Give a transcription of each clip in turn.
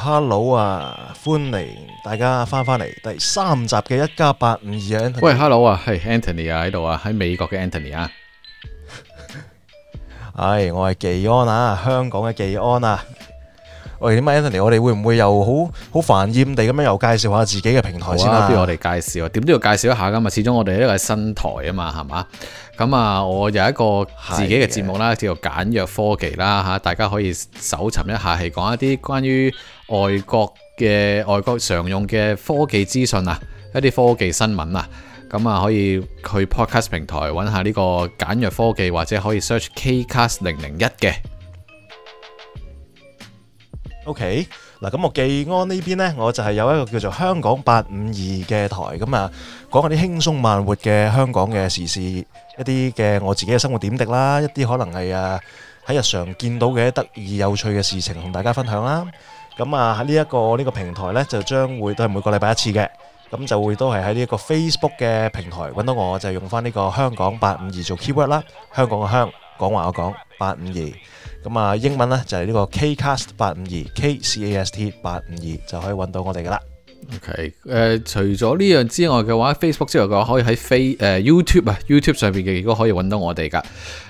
Hello, Hello 啊，歡迎大家翻返嚟第三集嘅一家八五二喂，Hello 啊，係 Anthony 啊喺度啊，喺美國嘅 Anthony 啊，係、啊 哎、我係技安啊，香港嘅技安啊。喂、哎，點解 Anthony 我哋會唔會又好好煩厭地咁樣又介紹下自己嘅平台先啊？啊不如我哋介紹，點都要介紹一下噶嘛，始終我哋呢個係新台啊嘛，係嘛？咁啊，我有一個自己嘅節目啦，叫做簡約科技啦嚇，大家可以搜尋一下，係講一啲關於外國嘅外國常用嘅科技資訊啊，一啲科技新聞啊，咁啊可以去 podcast 平台揾下呢個簡約科技，或者可以 search KCast 零零一嘅。OK，嗱咁我技安呢邊呢，我就係有一個叫做香港八五二嘅台，咁啊講下啲輕鬆慢活嘅香港嘅時事，一啲嘅我自己嘅生活點滴啦，一啲可能係啊喺日常見到嘅得意有趣嘅事情，同大家分享啦。咁啊，呢一個呢個平台呢，就將會都係每個禮拜一次嘅，咁就會都係喺呢一個 Facebook 嘅平台揾到我，就係用返呢個香港八五二做 keyword 啦，香港嘅香，講話我講八五二，咁啊英文呢就係呢個 KCast 八五二 KCast 八五二就可以揾到我哋噶啦。OK，誒、呃、除咗呢樣之外嘅話，Facebook 之外嘅話，可以喺 Face 誒、呃、YouTube 啊 YouTube 上邊嘅，亦都可以揾到我哋㗎，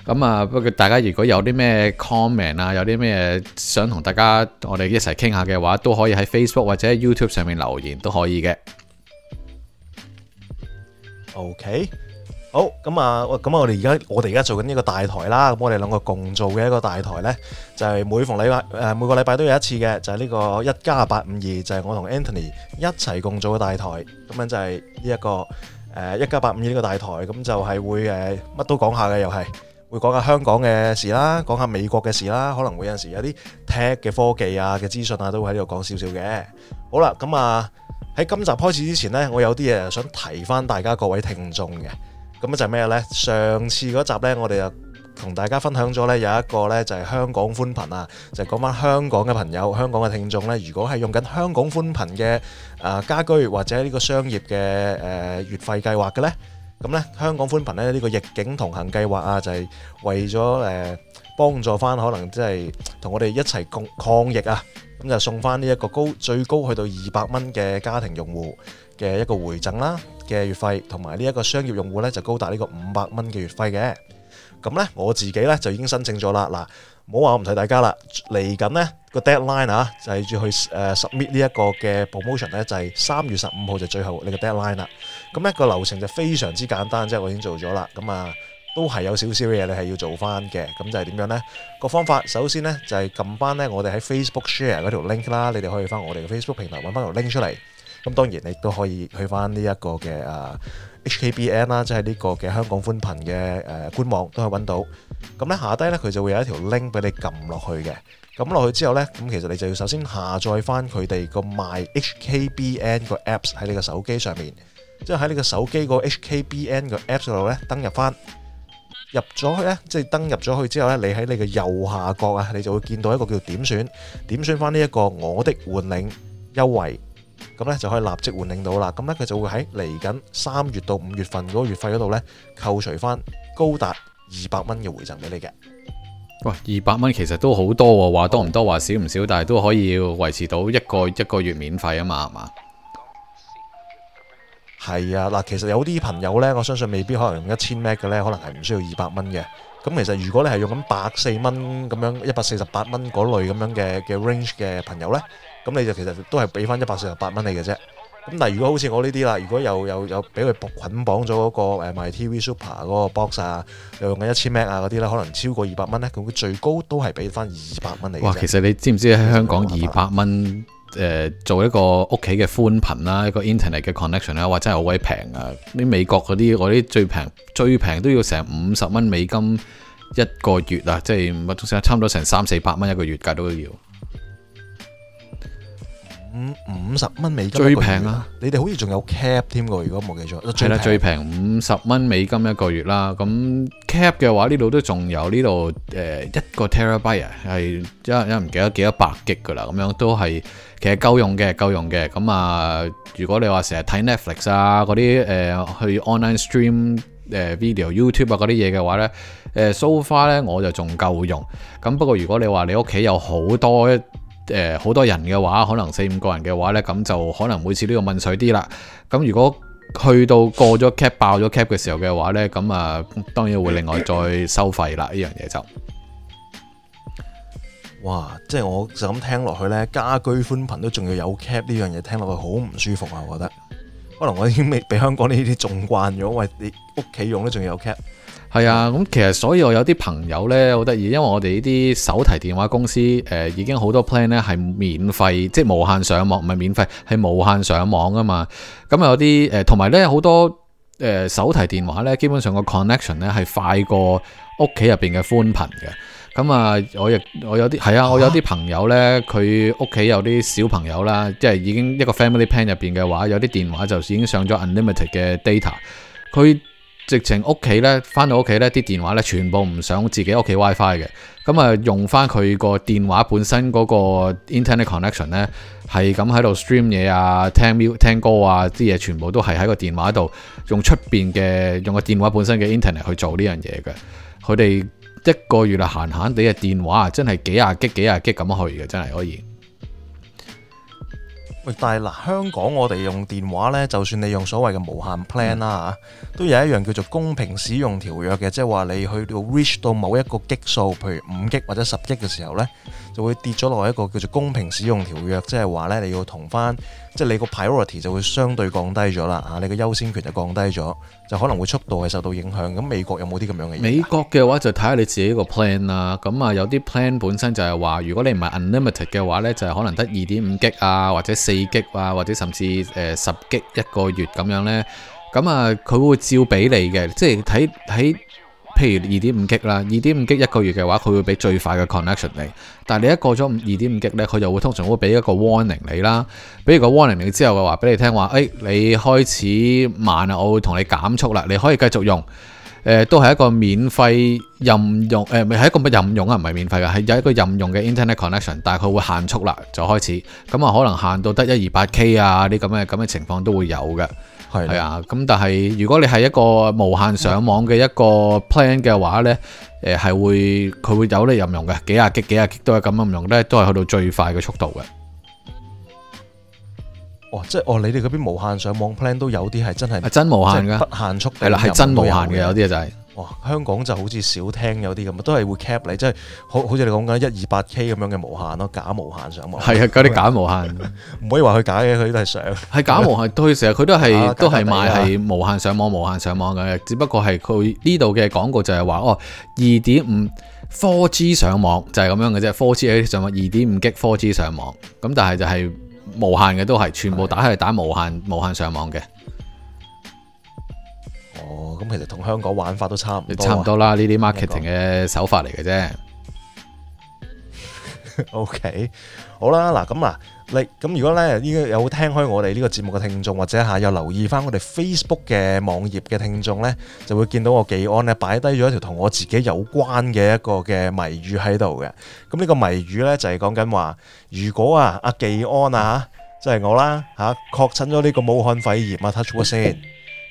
咁啊，不過大家如果有啲咩 comment 啊，有啲咩想同大家我哋一齊傾下嘅話，都可以喺 Facebook 或者 YouTube 上面留言都可以嘅。OK。好，咁啊，咁我哋而家我哋而家做緊呢個大台啦。咁我哋兩個共做嘅一個大台呢，就係每逢禮拜誒每個禮拜都有一次嘅，就係呢個一家八五二，就係我同 Anthony 一齊共做嘅大台。咁樣就係呢一個誒一家八五二呢個大台，咁就係會誒乜都講下嘅，又係會講下香港嘅事啦，講下美國嘅事啦。可能會有陣時有啲 tag 嘅科技啊嘅資訊啊，都會喺呢度講少少嘅。好啦，咁啊喺今集開始之前呢，我有啲嘢想提翻大家各位聽眾嘅。咁呢就咩呢？上次嗰集呢，我哋就同大家分享咗呢，有一個呢就係香港寬頻啊，就講翻香港嘅朋友、香港嘅聽眾呢，如果係用緊香港寬頻嘅誒家居或者呢個商業嘅誒月費計劃嘅呢，咁呢香港寬頻呢呢個逆境同行計劃啊，就係為咗誒幫助翻可能即係同我哋一齊共抗疫啊，咁就送翻呢一個高最高去到二百蚊嘅家庭用戶嘅一個回贈啦，嘅月費同埋呢一個商業用戶咧就高達呢個五百蚊嘅月費嘅。咁咧我自己咧就已經申請咗啦。嗱，唔好話我唔提大家啦。嚟緊咧個 deadline 啊，就係要去誒 submit 呢一個嘅 promotion 咧，就係三月十五號就最後你個 deadline 啦。咁一個流程就非常之簡單，即係我已經做咗啦。咁啊，都係有少少嘢你係要做翻嘅。咁就係點樣咧？個方法首先咧就係撳翻咧我哋喺 Facebook share 嗰條 link 啦，你哋可以翻我哋嘅 Facebook 平台揾翻條 link 出嚟。咁當然，你都可以去翻呢一個嘅啊 HKBN 啦，即係呢個嘅香港寬頻嘅誒官網都可以揾到。咁咧下低咧，佢就會有一條 link 俾你撳落去嘅。撳落去之後呢，咁其實你就要首先下載翻佢哋個賣 HKBN 個 apps 喺你個手機上面，即係喺你個手機個 HKBN 個 apps 度咧登入翻入咗去呢，即係登入咗去之後呢，你喺你嘅右下角啊，你就會見到一個叫點選點選翻呢一個我的換領優惠。咁咧就可以立即換領到啦，咁咧佢就會喺嚟緊三月到五月份嗰個月費嗰度咧扣除翻高達二百蚊嘅回贈俾你嘅。哇，二百蚊其實都好多，話多唔多話少唔少，但係都可以維持到一個一個月免費啊嘛，係嘛？係啊，嗱，其實有啲朋友咧，我相信未必可能用一千 Mbps 嘅咧，可能係唔需要二百蚊嘅。咁其實如果你係用緊百四蚊咁樣，一百四十八蚊嗰類咁樣嘅嘅 range 嘅朋友咧。咁你就其實都係俾翻一百四十八蚊你嘅啫。咁但係如果好似我呢啲啦，如果有有有俾佢捆綁咗嗰個誒 my TV Super 嗰個 box 啊，又用緊一千 Mbps 啊嗰啲咧，可能超過二百蚊咧，佢會最高都係俾翻二百蚊你。哇！其實你知唔知喺香港二百蚊誒做一個屋企嘅寬頻啦，一個 Internet 嘅 connection 啦，哇！真係好鬼平啊！啲美國嗰啲嗰啲最平最平都要成五十蚊美金一個月啊，即係乜都差唔多成三四百蚊一個月㗎都要。五五十蚊美金最平啦！你哋好似仲有 cap 添喎，如果冇記錯。最平五十蚊美金一個月啦。咁、啊、cap 嘅、啊、話，呢度都仲有呢度、呃、一個 terabyte 係一唔記得幾多百 gig 㗎啦。咁樣都係其實夠用嘅，夠用嘅。咁啊，如果你話成日睇 Netflix 啊嗰啲、呃、去 online stream、呃、video、YouTube 啊嗰啲嘢嘅話呢、呃、so far 呢我就仲夠用。咁不過如果你話你屋企有好多。誒好多人嘅話，可能四五個人嘅話呢，咁就可能每次都要問水啲啦。咁如果去到過咗 cap 爆咗 cap 嘅時候嘅話呢，咁啊當然會另外再收費啦。呢樣嘢就，哇！即係我就咁聽落去呢家居寬頻都仲要有 cap 呢樣嘢，聽落去好唔舒服啊！我覺得，可能我已經未俾香港呢啲縱慣咗，喂，你屋企用都仲要有 cap。係啊，咁其實所以我有啲朋友呢，好得意，因為我哋呢啲手提電話公司誒已經好多 plan 呢係免費，即係無限上網，唔係免費係無限上網㗎嘛。咁有啲誒，同埋呢好多誒手提電話呢，基本上個 connection 呢係快過屋企入邊嘅寬頻嘅。咁啊，我亦我有啲係啊，我有啲朋友呢，佢屋企有啲小朋友啦，即係已經一個 family plan 入邊嘅話，有啲電話就已經上咗 unlimited 嘅 data，佢。直情屋企咧，翻到屋企咧，啲電話咧全部唔上自己屋企 WiFi 嘅，咁啊用翻佢個電話本身嗰個 Internet connection 咧，係咁喺度 stream 嘢啊，聽 music、聽歌啊，啲嘢全部都係喺個電話度，用出面嘅用個電話本身嘅 Internet 去做呢樣嘢嘅。佢哋一個月啊，閒閒地嘅電話真係幾廿 G、幾廿 G 咁去嘅，真係可以。喂，但係嗱，香港我哋用電話咧，就算你用所謂嘅無限 plan 啦吓、嗯、都有一樣叫做公平使用條約嘅，即係話你去到 reach 到某一個激數，譬如五激或者十激嘅時候咧，就會跌咗落一個叫做公平使用條約，即係話咧你要同翻，即係你個 priority 就會相對降低咗啦吓，你嘅優先權就降低咗，就可能會速度係受到影響。咁美國有冇啲咁樣嘅嘢？美國嘅話就睇下你自己個 plan 啦。咁啊有啲 plan 本身就係話，如果你唔係 unlimited 嘅話咧，就係可能得二點五激啊或者四激啊，或者甚至誒十激一個月咁樣呢。咁啊佢會照俾你嘅，即係睇睇，譬如二點五激啦，二點五激一個月嘅話，佢會俾最快嘅 connection 你。但係你一過咗二點五激呢，佢就會通常會俾一個 warning 你啦。比如一個 warning 你之後嘅話，俾你聽話，誒、哎、你開始慢啊，我會同你減速啦，你可以繼續用。誒、呃、都係一個免費任用，誒咪係一個乜任用啊？唔係免費㗎，係有一個任用嘅 internet connection，但係佢會限速啦，就開始咁啊，可能限到得一二八 k 啊啲咁嘅咁嘅情況都會有嘅，係係啊。咁但係如果你係一個無限上網嘅一個 plan 嘅話呢，係、呃、會佢會有你任用嘅幾廿 k 幾廿 k 都係咁任用呢都係去到最快嘅速度嘅。哦，即係哦，你哋嗰邊無限上網 plan 都有啲係真係係真無限噶，不限速係啦，係真無限嘅有啲嘢就係、是。哇、哦，香港就好似少聽有啲咁都係會 cap 你，即係好好似你講緊一二八 K 咁樣嘅無限咯，假無限上網。係啊，嗰啲假無限，唔 可以話佢假嘅，佢都係上。係假無限，對，成日佢都係、啊、都係賣係無限上網無限上網嘅，只不過係佢呢度嘅廣告就係話哦，二點五 4G 上網就係咁樣嘅啫 4G 喺上網二點五 G 4G 上網，咁、就是、但係就係、是。無限嘅都係，全部打係打無限無限上網嘅。哦，咁其實同香港玩法都差唔多，差唔多啦。呢啲 marketing 嘅手法嚟嘅啫。OK，好啦，嗱咁啊。嚟咁如果咧依家有聽開我哋呢個節目嘅聽眾，或者嚇有留意翻我哋 Facebook 嘅網頁嘅聽眾咧，就會見到我技安咧擺低咗一條同我自己有關嘅一個嘅謎語喺度嘅。咁呢個謎語咧就係講緊話，如果啊阿技安啊，即係我啦嚇，確診咗呢個武漢肺炎，touch one 先，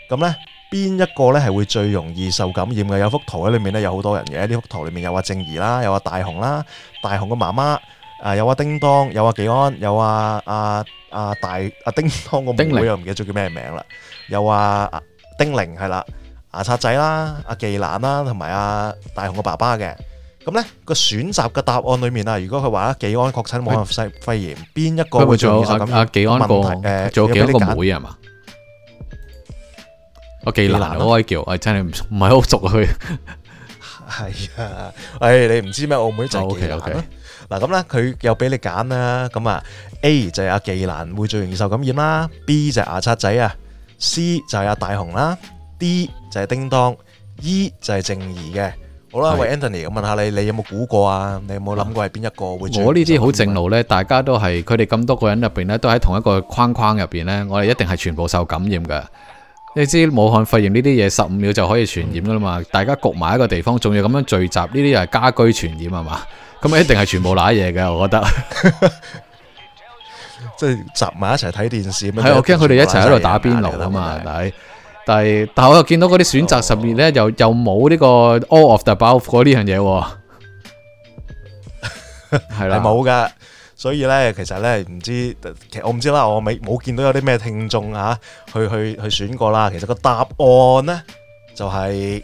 咁咧邊一個咧係會最容易受感染嘅？有幅圖喺裏面咧有好多人嘅，呢幅圖裏面有阿靜怡啦，有阿大雄啦，大雄個媽媽。啊，有啊，叮噹，有啊，紀安，有啊，阿阿大阿叮噹個妹妹又唔記得咗叫咩名啦，有啊阿丁玲係啦，牙刷仔啦，阿紀蘭啦，同埋阿大雄個爸爸嘅。咁咧個選擇嘅答案裏面啊，如果佢話阿紀安確診武漢肺炎，邊一個？會做阿阿紀安個誒，仲有幾個妹係嘛？阿紀蘭嗰位叫，我真係唔唔係好熟佢。係啊，哎你唔知咩？澳妹就紀蘭。嗱咁咧，佢又俾你揀啦。咁啊，A 就係阿技安會最容易受感染啦。B 就係牙刷仔啊。C 就係阿大雄啦。D 就係叮噹。E 就係靜宜嘅。好啦，喂，Anthony，我問下你，你有冇估過啊？你有冇諗過係邊一個會？我呢啲好正路呢，大家都係佢哋咁多個人入邊咧，都喺同一個框框入邊呢，我哋一定係全部受感染嘅。你知武漢肺炎呢啲嘢，十五秒就可以傳染噶啦嘛。大家焗埋一個地方，仲要咁樣聚集，呢啲就係家居傳染係嘛？咁啊， 一定係全部嗱嘢嘅，我覺得，即係集埋一齊睇電視。係、啊，我驚佢哋一齊喺度打邊爐啊嘛，係咪？但係，但係我又見到嗰啲選擇十二咧，又又冇呢個 all of the above 嗰呢樣嘢，係啦，冇噶。所以咧，其實咧，唔知其實我唔知啦，我未冇見到有啲咩聽眾啊，去去去選過啦。其實個答案咧就係、是、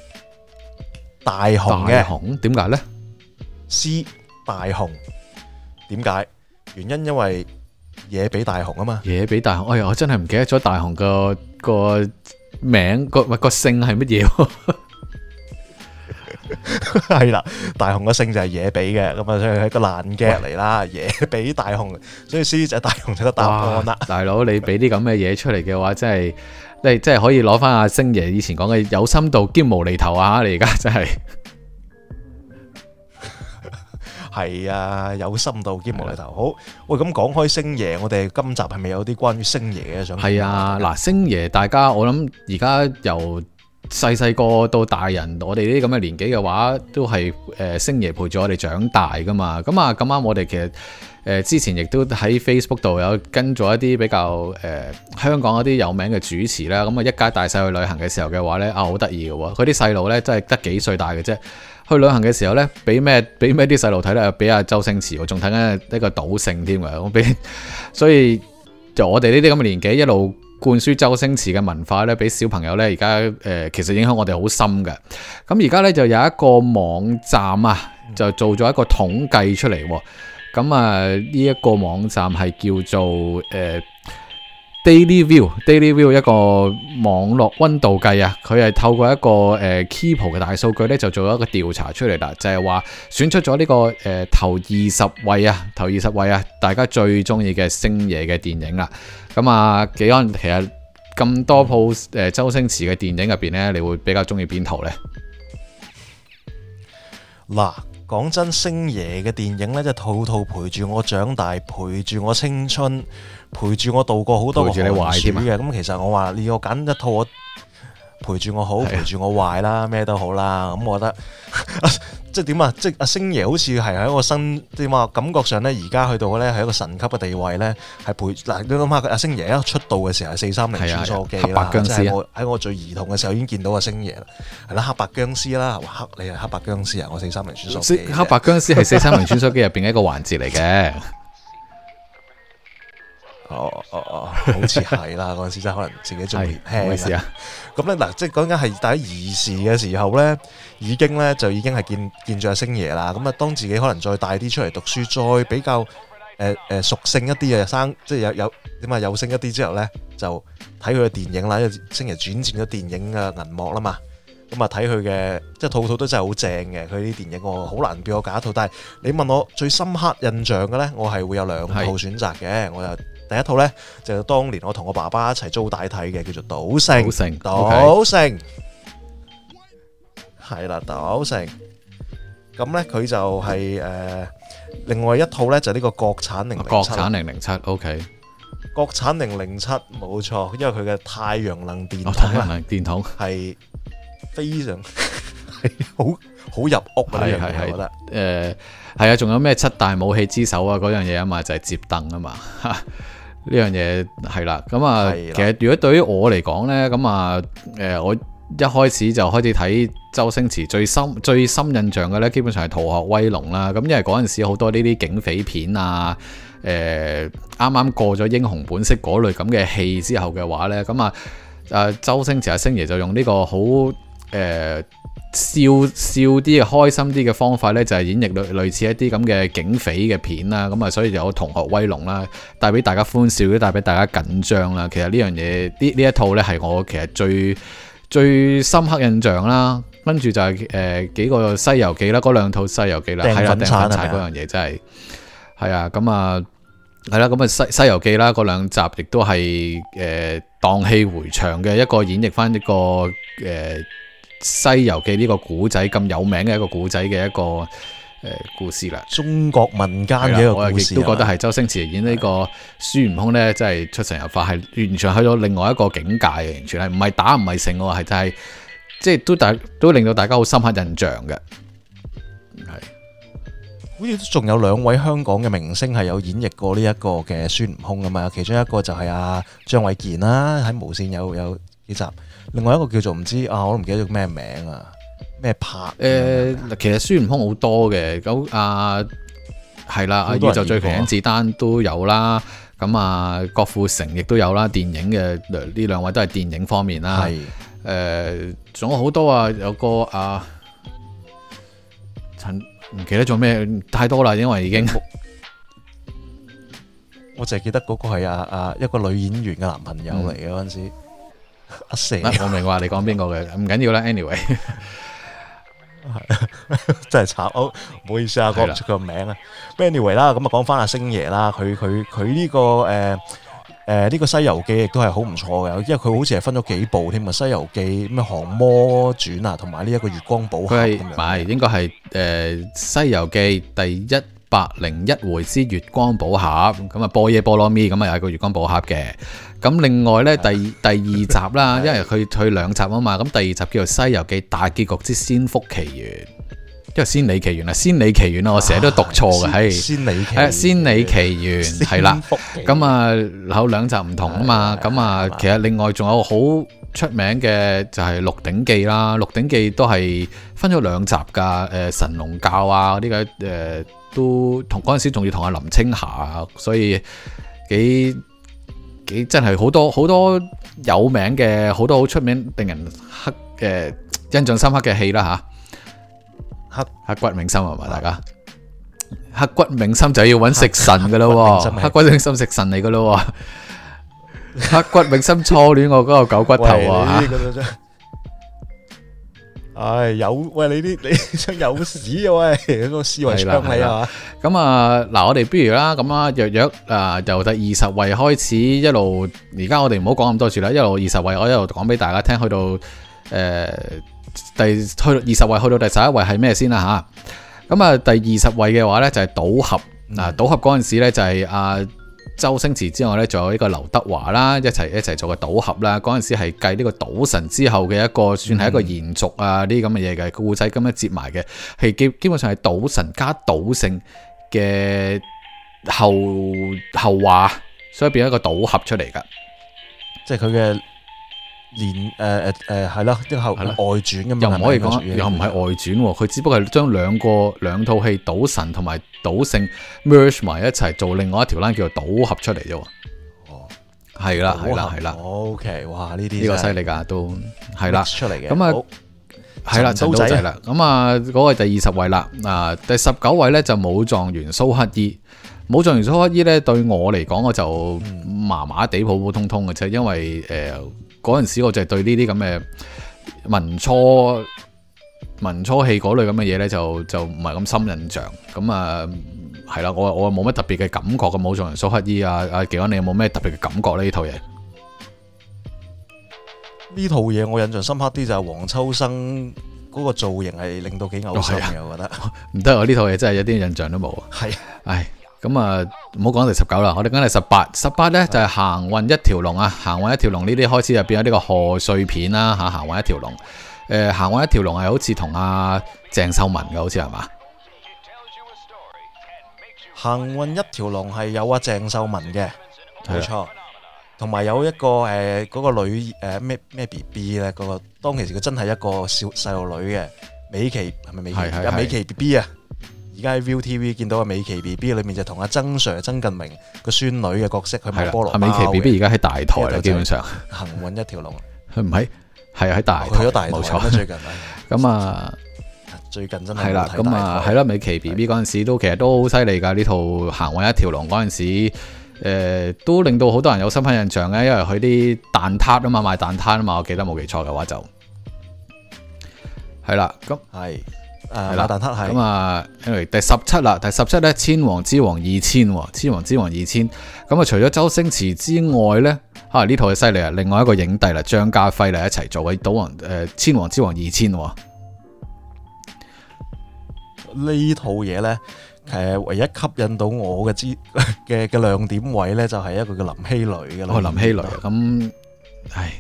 大熊嘅，點解咧？C 大雄，點解？原因因為野比大雄啊嘛，野比大雄，哎呀，我真係唔記得咗大雄個個名個咪個姓係乜嘢？係啦，大雄個姓就係野比嘅，咁啊，所以係個爛 gag 嚟啦，野比大雄，所以獅子大雄就得答案啦。大佬，你俾啲咁嘅嘢出嚟嘅話，真係，你真係可以攞翻阿星爺以前講嘅有深度兼無厘頭啊！你而家真係。係啊，有深度兼無厘頭。好，喂，咁講開星爺，我哋今集係咪有啲關於星爺嘅想講？係啊，嗱，星爺，大家我諗而家由細細個到大人，我哋呢啲咁嘅年紀嘅話，都係誒星爺陪住我哋長大噶嘛。咁啊咁啱，我哋其實、呃、之前亦都喺 Facebook 度有跟咗一啲比較、呃、香港嗰啲有名嘅主持啦。咁啊一家大細去旅行嘅時候嘅話咧，啊好得意嘅喎，佢啲細路咧真係得幾歲大嘅啫。去旅行嘅時候呢，俾咩俾咩啲細路睇呢？俾阿周星馳喎，仲睇緊一個賭聖添嘅。我俾，所以就我哋呢啲咁嘅年紀，一路灌輸周星馳嘅文化呢，俾小朋友呢。而家誒，其實影響我哋好深嘅。咁而家呢，就有一個網站啊，就做咗一個統計出嚟。咁啊，呢、這、一個網站係叫做誒，呃 Daily View，Daily View 一個網絡溫度計啊，佢係透過一個誒、呃、Keep 嘅大數據咧，就做咗一個調查出嚟啦，就係、是、話選出咗呢、這個誒、呃、頭二十位啊，頭二十位啊，大家最中意嘅星爺嘅電影啦。咁啊，技安其實咁多部誒周星馳嘅電影入邊咧，你會比較中意邊套咧？嗱，講真，星爺嘅電影咧就套、是、套陪住我長大，陪住我青春。陪住我度過好多個寒暑嘅，咁其實我話你要我揀一套，我陪住我好，陪住我壞啦，咩都好啦，咁、嗯、我覺得即係點啊？即係阿、啊、星爺好似係喺個新點啊感覺上咧，而家去到咧係一個神級嘅地位咧，係陪嗱、啊、你諗下阿星爺一出道嘅時候係四三零穿梭機啦，即係我喺我最兒童嘅時候已經見到阿星爺啦，係啦黑白殭屍啦，黑你係黑白殭屍啊，我四三零穿梭機，黑白殭屍係四三零穿梭機入邊嘅一個環節嚟嘅。 哦哦哦，好似係啦，嗰陣時真係可能自己仲年輕啊。咁咧嗱，即係講緊係大家兒時嘅時候咧，已經咧就已經係見見著阿星爺啦。咁啊，當自己可能再大啲出嚟讀書，再比較誒誒熟性一啲嘅生，即係有有點啊有性一啲之後咧，就睇佢嘅電影啦。因為星爺轉戰咗電影嘅銀幕啦嘛，咁啊睇佢嘅，即係套套都真係好正嘅。佢啲電影我好難叫我揀一套。但係你問我最深刻印象嘅咧，我係會有兩套選擇嘅，我又。第一套呢，就是、當年我同我爸爸一齊租帶睇嘅，叫做賭聖。賭聖，係啦，賭、OK、聖。咁呢，佢就係、是、誒、呃，另外一套呢，就呢、是、個國產零零七。國產零零七，O K。國產零零七冇錯，因為佢嘅太陽能電筒啦、哦，太陽能電筒係非常係好好入屋嘅，係係係。誒，係啊，仲、呃、有咩七大武器之首啊？嗰樣嘢啊嘛，就係、是、接凳啊嘛。 呢樣嘢係啦，咁啊，其實如果對於我嚟講呢，咁啊、呃，我一開始就開始睇周星馳，最深最深印象嘅呢，基本上係《逃學威龍》啦、啊。咁因為嗰陣時好多呢啲警匪片啊，呃，啱啱過咗英雄本色嗰類咁嘅戲之後嘅話呢，咁啊，啊，周星馳阿星爺就用呢個好。誒、呃、笑笑啲嘅開心啲嘅方法呢，就係、是、演繹類，類似一啲咁嘅警匪嘅片啦。咁啊，所以有同學威龍啦，帶俾大家歡笑，都帶俾大家緊張啦。其實呢樣嘢，呢呢一套呢，係我其實最最深刻印象啦。跟住就係、是、誒、呃、幾個西遊記啦，嗰兩套西遊記啦，係啦，定品嗰樣嘢真係係啊。咁啊，係啦，咁啊，啊，啊，啊西西遊記啦，嗰兩集亦都係誒蕩氣回腸嘅一個演繹翻一個誒。呃《西遊記》呢個古仔咁有名嘅一個古仔嘅一個誒故事啦，中國民間嘅一個故事都覺得係周星馳演呢個孫悟空呢，真係出神入化，係完全去咗另外一個境界嘅，完全係唔係打唔係勝嘅，係就係即係都大都令到大家好深刻印象嘅。係，好似仲有兩位香港嘅明星係有演繹過呢一個嘅孫悟空㗎嘛，其中一個就係阿、啊、張衛健啦，喺無綫有有幾集。另外一個叫做唔知道啊，我都唔記得咗咩名啊，咩拍？誒、呃，其實孫悟空好多嘅，咁啊，係啦，阿宇宙最紅，甄子丹都有啦，咁啊，郭富城亦都有啦，電影嘅呢兩位都係電影方面啦。係誒，仲、啊、有好多啊，有個啊，陳，唔記得做咩，太多啦，因為已經，我就係記得嗰個係啊，啊，一個女演員嘅男朋友嚟嘅嗰陣時。嗯啊四啊、我明話你講邊個嘅，唔緊要啦。Anyway， 真係慘，唔、哦、好意思啊，講唔出個名啊。Anyway 啦，咁啊講翻阿星爺啦，佢佢佢呢個誒誒呢個呃呃這個、《西遊記》亦都係好唔錯嘅，因為佢好似係分咗幾部添啊，呃《西遊記》咩《降魔傳》啊，同埋呢一個月光寶盒咁樣，唔係應該係誒《西遊記》第一百零一回之《月光寶盒》咁啊，波耶波羅蜜咁啊，有個月光寶盒嘅。咁另外咧，第二第二集啦，因為佢佢兩集啊嘛，咁 第二集叫做《西遊記》大結局之仙福奇緣，因為仙履奇緣啊，仙履奇緣啊，我成日都讀錯嘅，係仙履奇，仙履奇緣係啦。咁啊，有兩集唔同啊嘛。咁啊，其實另外仲有好出名嘅就係《鹿鼎記》啦，《鹿鼎記》都係分咗兩集噶。誒，神龍教啊，呢啲誒，都同嗰陣時仲要同阿林青霞，所以幾。幾真係好多好多有名嘅好多好出名令人刻嘅印象深刻嘅戲啦吓，刻刻骨銘心係嘛，大家刻骨銘心就要揾食神噶咯，刻骨銘心食神嚟噶咯，刻骨銘心初戀我嗰個狗骨頭啊。唉、哎，有喂你啲你出有屎啊喂，個思維想你係咁啊，嗱、啊、我哋不如啦，咁啊，約約啊，由第二十位開始一路，而家我哋唔好講咁多字啦，一路二十位，我一路講俾大家聽，去到誒、呃、第二十位，去到第十一位係咩先啦吓？咁啊，啊，第二十位嘅話咧就係賭俠嗱，賭俠嗰陣時咧就係啊。周星馳之外咧，仲有呢個劉德華啦，一齊一齊做個賭俠啦。嗰陣時係繼呢個賭神之後嘅一個，算係一個延續啊，呢啲咁嘅嘢嘅故仔咁樣接埋嘅，係基基本上係賭神加賭聖嘅後後話，所以變咗一個賭俠出嚟噶，即係佢嘅。連誒誒誒係啦，之、呃呃呃、後外傳咁又唔可以講，又唔係外傳，佢、啊、只不過係將兩個兩套戲賭神同埋賭聖 merge 埋一齊，做另外一條 line 叫做賭俠出嚟啫。哦，係啦係啦係啦，OK，哇呢啲呢個犀利噶都係啦、嗯、出嚟嘅。咁啊係啦，陳、嗯、刀仔啦。咁啊嗰個第二十位啦，啊第十九位咧就武狀元蘇乞兒。武狀元蘇乞兒咧對我嚟講，我就麻麻地普普通通嘅啫，因為誒。呃嗰陣時我就對呢啲咁嘅民初民初戲嗰類咁嘅嘢咧，就就唔係咁深印象。咁啊，係啦、啊，我我冇乜特別嘅感覺。咁武狀元蘇乞兒啊啊，技安，你有冇咩特別嘅感覺咧？呢套嘢呢套嘢我印象深刻啲就係黃秋生嗰個造型係令到幾嘔心嘅，哎，我覺得。唔得，我呢套嘢真係一啲印象都冇。係、啊，唉。咁啊，唔好講第十九啦，我哋講第十八，十八咧就係行運一條龍啊，行運一條龍呢啲開始入面有呢個賀歲片啦、啊、吓，行運一條龍，誒、呃，行運一條龍係好似同阿鄭秀文嘅，好似係嘛？行運一條龍係有阿、啊、鄭秀文嘅，冇錯，同埋有一個誒嗰、呃那個女誒咩咩 B B 咧，嗰、呃那個當其時佢真係一個小細路女嘅，美琪係咪美琪啊？是的是的是是美琪 B B 啊？而家喺 ViuTV 見到阿美琪 B B 裏面就同阿曾 sir、曾近明個孫女嘅角色，去拍菠蘿包。美琪 B B 而家喺大台啦，基本上行運一條龍。佢唔喺，係啊喺大台。去咗大台啦，冇錯，最近啊。咁啊，最近真係。係啦，咁啊，係啦，美琪 B B 嗰陣時都其實都好犀利㗎。呢套行運一條龍嗰陣時、呃，都令到好多人有身份印象嘅，因為佢啲蛋撻啊嘛，賣蛋撻啊嘛，我記得冇記錯嘅話就係啦。咁係。誒、嗯，咁啊，因為第十七啦，第十七咧，《千王之王二千》千王之王二千啊，《千王之王二千》，咁啊除咗周星馳之外咧，啊呢套嘢犀利啊，另外一個影帝啦，張家輝嚟一齊做位賭王誒《千王之王二千》呢套嘢咧，誒唯一吸引到我嘅之嘅嘅亮點位咧，就係、是、一個叫林熙蕾嘅啦，林熙蕾咁唉。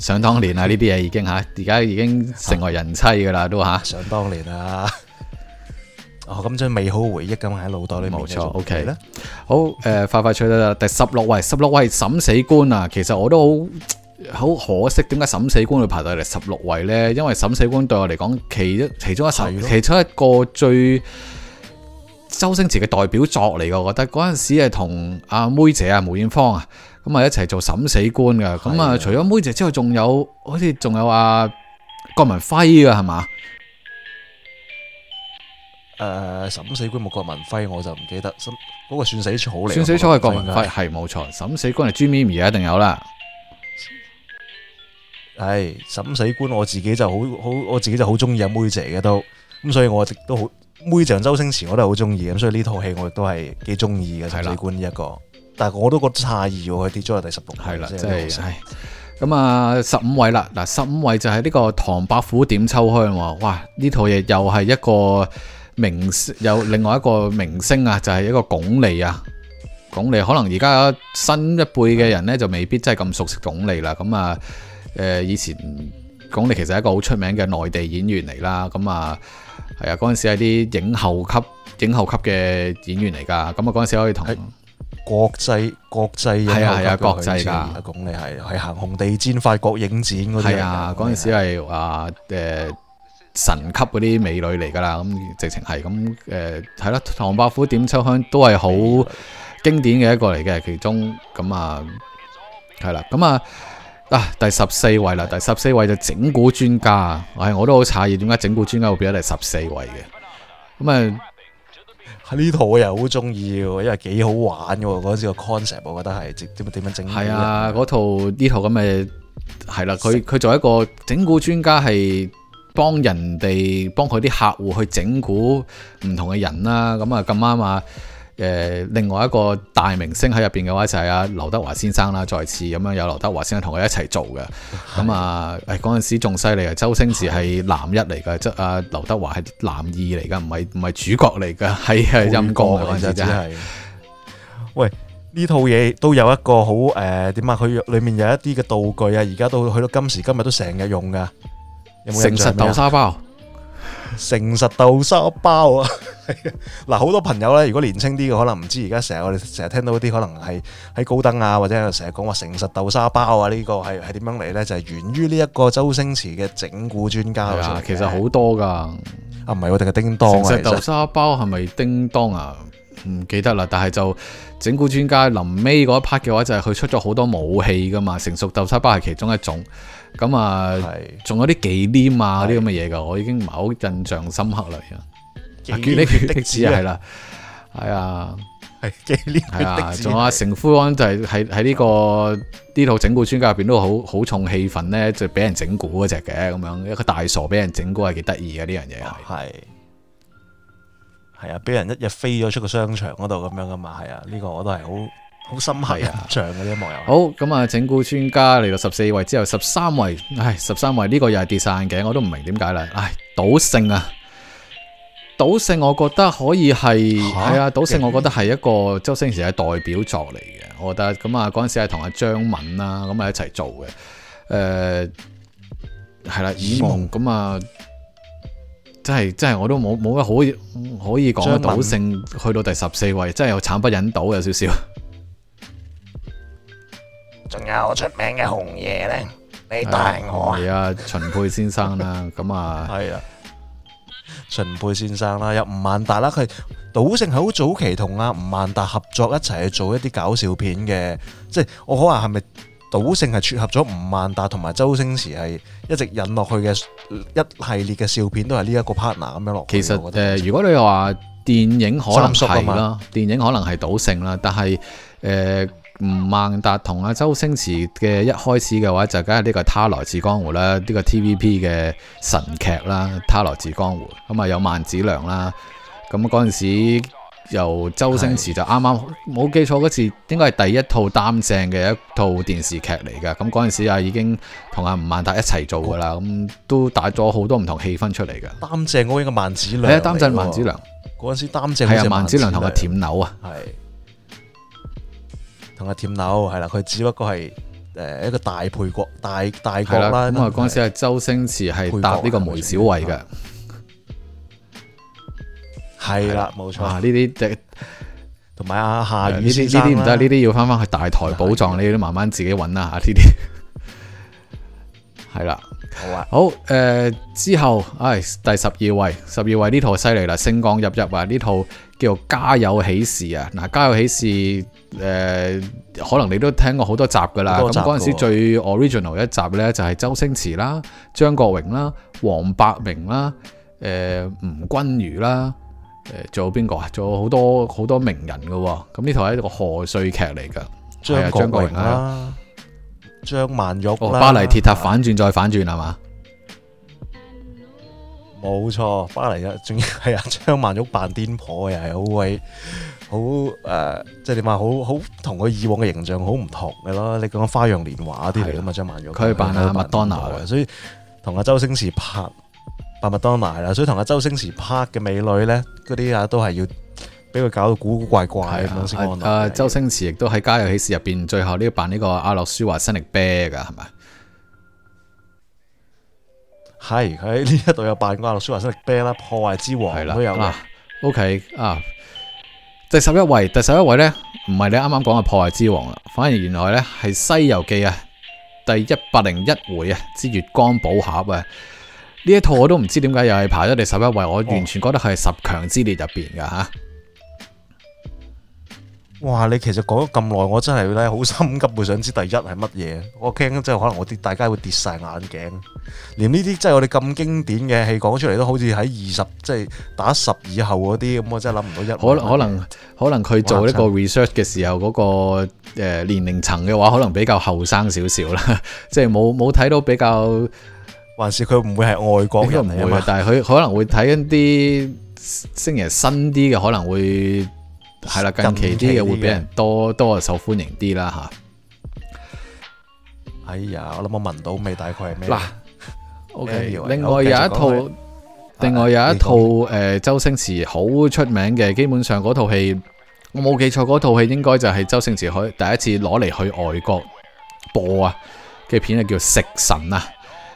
想當年啊，呢啲嘢已經吓，而家已經成為人妻噶啦都吓。想當年啊，哦，咁真美好回憶噶嘛喺腦袋裏。冇錯，OK。好，誒，快快脆脆啦，第十六位，十六位《審死官》啊，其實我都好，好可惜，點解《審死官》會排到嚟十六位咧？因為《審死官》對我嚟講，其一其中一，其中一個最周星馳嘅代表作嚟嘅，我覺得嗰陣時係同阿妹姐啊，梅艷芳啊。咁啊，一齊做審死官㗎。咁啊，除咗妹姐之外，仲有好似仲有阿、啊、郭文輝㗎，係嘛？誒、呃，審死官冇郭文輝，我就唔記得。審、那、嗰個算死草嚟，算死草係郭文輝，係冇錯。審死官係朱咪咪一定有啦。係審死官，我自己就好好，我自己就好中意阿妹姐嘅都。咁所以我，我直都好妹仔，周星馳我都係好中意。咁所以呢套戲，我亦都係幾中意嘅審死官一個。但係我都覺得詫異喎，佢跌咗落第十六，係、就、啦、是，真係咁啊！十五位啦，嗱十五位就係呢個《唐伯虎點秋香》喎。哇！呢套嘢又係一個明星又另外一個明星啊，就係、是、一個鞏俐啊。鞏俐可能而家新一輩嘅人咧，就未必真係咁熟悉鞏俐啦。咁啊，誒、呃、以前鞏俐其實係一個好出名嘅內地演員嚟啦。咁啊，係啊，嗰陣時係啲影后級影后級嘅演員嚟㗎。咁啊，嗰陣時可以同。國際國際嘅，係啊係啊國際噶，咁你係係行紅地氈法國影展嗰啲啊，嗰、啊、陣、啊、時係話誒神級嗰啲美女嚟噶啦，咁直情係咁誒係啦。唐伯虎點秋香都係好經典嘅一個嚟嘅，其中咁啊係啦，咁啊嗱、啊，第十四位啦，第十四位就整蠱專家，唉、哎，我都好詫異點解整蠱專家會變咗第十四位嘅，咁啊。呢套我又好中意，因為幾好玩嘅喎，嗰陣時個 concept 我覺得係點點樣整？係啊，嗰套呢套咁嘅係啦，佢佢做一個整蠱專家，係幫人哋幫佢啲客戶去整蠱唔同嘅人啦。咁啊咁啱啊！誒，另外一個大明星喺入邊嘅話就係阿劉德華先生啦，再次咁樣有劉德華先生同佢一齊做嘅，咁啊，誒嗰陣時仲犀利啊，周星馳係男一嚟嘅，即阿劉德華係男二嚟嘅，唔係唔係主角嚟嘅，係啊音哥啊，其實真係。喂，呢套嘢都有一個好誒，點、呃、啊？佢裏面有一啲嘅道具啊，而家都去到今時今日都有冇成日用噶，誠實豆沙包，誠實豆沙包啊！嗱，好多朋友咧，如果年青啲嘅可能唔知，而家成日我哋成日聽到啲可能係喺高登啊，或者說成日講話誠實豆沙包啊，呢、這個係係點樣嚟呢？就係源於呢一個周星馳嘅整蠱專家，啊，其實好多噶啊，唔係我哋嘅叮當。誠實豆沙包係咪叮當啊？唔 記得啦，但係就整蠱專家臨尾嗰一 part 嘅話，就係佢出咗好多武器噶嘛，成熟豆沙包係其中一種。咁啊，仲有啲忌廉啊，啲咁嘅嘢噶，我已經唔係好印象深刻啦。叫呢個的子係啦，係 啊，係叫啊。仲有啊，成奎安就係喺喺呢個呢套整蠱專家入邊都好好重氣氛咧，就俾人整蠱嗰隻嘅咁樣一個大傻俾人整蠱係幾得意嘅，呢樣嘢，係係啊，俾人一日飛咗出個商場嗰度咁樣噶嘛，係啊，呢、這個我都係好好深刻印象嘅一幕。又 好咁啊，整蠱專家嚟到十四位之後十三位，唉、哎，十三位呢、這個又係跌散嘅，我都唔明點解啦，唉、哎，賭聖啊！賭聖我覺得可以係，係啊，賭聖我覺得係一個周星馳嘅代表作嚟嘅，我覺得咁啊，嗰陣時係同阿張敏啦，咁啊一齊做嘅，誒係啦，以夢咁啊，真係真係我都冇冇乜可以可以講，賭聖去到第十四位，真係有慘不忍睹，有少少。仲有我出名嘅紅爺咧，你帶我啊，係啊，秦沛先生啦，咁 啊，係啊。秦沛先生啦，有吳孟達啦，佢賭聖係好早期同阿吳孟達合作一齊去做一啲搞笑片嘅，即係我可能係咪賭聖係撮合咗吳孟達同埋周星馳，係一直引落去嘅一系列嘅笑片都係呢一個 partner 咁樣落。其實誒、呃，如果你話電影可能係啦，電影可能係賭聖啦，但係誒。呃吳孟達同阿周星馳嘅一開始嘅話就梗係呢個《他來自江湖》啦，呢個 TVB 嘅神劇啦，《他來自江湖》咁啊，有萬梓良啦，咁嗰陣時由周星馳就啱啱冇記錯嗰次應該係第一套擔正嘅一套電視劇嚟噶，咁嗰陣時啊已經吳同阿吳孟達一齊做噶啦，咁都帶咗好多唔同氣氛出嚟噶。擔正嗰個萬梓良，良，擔正萬梓良嗰陣時擔正係啊萬梓良同阿舔妞啊係。同阿田樓係啦，佢只不過係誒一個大配角，大大國啦。咁啊，嗰陣時係周星馳係搭呢個梅小慧嘅，係啦，冇錯。呢啲同埋阿夏雨呢啲，呢啲唔得，呢啲要翻翻去大台寶藏，呢啲都慢慢自己揾啦。吓呢啲係啦。好啊，好誒、呃，之後唉、哎，第十二位，十二位呢套犀利啦，星光熠熠啊，呢套叫做《家有喜事》啊，嗱《家有喜事》誒、呃，可能你都聽過好多集噶啦，咁嗰陣時最 original 一集呢，就係、是、周星馳啦、張國榮啦、黃百鳴啦、誒、呃、吳君如啦，誒仲有邊個啊？仲有好多好多名人噶、哦，咁呢套係一個賀歲劇嚟噶，係啊，張國榮啦。張曼玉巴黎鐵塔反轉再反轉係嘛？冇、哦、錯，巴黎嘅仲要係啊。張曼玉扮癲婆又係好鬼好誒，即係點話好好同佢以往嘅形象好唔同嘅咯。你講《花樣年華》啲嚟㗎嘛，張曼玉佢扮阿麥當勞嘅，所以同阿周星馳拍扮麥當娜啦。所以同阿周星馳拍嘅美女咧，嗰啲啊都係要。俾佢搞到古古怪怪咁、啊啊啊啊、周星馳亦都喺《家有喜事》入邊、啊、最後呢個扮呢個阿諾舒華新力啤噶係咪？係喺呢一度有扮過阿諾舒華新力啤啦，破壞之王係啦、啊、都有啦。啊、o、okay, K 啊，第十一位，第十一位呢，唔係你啱啱講嘅破壞之王啦，反而原來呢係《西遊記》啊，第一百零一回啊之月光寶盒啊，呢一套我都唔知點解又係排咗第十一位，我完全覺得係十強之列入邊噶吓。哦哇！你其實講咗咁耐，我真係咧好心急，想知第一係乜嘢？我驚真係可能我啲大家會跌晒眼鏡，連呢啲真係我哋咁經典嘅戲講出嚟，都好似喺二十，即係打十以後嗰啲咁，我真係諗唔到一。可能可能可能佢做呢個 research 嘅時候，嗰個誒年齡層嘅話，可能比較後生少少啦，即係冇冇睇到比較，還是佢唔會係外國人嚟啊？但係佢可能會睇一啲星爺新啲嘅，可能會。係啦、啊，近期啲嘢會俾人多多，多受歡迎啲啦。吓、啊，哎呀，我諗我聞到味，大概係咩嗱？O K，另外有一套，我的另外有一套誒、啊，周星馳好出名嘅、啊。基本上嗰套戲我冇記錯，嗰套戲應該就係周星馳佢第一次攞嚟去外國播啊嘅片，係 叫《食神》啊。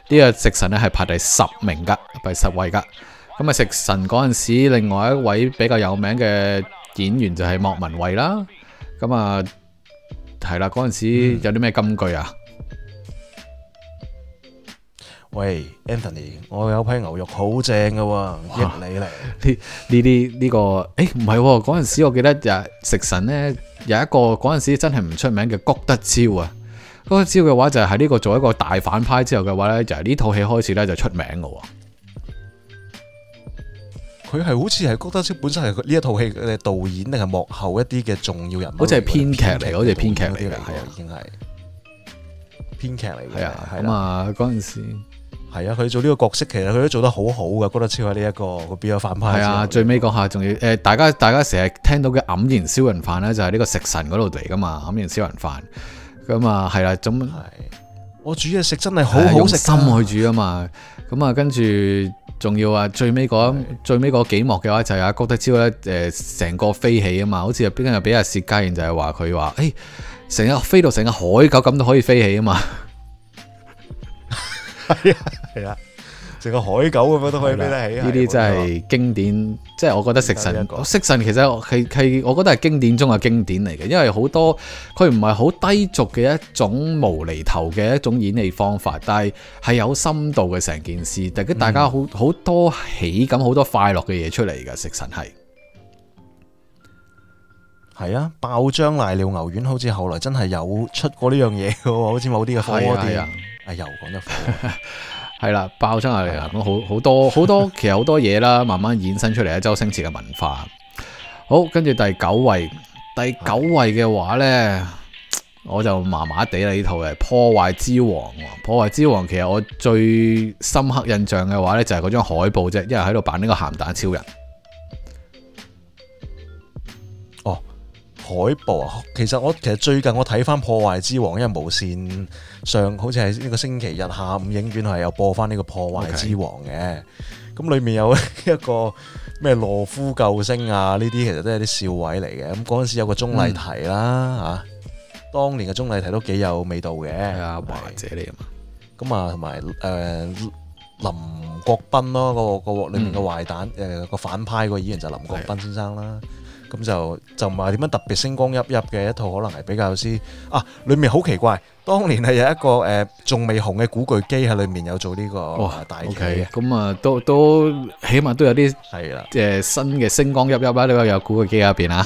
呢、這個《食神》咧係排第十名噶，排十位噶。咁啊，《食神》嗰陣時，另外一位比較有名嘅，演員就係莫文蔚啦，咁啊係啦，嗰陣時有啲咩金句啊？嗯、喂，Anthony，我有批牛肉好正㗎喎，益你嚟呢呢啲呢個，誒，唔係嗰陣時，我記得就食神呢，有一個嗰陣時真係唔出名嘅谷德昭啊，谷德昭嘅話就係呢個做一個大反派之後嘅話呢就係呢套戲開始呢就出名嘅。佢係好似係郭德超本身係呢一套戲嘅導演定係幕後一啲嘅重要人物編劇，好似係編劇嚟，好似編劇嗰啲嚟，係啊，已經係編劇嚟嘅。係啊，咁啊，嗰陣時係啊，佢做呢個角色，其實佢都做得好好噶郭德超喺呢一個佢變咗反派。係啊，最尾嗰下仲要誒，大家大家成日聽到嘅黯然銷魂飯咧，就係呢個食神嗰度嚟噶嘛，黯然銷魂飯。咁啊，係啦，咁、啊、我煮嘢食真係好好食，用心去煮啊嘛。咁、嗯、啊，跟住。仲要啊，最尾嗰、那個、幾幕嘅話就係阿谷德昭咧，誒、呃、成個飛起啊嘛，好似邊間又俾阿薛家燕就係話佢話，誒成日飛到成個海狗咁都可以飛起啊嘛，係啊係啊。 食個海狗咁樣都可以俾得起，啊？呢啲真係經典，即係我覺得食神。這個、個食神其實係係我覺得係經典中嘅經典嚟嘅，因為好多佢唔係好低俗嘅一種無厘頭嘅一種演戲方法，但係係有深度嘅，成件事，但大家好好多喜感、好、嗯、多快樂嘅嘢出嚟嘅。食神係係啊，爆漿瀨尿牛丸，好似後來真係有出過呢樣嘢嘅，好似某啲嘅。係係啊，又講咗。哎 係啦，爆出嚟啦，咁好好多好多，其實好多嘢啦，慢慢衍生出嚟咧，周星馳嘅文化。好，跟住第九位，第九位嘅話呢，我就麻麻地啦，呢套係破壞之王，破壞之王，其實我最深刻印象嘅話呢，就係嗰張海報啫，因為喺度扮呢個鹹蛋超人。海報啊，其實我其實最近我睇翻《破壞之王》，因為無線上好似係呢個星期日下午影院係有播翻呢、呢個《破壞之王》嘅。咁、okay. 裏面有一個咩羅夫救星啊，呢啲其實都係啲笑位嚟嘅。咁嗰陣時有一個鐘麗緹啦嚇，當年嘅鐘麗緹都幾有味道嘅。係、嗯、啊，壞者嚟啊嘛。咁啊，同埋誒林國斌咯，個、個裏面個壞蛋誒個、嗯呃、反派個演員就林國斌先生啦。嗯嗯。咁就就唔係點樣特別星光熠熠嘅一套，可能係比較先啊！裏面好奇怪，當年係有一個誒仲未紅嘅古巨基喺裏面有做呢個大 K，咁啊都都起碼都有啲係啦，即係新嘅星光熠熠啦，呢個有古巨基入邊啊，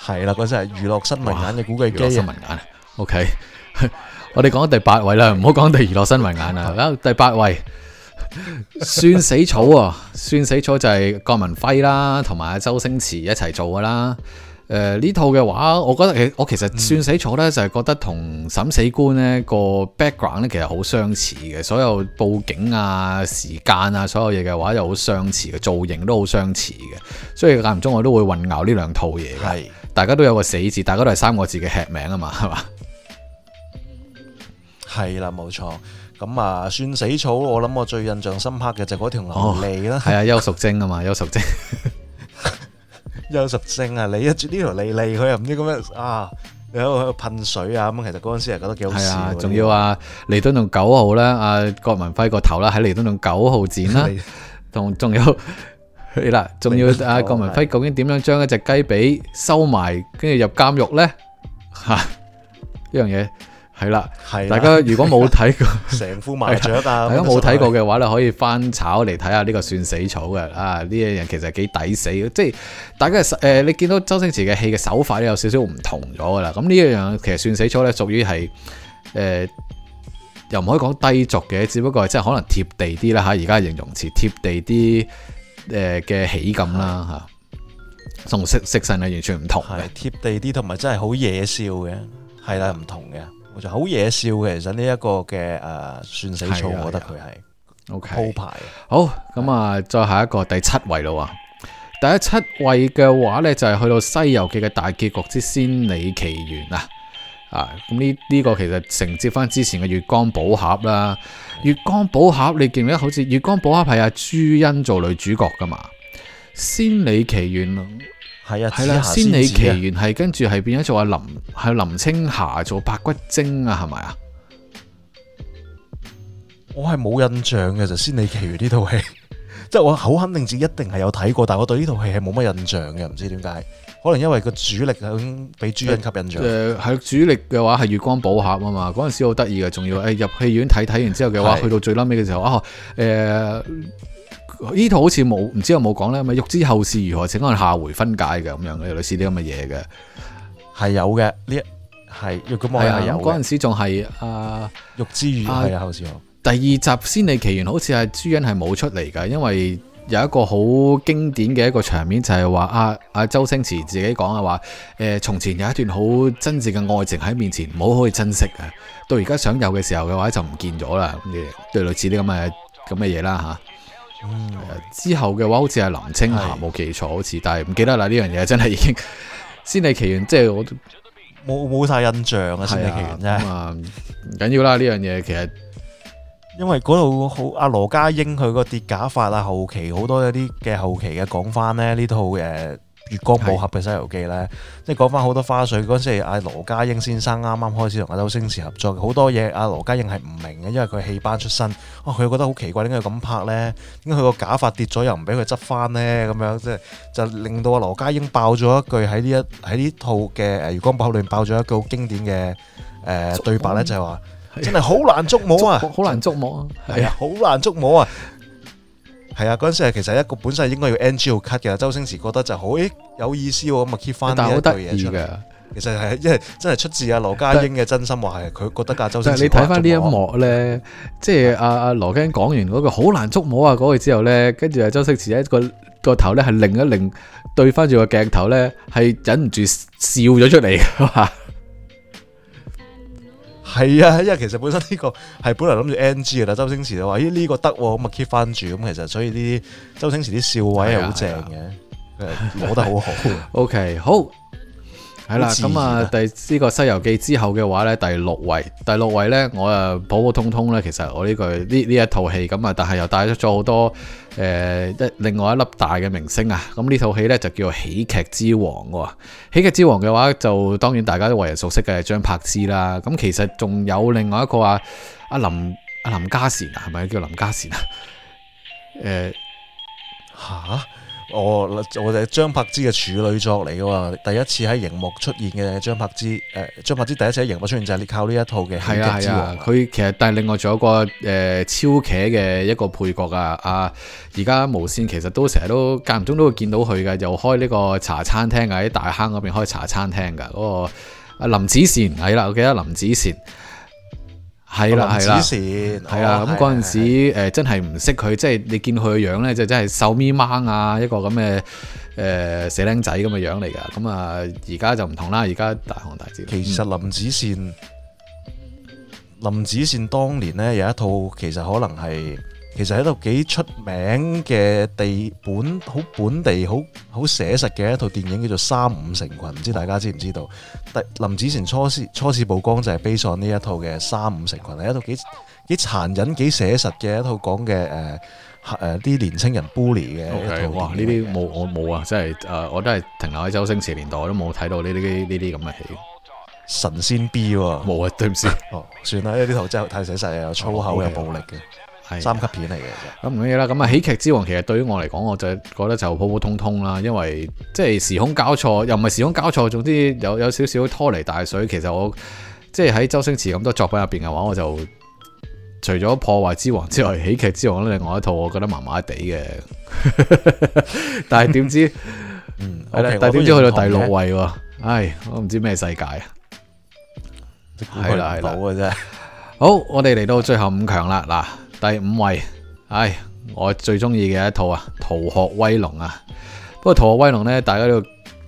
係啦，嗰陣係娛樂新聞眼嘅古巨基啊，娛樂新聞眼，OK，我哋講到第八位啦，唔好講第娛樂新聞眼啊，好，第八位。 算死草啊！算死草就係葛民輝啦，同埋阿周星馳一齊做噶啦。誒、呃、呢套嘅話，我覺得其我其實算死草呢，就係覺得同審死官呢個 background 呢，其實好相似嘅，所有布景啊、時間啊、所有嘢嘅話又好相似嘅，造型都好相似嘅，所以間唔中我都會混淆呢兩套嘢嘅。係大家都有個死字，大家都係三個字嘅戲名啊嘛，係嘛？係啦，冇錯。咁啊，算死草！我諗我最印象深刻嘅就嗰條牛脷啦，哦，係 啊，邱淑貞啊嘛，邱淑貞，邱淑貞啊！你一住呢條利利，佢又唔知咁咩，啊，你喺度噴水啊咁。其實嗰陣時係覺得幾好啊。仲要啊，彌敦同九號啦，阿郭文輝個頭啦，喺彌敦同九號剪啦，啊，同仲有係啦，仲要阿郭文輝究竟點樣將一隻雞髀收埋，跟住入監獄咧？吓呢樣嘢。這個係啦，係大家如果冇睇過成副麻雀啊，係啊冇睇過嘅話咧，可以翻炒嚟睇下呢個算死草嘅啊！呢一樣其實幾抵死嘅，即係大家誒、呃，你見到周星馳嘅戲嘅手法咧有少少唔同咗噶啦。咁呢一樣其實算死草咧屬於係誒，又唔可以講低俗嘅，只不過係即係可能貼地啲啦吓。而家形容詞貼地啲誒嘅喜感啦吓，同色色神係完全唔同嘅，貼地啲同埋真係好惹笑嘅，係啦唔同嘅。就好嘢笑，嘅，其實呢一個嘅誒，算死草、啊啊，我覺得佢係 O 牌。Okay. 好，咁啊，再下一個第七位咯，第一七位嘅話呢，就係、是、去到《西遊記》嘅大結局之《仙履奇緣》啊！啊，咁呢呢個其實承接翻之前嘅《月光寶盒》啦，《月光寶盒》你記唔記得好似《月光寶盒》係阿朱茵做女主角噶嘛，先李《仙履奇緣》。係啊，係啦，是啊《仙履奇緣》係跟住係變咗做阿林，係林青霞做白骨精啊，係咪啊？我係冇印象嘅 就《仙履奇緣》呢套戲，即係我好肯定自己一定係有睇過，但係我對呢套戲係冇乜印象嘅，唔知點解，可能因為個主力係俾主、呃、朱茵吸引咗。誒，係主力嘅話係月光寶盒啊嘛，嗰陣時好得意嘅，仲要誒入戲院睇睇完之後嘅話是，去到最尾嘅時候啊，誒、哦。呃呢套好似冇，唔知有冇講咧？咪欲知後事如何，請看下回分解嘅咁樣嘅，類似啲咁嘅嘢嘅，係有嘅。呢係欲咁我係有嗰陣時，仲係啊欲知後係啊後事後。第二集《仙履奇緣》好似係朱茵係冇出嚟㗎，因為有一個好經典嘅一個場面就係、是、話啊，啊周星馳自己講啊話誒，從、呃、前有一段好真摯嘅愛情喺面前，唔好可以珍惜，到而家想有嘅時候嘅話，就唔見咗啦。咁嘅，類似啲咁嘅咁嘅嘢啦吓。啊嗯，之後嘅話好似係林青霞冇記錯，好似但係唔記得啦呢樣嘢，這個、真係已經《仙履奇緣》即、就、係、是、我冇冇晒印象啊《仙履奇緣》啫、嗯，唔緊要啦呢樣嘢，其實因為嗰套好阿羅家英佢個跌假髮啊，後期好多一啲嘅後期嘅講翻呢，呢套誒。月光寶盒嘅《西遊記》呢，即係講翻好多花絮。嗰陣時，阿羅家英先生啱啱開始同阿周星馳合作，好多嘢阿羅家英係唔明嘅，因為佢戲班出身，啊、哦，佢覺得好奇怪點解要咁拍呢？點解佢個假髮跌咗又唔俾佢執翻呢？咁樣即係就令到阿羅家英爆咗一句喺呢一喺呢套嘅《月光寶盒》裏面爆咗一句好經典嘅誒對白呢就係、是、話真係好難捉摸啊！好難捉摸啊！係啊！好難捉摸啊！係啊，嗰陣時係其實一個本身應該要 NG o cut 嘅，周星馳覺得就好，誒、欸、有意思喎，咁啊 keep 翻呢一句嘢出嚟。但好得意嘅，其實係因為真係出自阿羅家英嘅真心話，係佢覺得啊，周星馳。但你睇翻呢一幕咧，即係阿阿羅家英講完嗰句好難捉摸啊嗰句之後咧，跟住周星馳一個個頭咧係擰一擰，對翻住個鏡頭咧係忍唔住笑咗出嚟。 係啊，因為其實本身呢個係本來諗住 NG 嘅，但周星馳就話，咦，呢個得，咁啊 keep 翻住，咁其實所以呢啲周星馳啲笑位係好正嘅，啊啊、我覺得好好。啊啊、 OK 好。係啦，咁啊，第呢、這個《西遊記》之後嘅話呢，第六位，第六位呢，我啊普普通通呢。其實我呢句呢呢一套戲咁啊，但係又帶出咗好多誒一、呃、另外一粒大嘅明星啊，咁呢套戲呢，就叫《喜劇之王》喎，《喜劇之王》嘅、哦、話就當然大家都為人熟悉嘅張柏芝啦，咁其實仲有另外一個啊，阿、啊、林阿、啊、林嘉善啊，係咪叫林嘉善啊？誒、呃，吓？我我哋張柏芝嘅處女作嚟嘅，第一次喺熒幕出現嘅張柏芝，誒、呃、張柏芝第一次喺熒幕出現就係靠呢一套嘅《喜劇之王》。係啊，係啊，佢其實但係另外仲有一個誒超茄嘅一個配角啊！啊，而家無線其實都成日都間唔中都會見到佢嘅，又開呢個茶餐廳啊，喺大坑嗰邊開茶餐廳噶，嗰、那個阿林子善係啦，我記得林子善。係啦，係啦，子善，係啊，咁嗰陣時，誒，真係唔識佢，即係你見佢嘅樣咧，就真、是、係瘦咪蜢啊，一個咁嘅誒，死僆仔咁嘅樣嚟噶，咁啊，而家就唔同啦，而家大紅大紫。其實林子善，嗯、林子善當年咧有一套，其實可能係。其實係一套幾出名嘅地本好本地好好寫實嘅一套電影叫做《三五成群》，唔知大家知唔知道？但林子祥初次初次曝光就係《悲壯》呢一套嘅《三五成群》，係一套幾幾殘忍、幾寫實嘅一套講嘅誒誒啲年輕人 bully 嘅一套。哇！呢啲冇我冇啊，真係誒我都係停留喺周星馳年代，我都冇睇到呢啲呢啲咁嘅戲。神仙 B 喎，冇啊！對唔住，哦算啦，呢啲套真係太寫實，又有粗口，有暴力嘅。係、啊、三級片嚟嘅，咁唔緊要啦。咁啊喜劇之王其實對於我嚟講，我就覺得就普普通通啦，因為即係時空交錯，又唔係時空交錯，總之有有少少拖泥帶水。其實我即係喺周星馳咁多作品入邊嘅話，我就除咗破壞之王之外，喜劇之王咧另外一套我覺得麻麻地嘅， 但係點知， 嗯，係啦，但點知去到第六位， 唉，我唔知咩世界啊，係啦、啊，係啦，好嘅啫。好，我哋嚟到最後五強啦，嗱。第五位，唉，我最中意嘅一套啊，《逃學威龍》啊。不過《逃學威龍》咧，大家都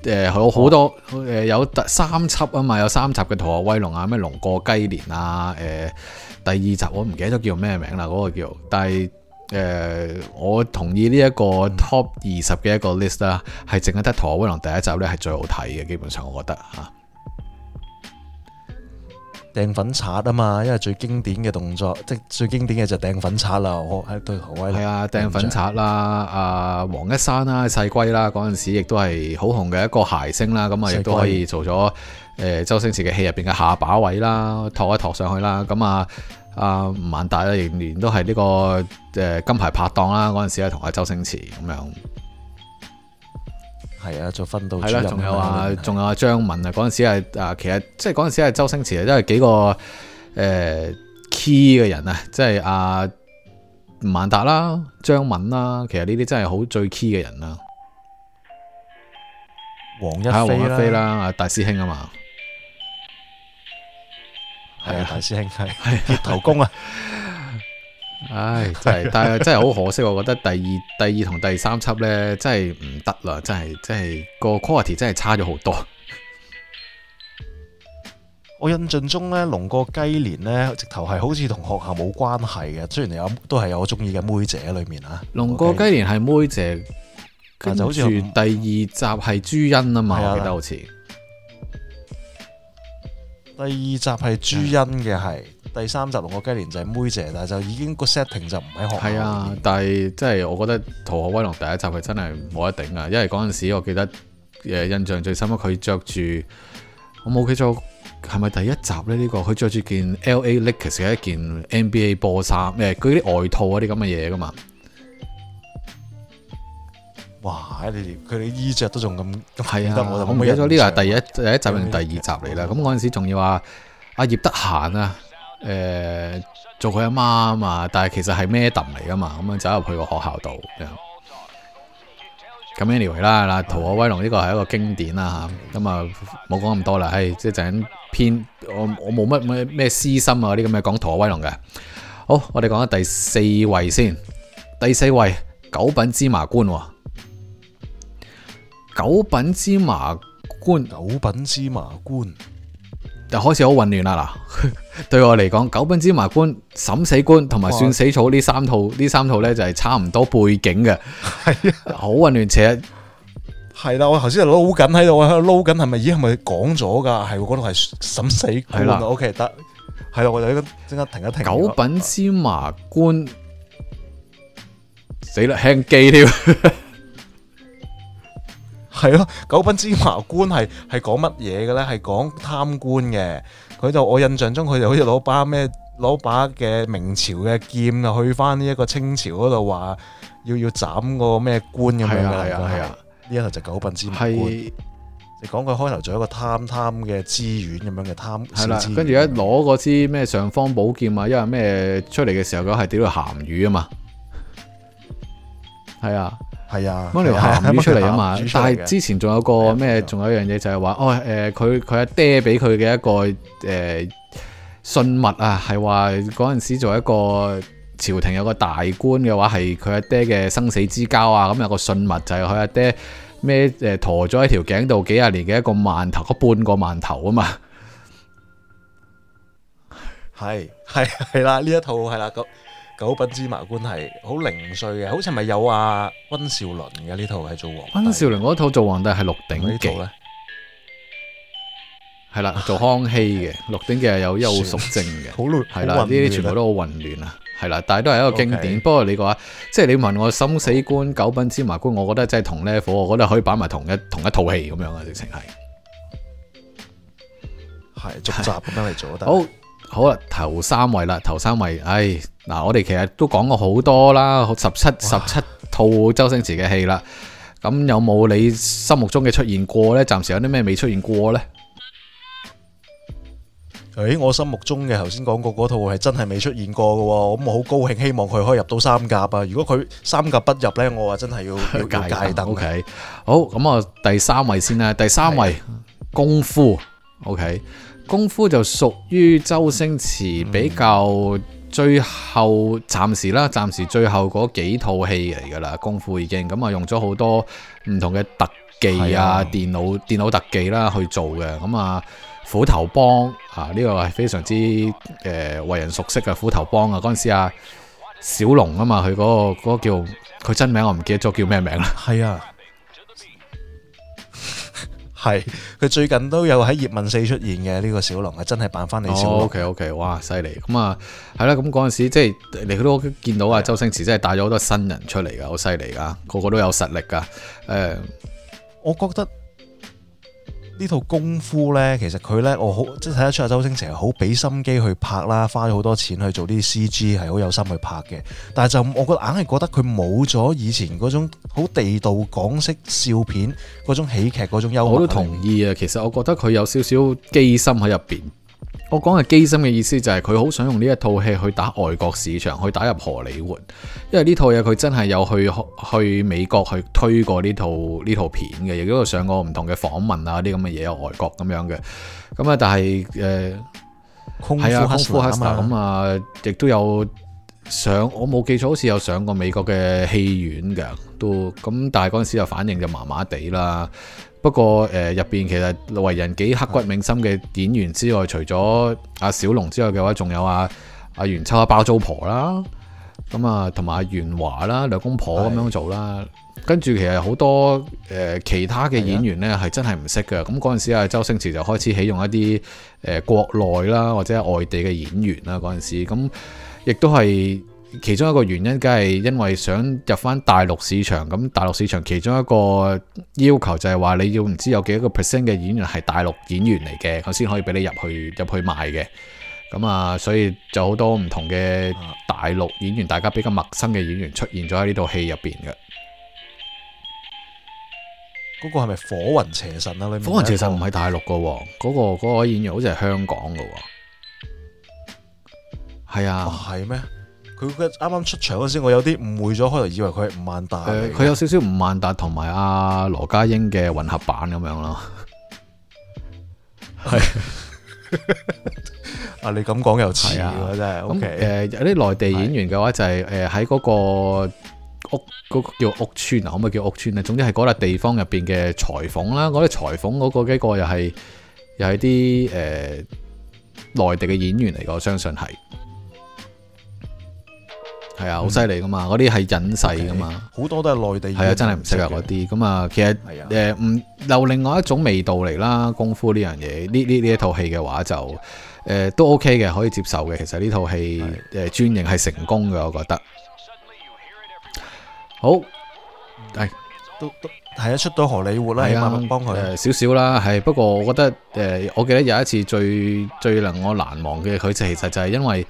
誒有好、呃、多誒、呃、有三集啊嘛，有三集嘅《逃學威龍》啊，咩龍過雞年啊，誒、呃、第二集我唔記得咗叫咩名啦，嗰、嗰個叫但係誒、呃，我同意呢一個 top 二十嘅一個 list 啦，係淨係得《逃學威龍》第一集咧係最好睇嘅，基本上我覺得吓。掟粉刷啊嘛，因為最經典嘅動作，即係最經典嘅就掟粉、啊、粉刷啦。我喺對頭位，係啊，掟粉刷啦，阿黃一山啦，細龜啦，嗰陣時亦都係好紅嘅一個諧星啦。咁啊，亦都可以做咗誒、呃、周星馳嘅戲入邊嘅下把位啦，托一托上去啦。咁啊，阿、啊、吳孟達咧，年年都係呢個誒金牌拍檔啦。嗰陣時係同阿周星馳咁樣。係啊，就分到。係啦，仲有啊，仲有啊，張敏啊，嗰陣時係啊，其實即係嗰陣時係周星馳、呃、啊，都係幾個誒 key 嘅人啊，即係吳孟達啦、張敏啦，其實呢啲真係好最 key 嘅人、啊、一飛啦。黃一飛啦，啊大師兄啊嘛，係啊，大師兄係頭功啊。 唉，真係，但係真係好可惜， 我覺得第二、第二同第三輯呢，真係唔得啦，真係真係個 quality 真係差咗好多。我印象中呢，龍過雞年呢，直頭係好似同學校冇關係嘅，雖然有都係有我中意嘅妹姐喺裏面啊。龍過雞年係妹姐，嗯、跟住第二集係朱茵啊嘛很，我記得好似。第二集係朱茵嘅係。嗯第三集《龍過雞年》就係妹姐，但係就已經個 setting 就唔喺學校。係啊，但係真係我覺得《逃學威龍》第一集佢真係冇得頂啊！因為嗰陣時我記得誒印象最深啊，佢着住我冇記錯係咪第一集咧？呢、呢個佢着住件 L.A. Lakers 嘅一件 N.B.A. 波衫，誒佢啲外套嗰啲咁嘅嘢噶嘛？哇！你哋佢哋衣着都仲咁係啊！我冇記錯呢個係第一、嗯、第一集定、嗯、第二集嚟啦。咁嗰陣時仲要話阿、啊、葉得閒啊！誒，做佢阿媽啊嘛，但係其實係咩氹嚟噶嘛，咁樣走入去個學校度。咁 anyway 啦，嗱《逃學威龍》呢個係一個經典啦吓，咁啊冇講咁多啦，係即係就咁偏，我我冇乜咩咩私心啊啲咁嘅講《逃學威龍》嘅。好，我哋講下第四位先，第四位九品芝麻官。九品芝麻官。九品芝麻官。就開始好混亂啦！嗱，對我嚟講，《九品芝麻官》、《審死官》同埋《算死草》呢三套呢三套咧就係差唔多背景嘅。係好、啊、混亂且係啦，我頭先撈緊喺度啊，撈緊係咪？咦，係咪講咗噶？係嗰度係審死官啊！OK，得，係咯、啊，我就應該即刻停一停。九品芝麻官、啊、死啦，輕機添。 係咯、啊，九品芝麻官係係講乜嘢嘅咧？係講貪官嘅。佢就我印象中佢就好似攞把咩，攞把嘅明朝嘅劍去翻呢一個清朝嗰度，話要要斬個咩官咁樣嘅。係啊係啊，呢一頭就九品芝麻官。係、啊，你講佢開頭做一個貪貪嘅知縣咁樣嘅貪。係啦、啊，跟住一攞嗰支咩尚方寶劍啊，因為咩出嚟嘅時候佢係屌到鹹魚啊嘛。係啊。係啊，咁 你鹹出嚟啊嘛，但係之前仲有個咩？仲有一樣嘢就係、是、話，哦，誒、呃，佢佢阿爹俾佢嘅一個誒、呃、信物啊，係話嗰陣時做一個朝廷有個大官嘅話，係佢阿爹嘅生死之交啊，咁、那、有個信物就係佢阿爹孭誒陀咗喺條頸度幾廿年嘅一個饅頭，個半個饅頭啊嘛，係係係啦，呢一套係啦咁。九品芝麻官係好零碎嘅，好似咪有阿溫兆倫嘅呢套係做皇帝。溫兆倫嗰套做皇帝係鹿鼎記，係啦做康熙嘅、哎、鹿鼎記係有憂淑症嘅。係啦呢啲全部都好混亂啊，係啦，但係都係一個經典。Okay、不過你嘅話即係你問我《審死官》、《九品芝麻官》，我覺得真係同 level 我覺得可以擺埋同一同一套戲咁樣嘅直情係係續集咁樣嚟做，但 係。好啦，頭三位啦，頭三位，唉，嗱，我哋其實都講過好多啦，十七十七套周星馳嘅戲啦，咁有冇你心目中嘅出現過呢？暫時有啲咩未出現過呢？誒，我心目中嘅頭先講過嗰套係真係未出現過噶，咁我好高興，希望佢可以入到三甲啊！如果佢三甲不入呢，我話真係要要戒燈。O K，好，咁啊，第三位先啦，第三位功夫，O K。功夫就屬於周星馳比較最後暫時啦，暫時最後嗰幾套戲嚟㗎啦，功夫已經咁啊，用咗好多唔同嘅特技啊，啊電腦電腦特技啦去做嘅，咁啊斧頭幫呢、啊呢個係非常之誒、呃、為人熟悉嘅斧頭幫啊，嗰陣時啊小龍啊嘛，佢嗰、嗰個嗰個叫佢真名我唔記得咗叫咩名啦，係啊。係，佢最近都有喺《葉問四》出現嘅呢個小龍，係真係扮翻李小龍。O K O K，哇，犀利！咁啊，係啦，咁嗰陣時即係你都見到啊，周星馳真係帶咗好多新人出嚟噶，好犀利噶，個個都有實力噶。誒、呃，我覺得。呢套功夫呢，其實佢呢，我好即係睇得出阿周星馳係好俾心機去拍啦，花咗好多錢去做啲 CG，係好有心去拍嘅。但係就我覺得硬係覺得佢冇咗以前嗰種好地道港式笑片，嗰種喜劇，嗰種幽默。我都同意啊，其實我覺得佢有少少機心喺入邊。我講嘅機心嘅意思就係佢好想用呢一套戲去打外國市場，去打入荷里活，因為呢套嘢佢真係有去去美國去推過呢套呢套片嘅，亦都有上過唔同嘅訪問啊啲咁嘅嘢，有外國咁樣嘅，咁啊但係誒、呃，空腹客啊，啊嘛，咁啊亦都有上，我冇記錯好似有上過美國嘅戲院嘅，都咁但係嗰陣時就反應就麻麻地啦。不過誒入邊其實為人幾刻骨銘心嘅演員之外，除咗阿小龍之外嘅話，仲有阿阿元秋阿包租婆啦，咁啊同埋阿元華啦兩公婆咁樣做啦，跟住其實好多誒、呃、其他嘅演員呢，係真係唔識嘅，咁嗰陣時啊周星馳就開始起用一啲誒、呃、國內啦或者外地嘅演員啦嗰陣時，咁亦都係。其中一個原因，梗係因為想入翻大陸市場。咁大陸市場其中一個要求就係話，你要唔知有幾多個 percent 嘅演員係大陸演員嚟嘅，佢先可以俾你入去入去賣嘅。咁啊，所以就好多唔同嘅大陸演員、啊，大家比較陌生嘅演員出現咗喺呢套戲入邊嘅。嗰個係咪火雲邪神啊？你唔係火雲邪神唔喺大陸噶，嗰個嗰個演員好似係香港噶。係啊，係咩啊？係佢佢啱啱出場嗰陣時，我有啲誤會咗，開頭以為佢係吳孟達。佢有少少吳孟達同埋阿羅家英嘅混合版咁樣咯。係 啊，你咁講又似啊，真係 OK。誒有啲內地演員嘅話就係誒喺嗰個屋嗰、嗰個、叫屋村啊，可唔可以叫屋村咧？總之係嗰笪地方入邊嘅裁縫啦，嗰啲裁縫嗰個幾個又係又係啲誒內地嘅演員嚟，我相信係。係啊，好犀利噶嘛！嗰啲係隱世噶嘛，好多都係內地人。係啊，真係唔適合嗰啲。咁啊，其實誒，留另外一種味道，嚟啦。功夫呢樣嘢，呢呢呢一套戲嘅話就誒都 OK 嘅，可以接受嘅。其實呢套戲誒轉型係成功嘅，我覺得。好係都都係啊出到荷里活啦，係幫幫佢誒少少啦。係不過我覺得誒，我記得有一次最最令我難忘嘅，佢其實就係因為。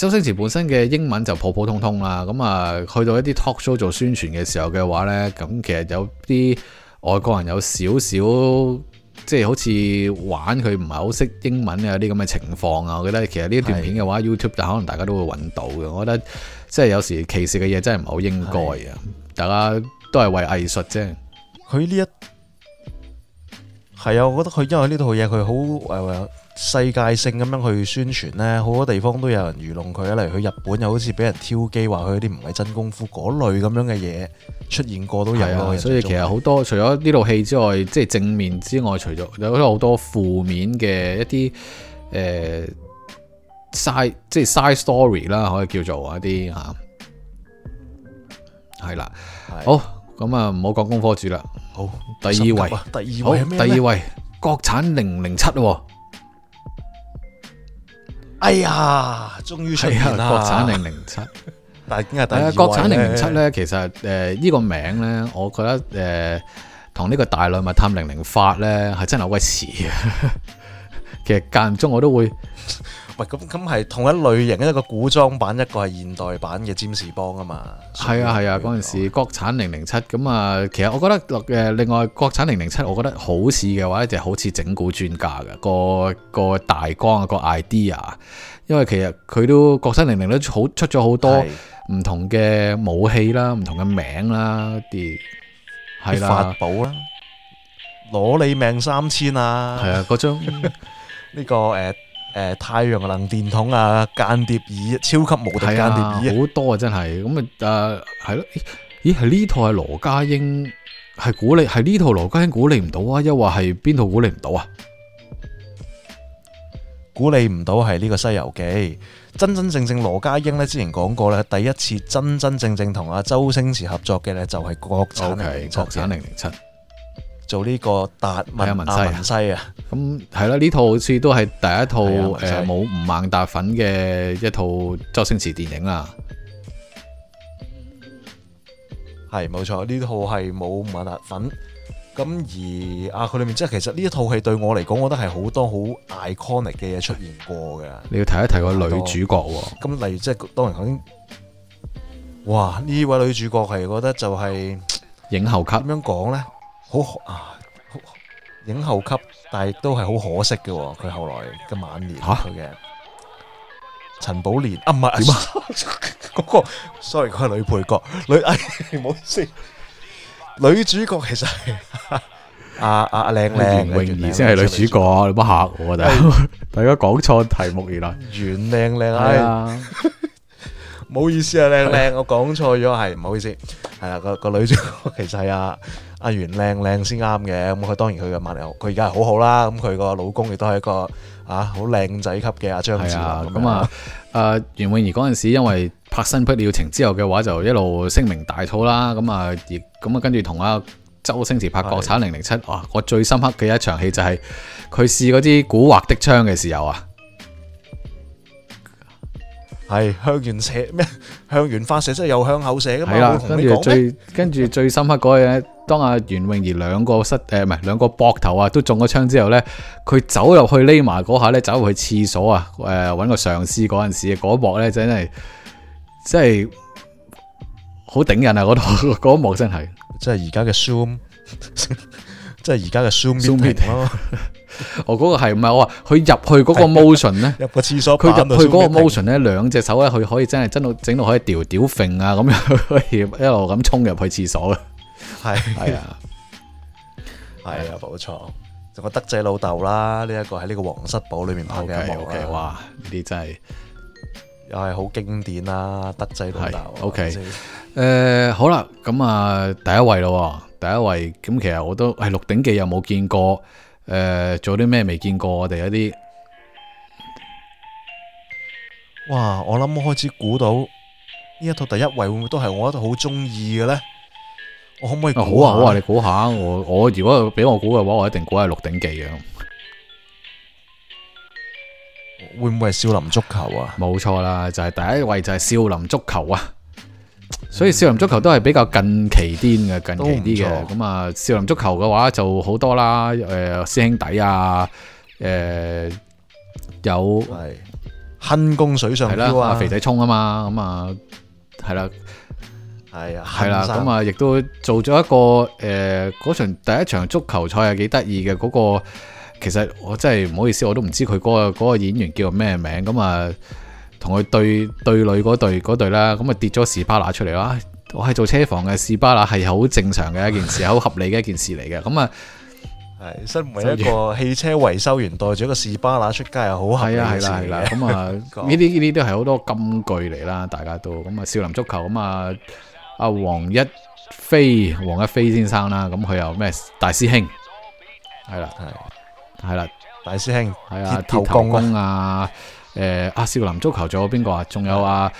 周星馳本身嘅英文就普普通通啦，咁啊去到一啲 talk show 做宣傳嘅時候嘅話呢，咁其實有啲外國人有少少即係好似玩佢唔係好識英文啊啲咁嘅情況啊，我覺得其實呢一段片嘅話 YouTube 就可能大家都會揾到嘅。我覺得即係有時歧視嘅嘢真係唔係好應該啊，大家都係為藝術啫。佢呢一係啊，我覺得佢因為呢套嘢佢好世界性咁樣去宣傳呢好多地方都有人愚弄佢。一嚟去日本又好似俾人挑機，話佢啲唔係真功夫嗰類咁樣嘅嘢出現過都有、啊。所以其實好多除咗呢套戲之外，嗯、即係正面之外，除咗有好多負面嘅一啲誒、呃、side 即係 side story 啦，可以叫做一啲吓係啦。好咁啊，唔、啊啊、好講、啊、功夫主啦。好，第二位，第二位咩啊？第二位,第二位國產零零七。哎呀，終於出啦！係啊，國產零零七，但係今日國產零零七咧，其實誒呢、呃呢個名咧，我覺得誒同呢個大內密探零零發咧，係真係好鬼似啊！ 其實間唔中我都會。 唔係咁，咁係同一類型嘅，一個古裝版，一個係現代版嘅《占士邦》啊嘛。係啊係啊，嗰陣、啊、時國產零零七咁啊。其實我覺得誒，另外國產零零七，我覺得好似嘅話，就係、係、好似整蠱專家嘅、個、個大光啊、個 idea。因為其實佢都國產零零都好出咗好多唔同嘅武器啦，唔同嘅名啦啲係啦，法寶啦，攞你命三千啊！係啊，嗰張呢個誒。呃誒、呃，太陽能電筒啊，間諜椅、啊，超級無敵間諜椅、啊啊，好多啊，真係咁啊，係咯、啊，咦，係呢套係羅家英係鼓勵，係呢套羅家英鼓勵唔到啊，抑或一話係邊套鼓勵唔到啊？鼓勵唔到係呢個《西遊記》，真真正正羅家英呢，之前講過呢，第一次真真正正同阿周星馳合作嘅呢，就係國產，okay，國產零零七。做呢個達文西啊，咁係啦，呢、啊啊、套好似都係第一套誒冇吳孟達粉嘅一套周星馳電影啊，係冇錯，呢套係冇吳孟達粉。咁而啊，佢裏面即係其實呢一套戲對我嚟講，我覺得係好多好 iconic 嘅嘢出現過嘅。你要提一提個女主角喎。咁例如即係當然，肯定哇呢位女主角係覺得就係、是、影后級。點樣講咧？好啊，影后級，但係都係好可惜嘅。佢後來嘅晚年，佢嘅陳寶蓮啊，唔係點啊？嗰個 sorry，佢係女配角，女誒，唔好意思，女主角其實係阿阿阿靚靚袁詠儀先係女主角，你乜吓我？大家大家講錯題目原來，袁靚靚啊，唔好意思啊，靚靚，我講錯咗，係唔好意思，係啦，個個女主角其實係阿。阿袁靚靚先啱嘅，咁佢當然佢嘅萬牛，佢而家係好好啦。咁佢個老公亦都係一個啊好靚仔級嘅阿張智咁啊，誒袁詠儀嗰陣時，因為拍新不了情之後嘅話，就一路聲名大噪啦。咁啊，咁啊，跟住同阿周星馳拍國產零零七，哇、啊！我最深刻嘅一場戲就係佢試嗰啲古惑的槍嘅時候啊，係向圓射咩？向圓發射即係又向後射噶嘛？係啦，跟住最跟住最深刻嗰樣。當阿袁詠儀兩個膝，誒唔係兩個膊頭啊，都中咗槍之後咧，佢走入去匿埋嗰下咧，走入去廁所啊誒，揾個上司嗰陣時，嗰一幕咧，真係真係好頂人啊！嗰一幕真係，即係而家嘅 zoom，即係而家嘅 zooming 咯。我嗰個係唔係我話佢入去嗰個 motion 咧， 入個廁所，佢入去嗰個 motion 咧，兩隻手咧，佢可以真係真到整到可以屌屌揈啊咁樣，可以一樣，一路咁衝入去廁所嘅。係係啊，係 啊，冇錯，啊，就、啊、有德仔老豆啦，呢、這、一個喺呢個皇室堡裏面拍嘅，okay, okay，哇，呢啲真係又係好經典啦，啊，德仔老豆，OK，誒、呃，好啦，咁、嗯、啊，第一位咯，第一位，咁其實我都係《鹿鼎記》有冇見過，誒、呃，做啲咩未見過，我哋一啲，哇，我諗我開始估到呢一套第一位會唔會都係我好中意嘅咧？我可唔可以估下？好啊，好啊，你估下，我我如果俾我估嘅話，我一定估係《鹿鼎記》啊。會唔會係少林足球啊？冇 錯啦，就係、是、第一位就係少林足球啊。所以少林足球都係比較近期啲嘅，近期啲嘅。咁啊，少林足球嘅話就好多啦。誒、呃，師兄弟啊，誒、呃，有，係，哼功水上漂啊啦，肥仔聰啊嘛，咁啊，係啦。係啊，係啦，咁啊，亦都做咗一個誒，嗰、呃、場第一場足球賽係幾得意嘅。嗰、嗰個其實我真係唔好意思，我都唔知佢嗰、嗰個、嗰個演員叫咩名。咁啊，同佢對對壘嗰對嗰對啦，咁啊跌咗士巴拿出嚟啦，哎。我係做車房嘅士巴拿，係好正常嘅一件事，好 合理嘅一件事嚟嘅。咁啊，係，身為一個汽車維修員，帶咗一個士巴拿出街又好，係啊，係啦，係啦，咁啊，呢啲呢啲都係好多金句嚟啦，大家都，咁啊，少林足球咁啊。阿黃一飛，黃一飛先生啦，咁佢有咩大師兄，係啦係，係啦大師兄，係啊鐵頭功啊，誒阿、啊啊啊、少林足球組邊個啊？仲有阿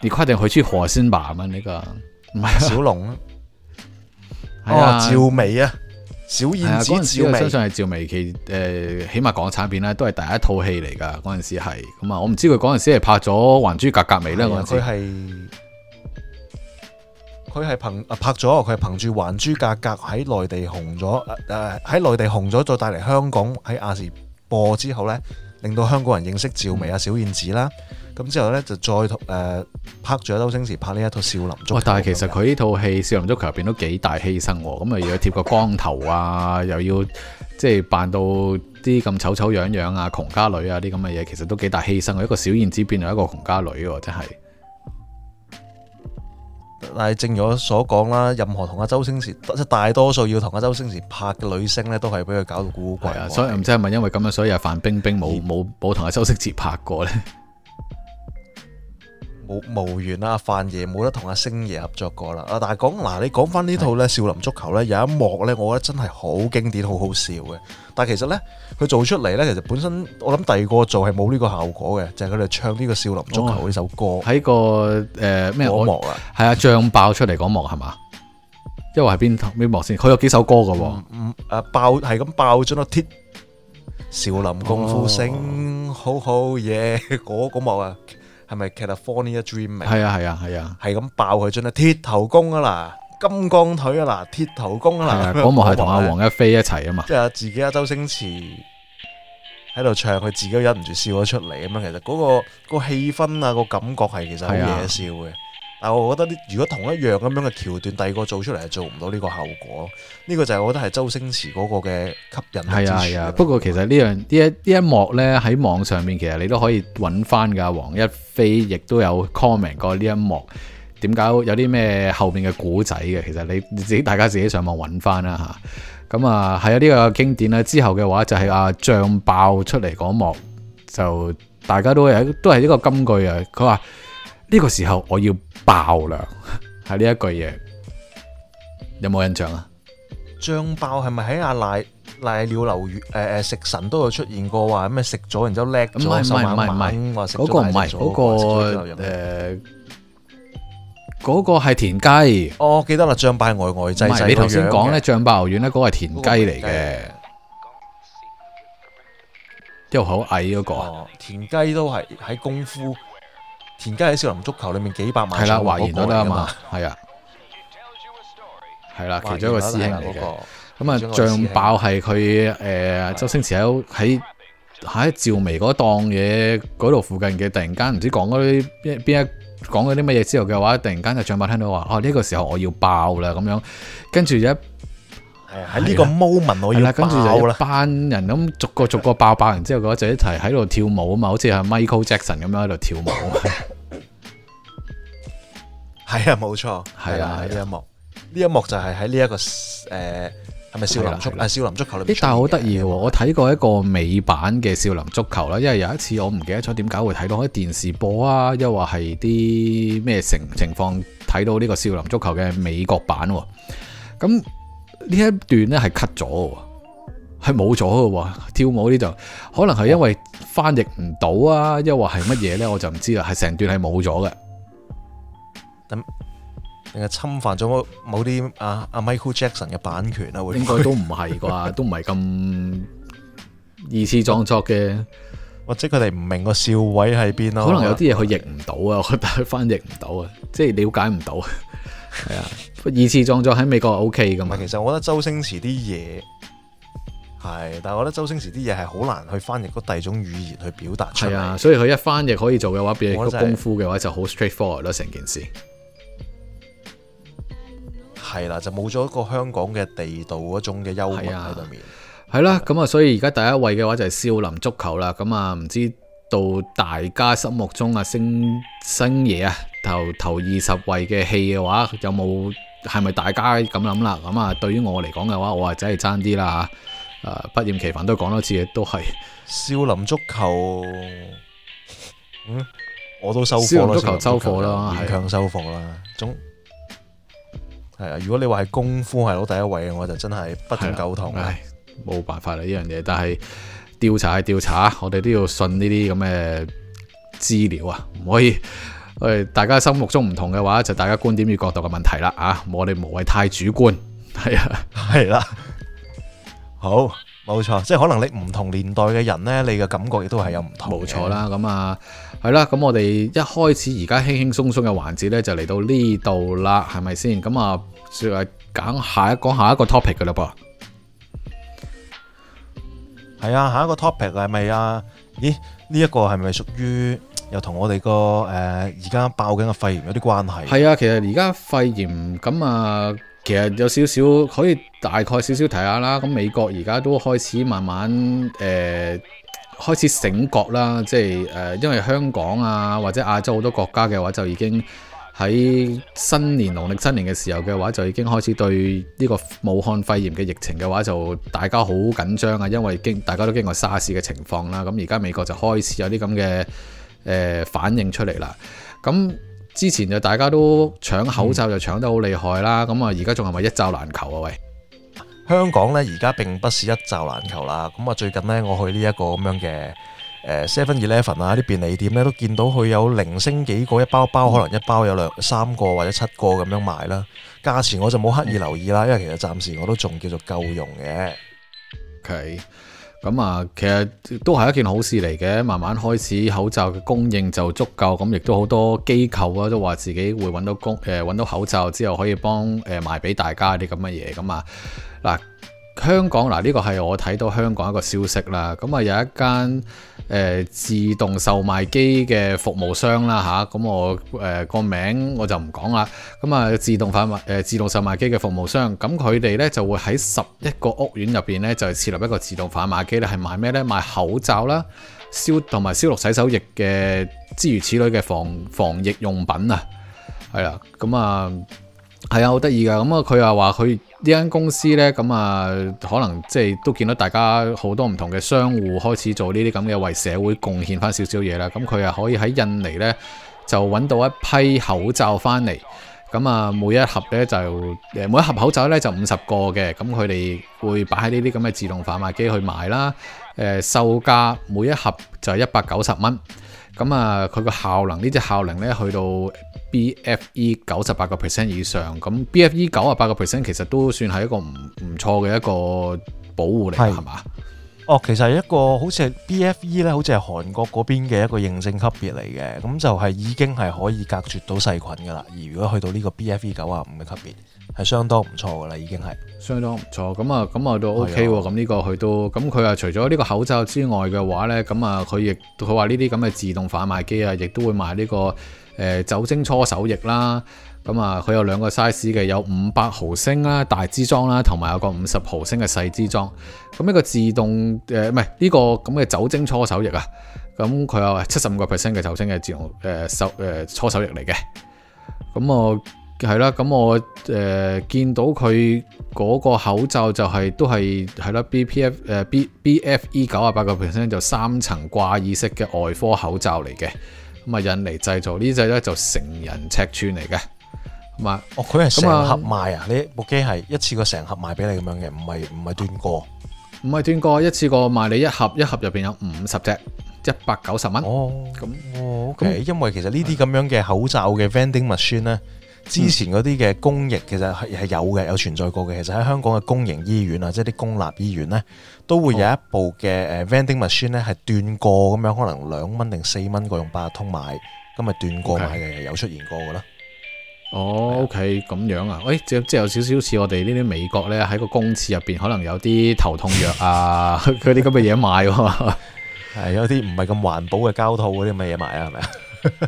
你確定佢係先河仙吧？嘛呢個唔係小龍啊， 哦趙薇、哦、啊，小燕子趙薇，相信係趙薇其誒起碼港產片咧都係第一套戲嚟噶，嗰陣時係咁啊，我唔知佢嗰陣時係拍咗《還珠格格》未咧，嗰陣時。佢係憑、啊、拍咗，佢係憑住還珠格格喺內地紅咗，喺、呃、內地紅咗，再帶嚟香港喺亞視播之後呢，令到香港人認識趙薇啊、小燕子啦。咁、嗯、之後呢，就再誒、呃、拍咗周星馳拍呢一套少林。哇、哦！但係其實佢呢套戲《少林足球》入邊都幾大犧牲喎，咁 啊又要貼個光頭啊，又要即係扮到啲咁醜醜樣樣啊，窮家女啊啲咁嘅嘢，其實都幾大犧牲。一個小燕子變咗一個窮家女喎、啊，真係。但正如我所講啦，任何同阿周星馳即係大多數要同阿周星馳拍嘅女星咧，都係俾佢搞到古怪啊！所以唔知係咪因為咁樣所以阿范冰冰冇冇冇同阿周星馳拍過咧？無無緣啦，阿范爺冇得同阿星爺合作過啦。啊，但係講嗱，你講翻呢套咧《少林足球》咧，有一幕咧，我覺得真係好經典，好好笑嘅。但係其實咧，佢做出嚟咧，其實本身我諗第二個做係冇呢個效果嘅，就係佢哋唱呢個《少林足球》呢首歌。喺個誒咩幕啊？係啊，脹爆出嚟嗰幕係嘛？因為係邊邊幕先？佢有幾首歌噶？唔唔，誒，爆係咁爆咗貼少林功夫聲，好好嘢嗰個幕啊！係咪其實《California Dreaming》？係啊係啊係啊，係咁、啊啊、爆佢真係鐵頭功啊嗱，金剛腿鐵啊嗱，鐵頭功啊嗱，嗰幕係同阿黃一飛一齊啊嘛，即、就、係、是、自己阿周星馳喺度唱，佢自己都忍唔住笑咗出嚟咁樣。其實嗰、那個、那個氣氛啊，嗰個感覺係其實好嘢笑嘅。但我覺得，如果同一樣咁樣嘅橋段，第二個做出嚟係做唔到呢個效果。呢個就係我覺得係周星馳嗰個嘅吸引之處。係啊係啊，不過其實呢樣呢一呢一幕呢，喺網上面其實你都可以揾翻㗎。黃一飛亦都有 comment 過呢一幕，點解有啲咩後面嘅古仔嘅？其實你，你自己大家自己上網揾翻啦嚇。咁啊係啊，呢個經典啦。之後嘅話就係啊醬爆出嚟嗰一幕，就大家都有都係一個金句啊。佢話。呢個時候我要爆啦，係呢一句嘢，有冇印象啊？醬爆係咪喺阿賴賴尿牛丸？誒誒，食神都有出現過，話咩食咗然之後叻咗手挽挽，話食咗唔係，唔係，唔係，唔係，嗰個唔係，嗰個誒，嗰個係田雞，我記得啦，醬爆係外外仔仔個樣。你頭先講咧醬爆牛丸咧，嗰個係田雞嚟嘅，因為好矮嗰個啊？田雞都係喺功夫。田雞喺少林足球裏面幾百萬係啦，懷疑到啊嘛，係啊，係啦，其中一個師兄嚟嘅。咁啊、那個，醬、那個、爆係佢誒周星馳喺喺喺趙薇嗰檔嘢嗰度附近嘅，突然間唔知講嗰啲邊一講嗰啲乜嘢之後嘅話，突然間就醬爆聽到話啊呢、這個時候我要爆啦咁樣，跟住一。係喺呢個 moment 我要爆啦，跟住就一班人咁逐個逐個爆爆，然之後嗰一隊一齊喺度跳舞啊嘛，好似係 Michael Jackson 咁樣喺度跳舞。係啊，冇錯，係啊，呢一幕呢一幕就係喺呢一個誒，係咪少林足？少林足球咧？咦，但係好得意喎！我睇過一個美版嘅少林足球啦，因為有一次我唔記得咗點解會睇到喺電視播啊，又話係啲咩情情況睇到呢個少林足球嘅美國版，咁。呢一段咧係 cut 咗嘅，係冇咗嘅。跳舞呢就可能係因為翻譯唔到啊，抑或係乜嘢咧，我就唔知啦。係 成段係冇咗嘅。咁定係侵犯咗某啲阿阿 Michael Jackson 嘅版權啊？應該都唔係啩，都唔係咁二次創作嘅，或者佢哋唔明個笑位喺邊咯。可能有啲嘢佢譯唔到啊，佢翻譯唔到啊，即係了解唔到係啊，二次創作喺美國係 OK 噶嘛，唔係，其實我覺得周星馳啲嘢係，但係我覺得周星馳啲嘢係好難去翻譯嗰第二種語言去表達出嚟。係啊，所以佢一翻譯可以做嘅話，變咗、就是、功夫嘅話就好 straightforward 咯，成件事。係啦、啊，就冇咗一個香港嘅地道嗰種嘅憂鬱喺裏面。係啦，咁啊，啊啊啊所以而家第一位嘅話就係少林足球啦。咁啊，唔知。到大家心目中啊，星星爺啊，頭頭二十位嘅戲嘅話，有冇係咪大家咁諗啦？咁啊，對於我嚟講嘅話，我啊真係爭啲啦吓，不厭其煩都講多次，都係少林足球，嗯，我都收貨，少林足球收貨啦，勉強收貨啦，總係啊。如果你話係功夫係攞第一位嘅話，我就真係不勝苟同啦。唉，冇辦法啦，呢樣嘢，但係。調查係調查，我哋都要信呢啲咁嘅資料啊，唔可以我哋大家心目中唔同嘅話，就大家觀點與角度嘅問題啦啊，我哋唔好太主觀，係啊，係啦，好，冇錯，即係可能你唔同年代嘅人呢，你嘅感覺亦都係有唔同，冇錯啦，咁啊，係啦，咁我哋一開始而家輕輕鬆鬆嘅環節呢，就嚟到呢度啦，係咪先？咁啊，就係講下一講下一個 topic 嘅啦噃。係啊，下一個 topic 係咪啊？咦，呢、這、一個係咪屬於又同我哋個誒而家爆緊嘅肺炎有啲關係？係啊，其實而家肺炎咁啊，其實有少少可以大概少少提下啦。咁美國而家都開始慢慢誒、呃、開始醒覺啦，即係誒、呃，因為香港啊或者亞洲好多國家嘅話就已經，喺新年農曆新年嘅時候嘅話，就已經開始對呢個武漢肺炎嘅疫情嘅話，就大家好緊張啊！因為經大家都經過沙士嘅情況啦，咁而家美國就開始有啲咁嘅誒反應出嚟啦。咁之前就大家都搶口罩就搶得好厲害啦，咁啊而家仲係咪一罩難求啊？喂，香港呢而家並不是一罩難求啦。咁啊最近呢，我去呢一個咁樣嘅。誒 Seven Eleven 啊，啲便利店咧都見到佢有零星幾個一包一包，可能一包有兩三個或者七個咁樣賣啦。價錢我就冇刻意留意啦，因為其實暫時我都仲叫做夠用嘅。OK，咁啊，其實都係一件好事嚟嘅。慢慢開始口罩嘅供應就足夠，咁亦都好多機構啊都話自己會揾到工，誒揾到口罩之後可以幫誒、呃、賣俾大家啲咁嘅嘢咁啊。嗱、啊，香港嗱呢個係我睇到香港一個消息啦。咁啊有一間。誒、呃、自動售賣機嘅服務商啦嚇，咁、啊、我誒個、呃、名我就唔講啦。咁啊，自動販賣誒自動售賣機嘅服務商，咁佢哋咧就會喺十一個屋苑入邊咧就設立一個自動販賣機咧，係賣咩咧？賣口罩啦，消同埋消毒洗手液嘅諸如此類嘅防防疫用品，係啊，係啊，咁啊係啊，好得意㗎。咁啊，佢又話佢。呢間公司呢，咁啊，可能即係都見到大家好多唔同嘅商戶開始做呢啲咁嘅為社會貢獻翻少少嘢啦。咁佢啊可以喺印尼呢，就揾到一批口罩翻嚟，咁啊每一盒呢，就每一盒口罩呢，就五十個嘅，咁佢哋會擺喺呢啲咁嘅自動販賣機去賣啦、呃。售價每一盒就係一百九十蚊，咁啊佢個效能呢只效能呢，去到。BFE 九十八個 percent 以上，咁 BFE 九啊八個 percent 其實都算係一個唔唔錯嘅一個保護嚟係嘛？哦，其實是一個好似係 BFE 咧，好似係韓國嗰邊嘅一個認證級別嚟嘅，咁就係已經係可以隔絕到細菌噶啦。而如果去到呢個 BFE 九啊五嘅級別，係相當唔錯噶啦，已經係相當唔錯。咁啊，咁啊都 OK 咁呢個佢都咁佢啊，除咗呢個口罩之外嘅話咧，咁啊佢亦佢話呢啲咁嘅自動販賣機啊，亦都會賣呢、這個。誒，酒精搓手液啦，咁啊，佢有兩個 size 嘅，有五百毫升啦，大支裝啦，同埋有個五十毫升嘅細支裝。咁一個自動誒，唔係呢個咁嘅、這個、酒精搓手液啊。咁佢有七十五個 percent 嘅酒精嘅自動誒手誒搓手液嚟嘅。咁我係啦，咁我誒、呃、見到佢嗰個口罩就係、是、都係係啦，B P F 誒 B B F E 九啊八個 percent 就三層掛耳式嘅外科口罩嚟嘅。咁啊印尼製造呢隻咧就成人尺寸嚟嘅。咁啊哦佢係成盒賣啊，呢部機係一次過成盒賣俾你咁樣嘅，唔係唔係斷過，唔、嗯、係斷過，一次過賣你一盒，一盒入邊有五十隻，一百九十蚊。哦、咁、哦、OK。因為其實呢啲咁樣嘅口罩嘅 vending machine 咧，之前嗰啲嘅公營其實係係有嘅，有存在過嘅。其實喺香港嘅公營醫院啊，即係啲公立醫院咧，都會有一部嘅誒 vending machine 咧，係斷過咁樣，可能兩蚊定四蚊個，用八通買，咁咪斷過買嘅有出現過噶啦。哦，OK，咁、okay，樣啊？誒、欸，即即有少少似我哋呢啲美國咧，喺個公廁入邊可能有啲頭痛藥啊，嗰啲咁嘅嘢賣喎，係有啲唔係咁環保嘅膠套嗰啲咁嘅嘢賣啊，係 咪 啊？是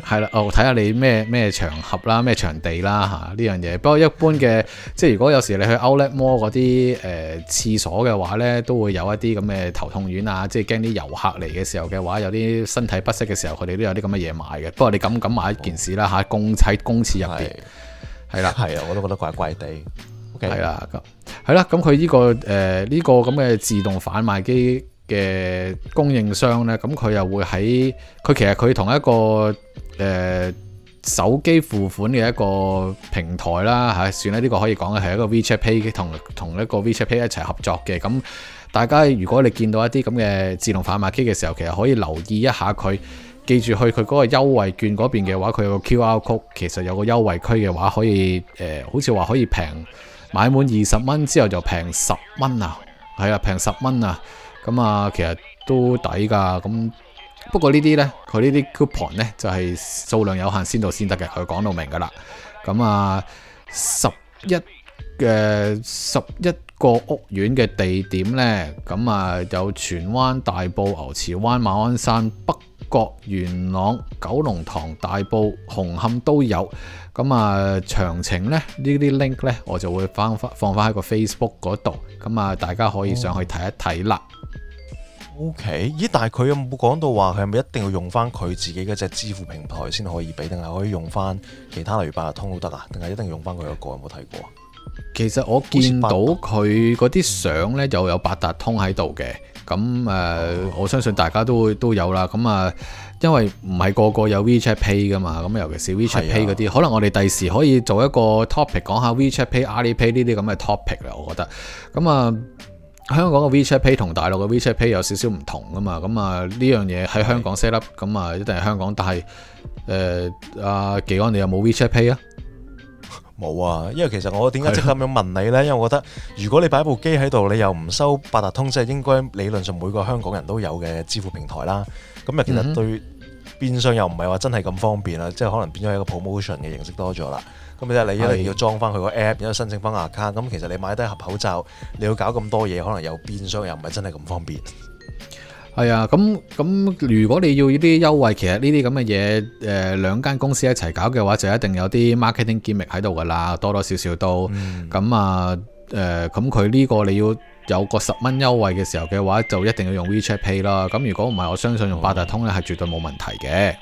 係 啦，我睇下你咩咩場合啦、啊，咩場地啦吓呢樣嘢。不過一般嘅，即係如果有時你去歐叻摩嗰啲誒廁所嘅話咧，都會有一啲咁嘅頭痛丸啊。即係驚啲遊客嚟嘅時候嘅話，有啲身體不適嘅時候，佢哋都有啲咁嘅嘢賣嘅。不過你敢唔敢買一件事啦、啊、吓？公廁公廁入邊係啦係啊， 我都覺得怪怪地。係啦咁係啦，咁佢呢個誒呢、呃這個咁嘅自動販賣機。嘅供應商呢，咁佢又會喺佢其實佢同一個誒、呃、手機付款嘅一個平台啦嚇、啊，算啦，呢、這個可以講嘅係一個 WeChat Pay 同同一個 WeChat Pay 一齊合作嘅。咁大家如果你見到一啲咁嘅自動販賣機嘅時候，其實可以留意一下佢，記住去佢嗰個優惠券嗰邊嘅話，佢有個 QR Code，其實有個優惠區嘅話，可以誒、呃，好似話可以平買滿二十蚊之後就平十蚊啊，係啊，平十蚊啊！咁啊，其實都抵㗎。咁不過呢啲呢，佢呢啲 coupon 呢，就係數量有限，先到先得嘅。佢講到明㗎啦。咁啊，十一嘅、呃、十一個屋苑嘅地點呢，咁啊有荃灣、大埔、牛池灣、馬鞍山、北角、元朗、九龍塘、大埔、紅磡都有。咁啊，詳情呢，呢啲 link 呢，我就會翻翻放翻喺個 Facebook 嗰度。咁啊，大家可以上去睇一睇啦。Oh. O K，咦？但係佢有冇講到話佢係咪一定要用翻佢自己嗰隻支付平台先可以俾，定係可以用翻其他例如八達通都得啊？定係一定用翻佢嗰一個？有冇睇過啊？其實我見到佢嗰啲相呢，就有八達通喺度嘅，咁誒，我相信大家都都有啦。咁啊，因為唔係個個有 WeChat Pay 㗎嘛，咁尤其是 WeChat Pay 嗰啲，可能我哋第時可以做一個 topic 講下 WeChat Pay、Alipay 呢啲咁嘅 topic 咧，我覺得。咁啊。香港嘅 WeChat Pay 同大陸嘅 WeChat Pay 有少少唔同啊嘛，咁啊呢樣嘢喺香港 set up，咁啊一定係香港。但係誒阿幾哥，啊、安你有冇 WeChat Pay 啊？冇啊，因為其實我點解即刻咁樣問你呢？因為我覺得如果你擺部機喺度，你又唔收八達通，即、就、係、是、應該理論上每個香港人都有嘅支付平台啦。咁又其實對變相又唔係話真係咁方便啊，即、嗯、係可能變咗一個 promotion 嘅形式多咗啦。咁即係你一定要裝翻佢個 app，然後申請翻 account。咁其實你買低盒口罩，你要搞咁多嘢，可能有變相又唔係真係咁方便。係啊，咁咁如果你要呢啲優惠，其實呢啲咁嘅嘢，誒、呃，兩間公司一齊搞嘅話，就一定有啲 marketing gimmick 喺度噶啦，多多少少都。咁、嗯、啊，誒、呃，咁佢呢個你要有個十蚊優惠嘅時候嘅話，就一定要用 WeChat Pay 啦。咁如果唔係，我相信用八達通咧係絕對冇問題嘅。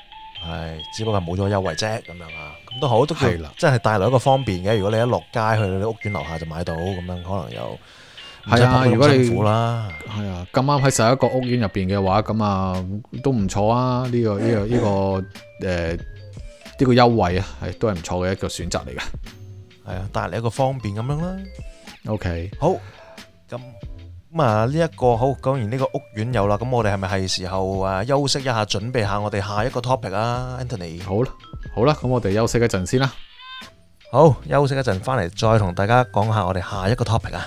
係，只不過冇咗優惠啫，咁樣啊，咁都好，都叫，即係帶來一個方便嘅。如果你一落街去你屋苑樓下就買到，咁樣可能又係啊。如果你辛苦啦，係啊，咁啱喺十一個屋苑入邊嘅話，咁啊都唔錯啊。呢個呢個呢個誒呢個優惠啊，係都係唔錯嘅一個選擇嚟㗎。係啊，帶來一個方便咁樣啦。OK，好。咁啊，呢一個好，咁講完呢個屋苑有啦，咁我哋係咪係時候啊休息一下，準備下我哋下一個 topic 啊，Anthony？好啦，好啦，咁我哋休息一陣先啦。好，休息一陣，翻嚟再同大家講下我哋下一個 topic 啊。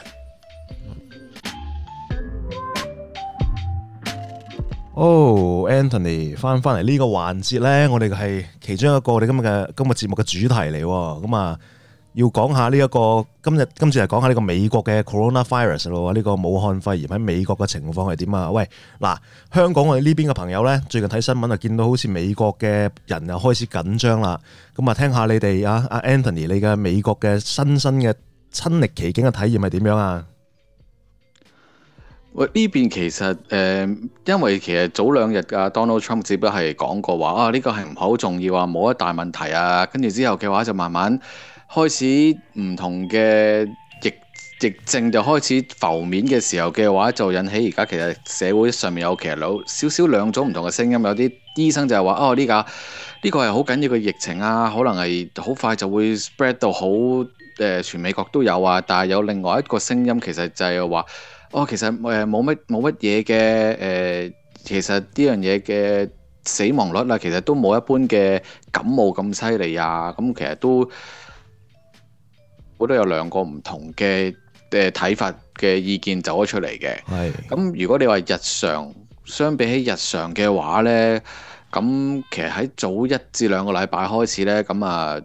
哦，Anthony，翻返嚟呢個環節呢，我哋係其中一個我哋今日嘅今日節目嘅主題嚟喎。咁啊。要講下呢、這、一個今日今次嚟講下呢個美國嘅 Corona Virus 喎，呢個武漢肺炎喺美國嘅情況係點啊？喂，嗱，香港我哋呢邊嘅朋友呢，最近睇新聞啊，見到好似美國嘅人又開始緊張啦。咁啊，聽下你哋啊，阿 Anthony 你嘅美國嘅親身嘅親歷其境嘅體驗係點樣啊？喂，呢邊其實誒、呃，因為其實早兩日阿 Donald Trump 只不過係講過話啊，呢、這個係唔好重要啊，冇一大問題啊，跟住之後嘅話就慢慢。開始唔同嘅疫疫症就開始浮面嘅時候嘅話，就引起而家其實社會上面有其實有少少兩種唔同嘅聲音。有啲醫生就係話：哦，呢個呢個係好緊要嘅疫情啊，可能係好快就會 spread 到好誒、呃、全美國都有啊。但係有另外一個聲音其實就係話：哦，其實誒冇乜冇乜嘢嘅誒，其實呢樣嘢嘅死亡率啊，其實都冇一般嘅感冒咁犀利啊。咁、嗯、其實都。我都有兩個唔同嘅誒睇法嘅意見走咗出嚟嘅。係咁，如果你話日常，相比起日常嘅話呢，咁其實喺早一至兩個禮拜開始呢，咁啊、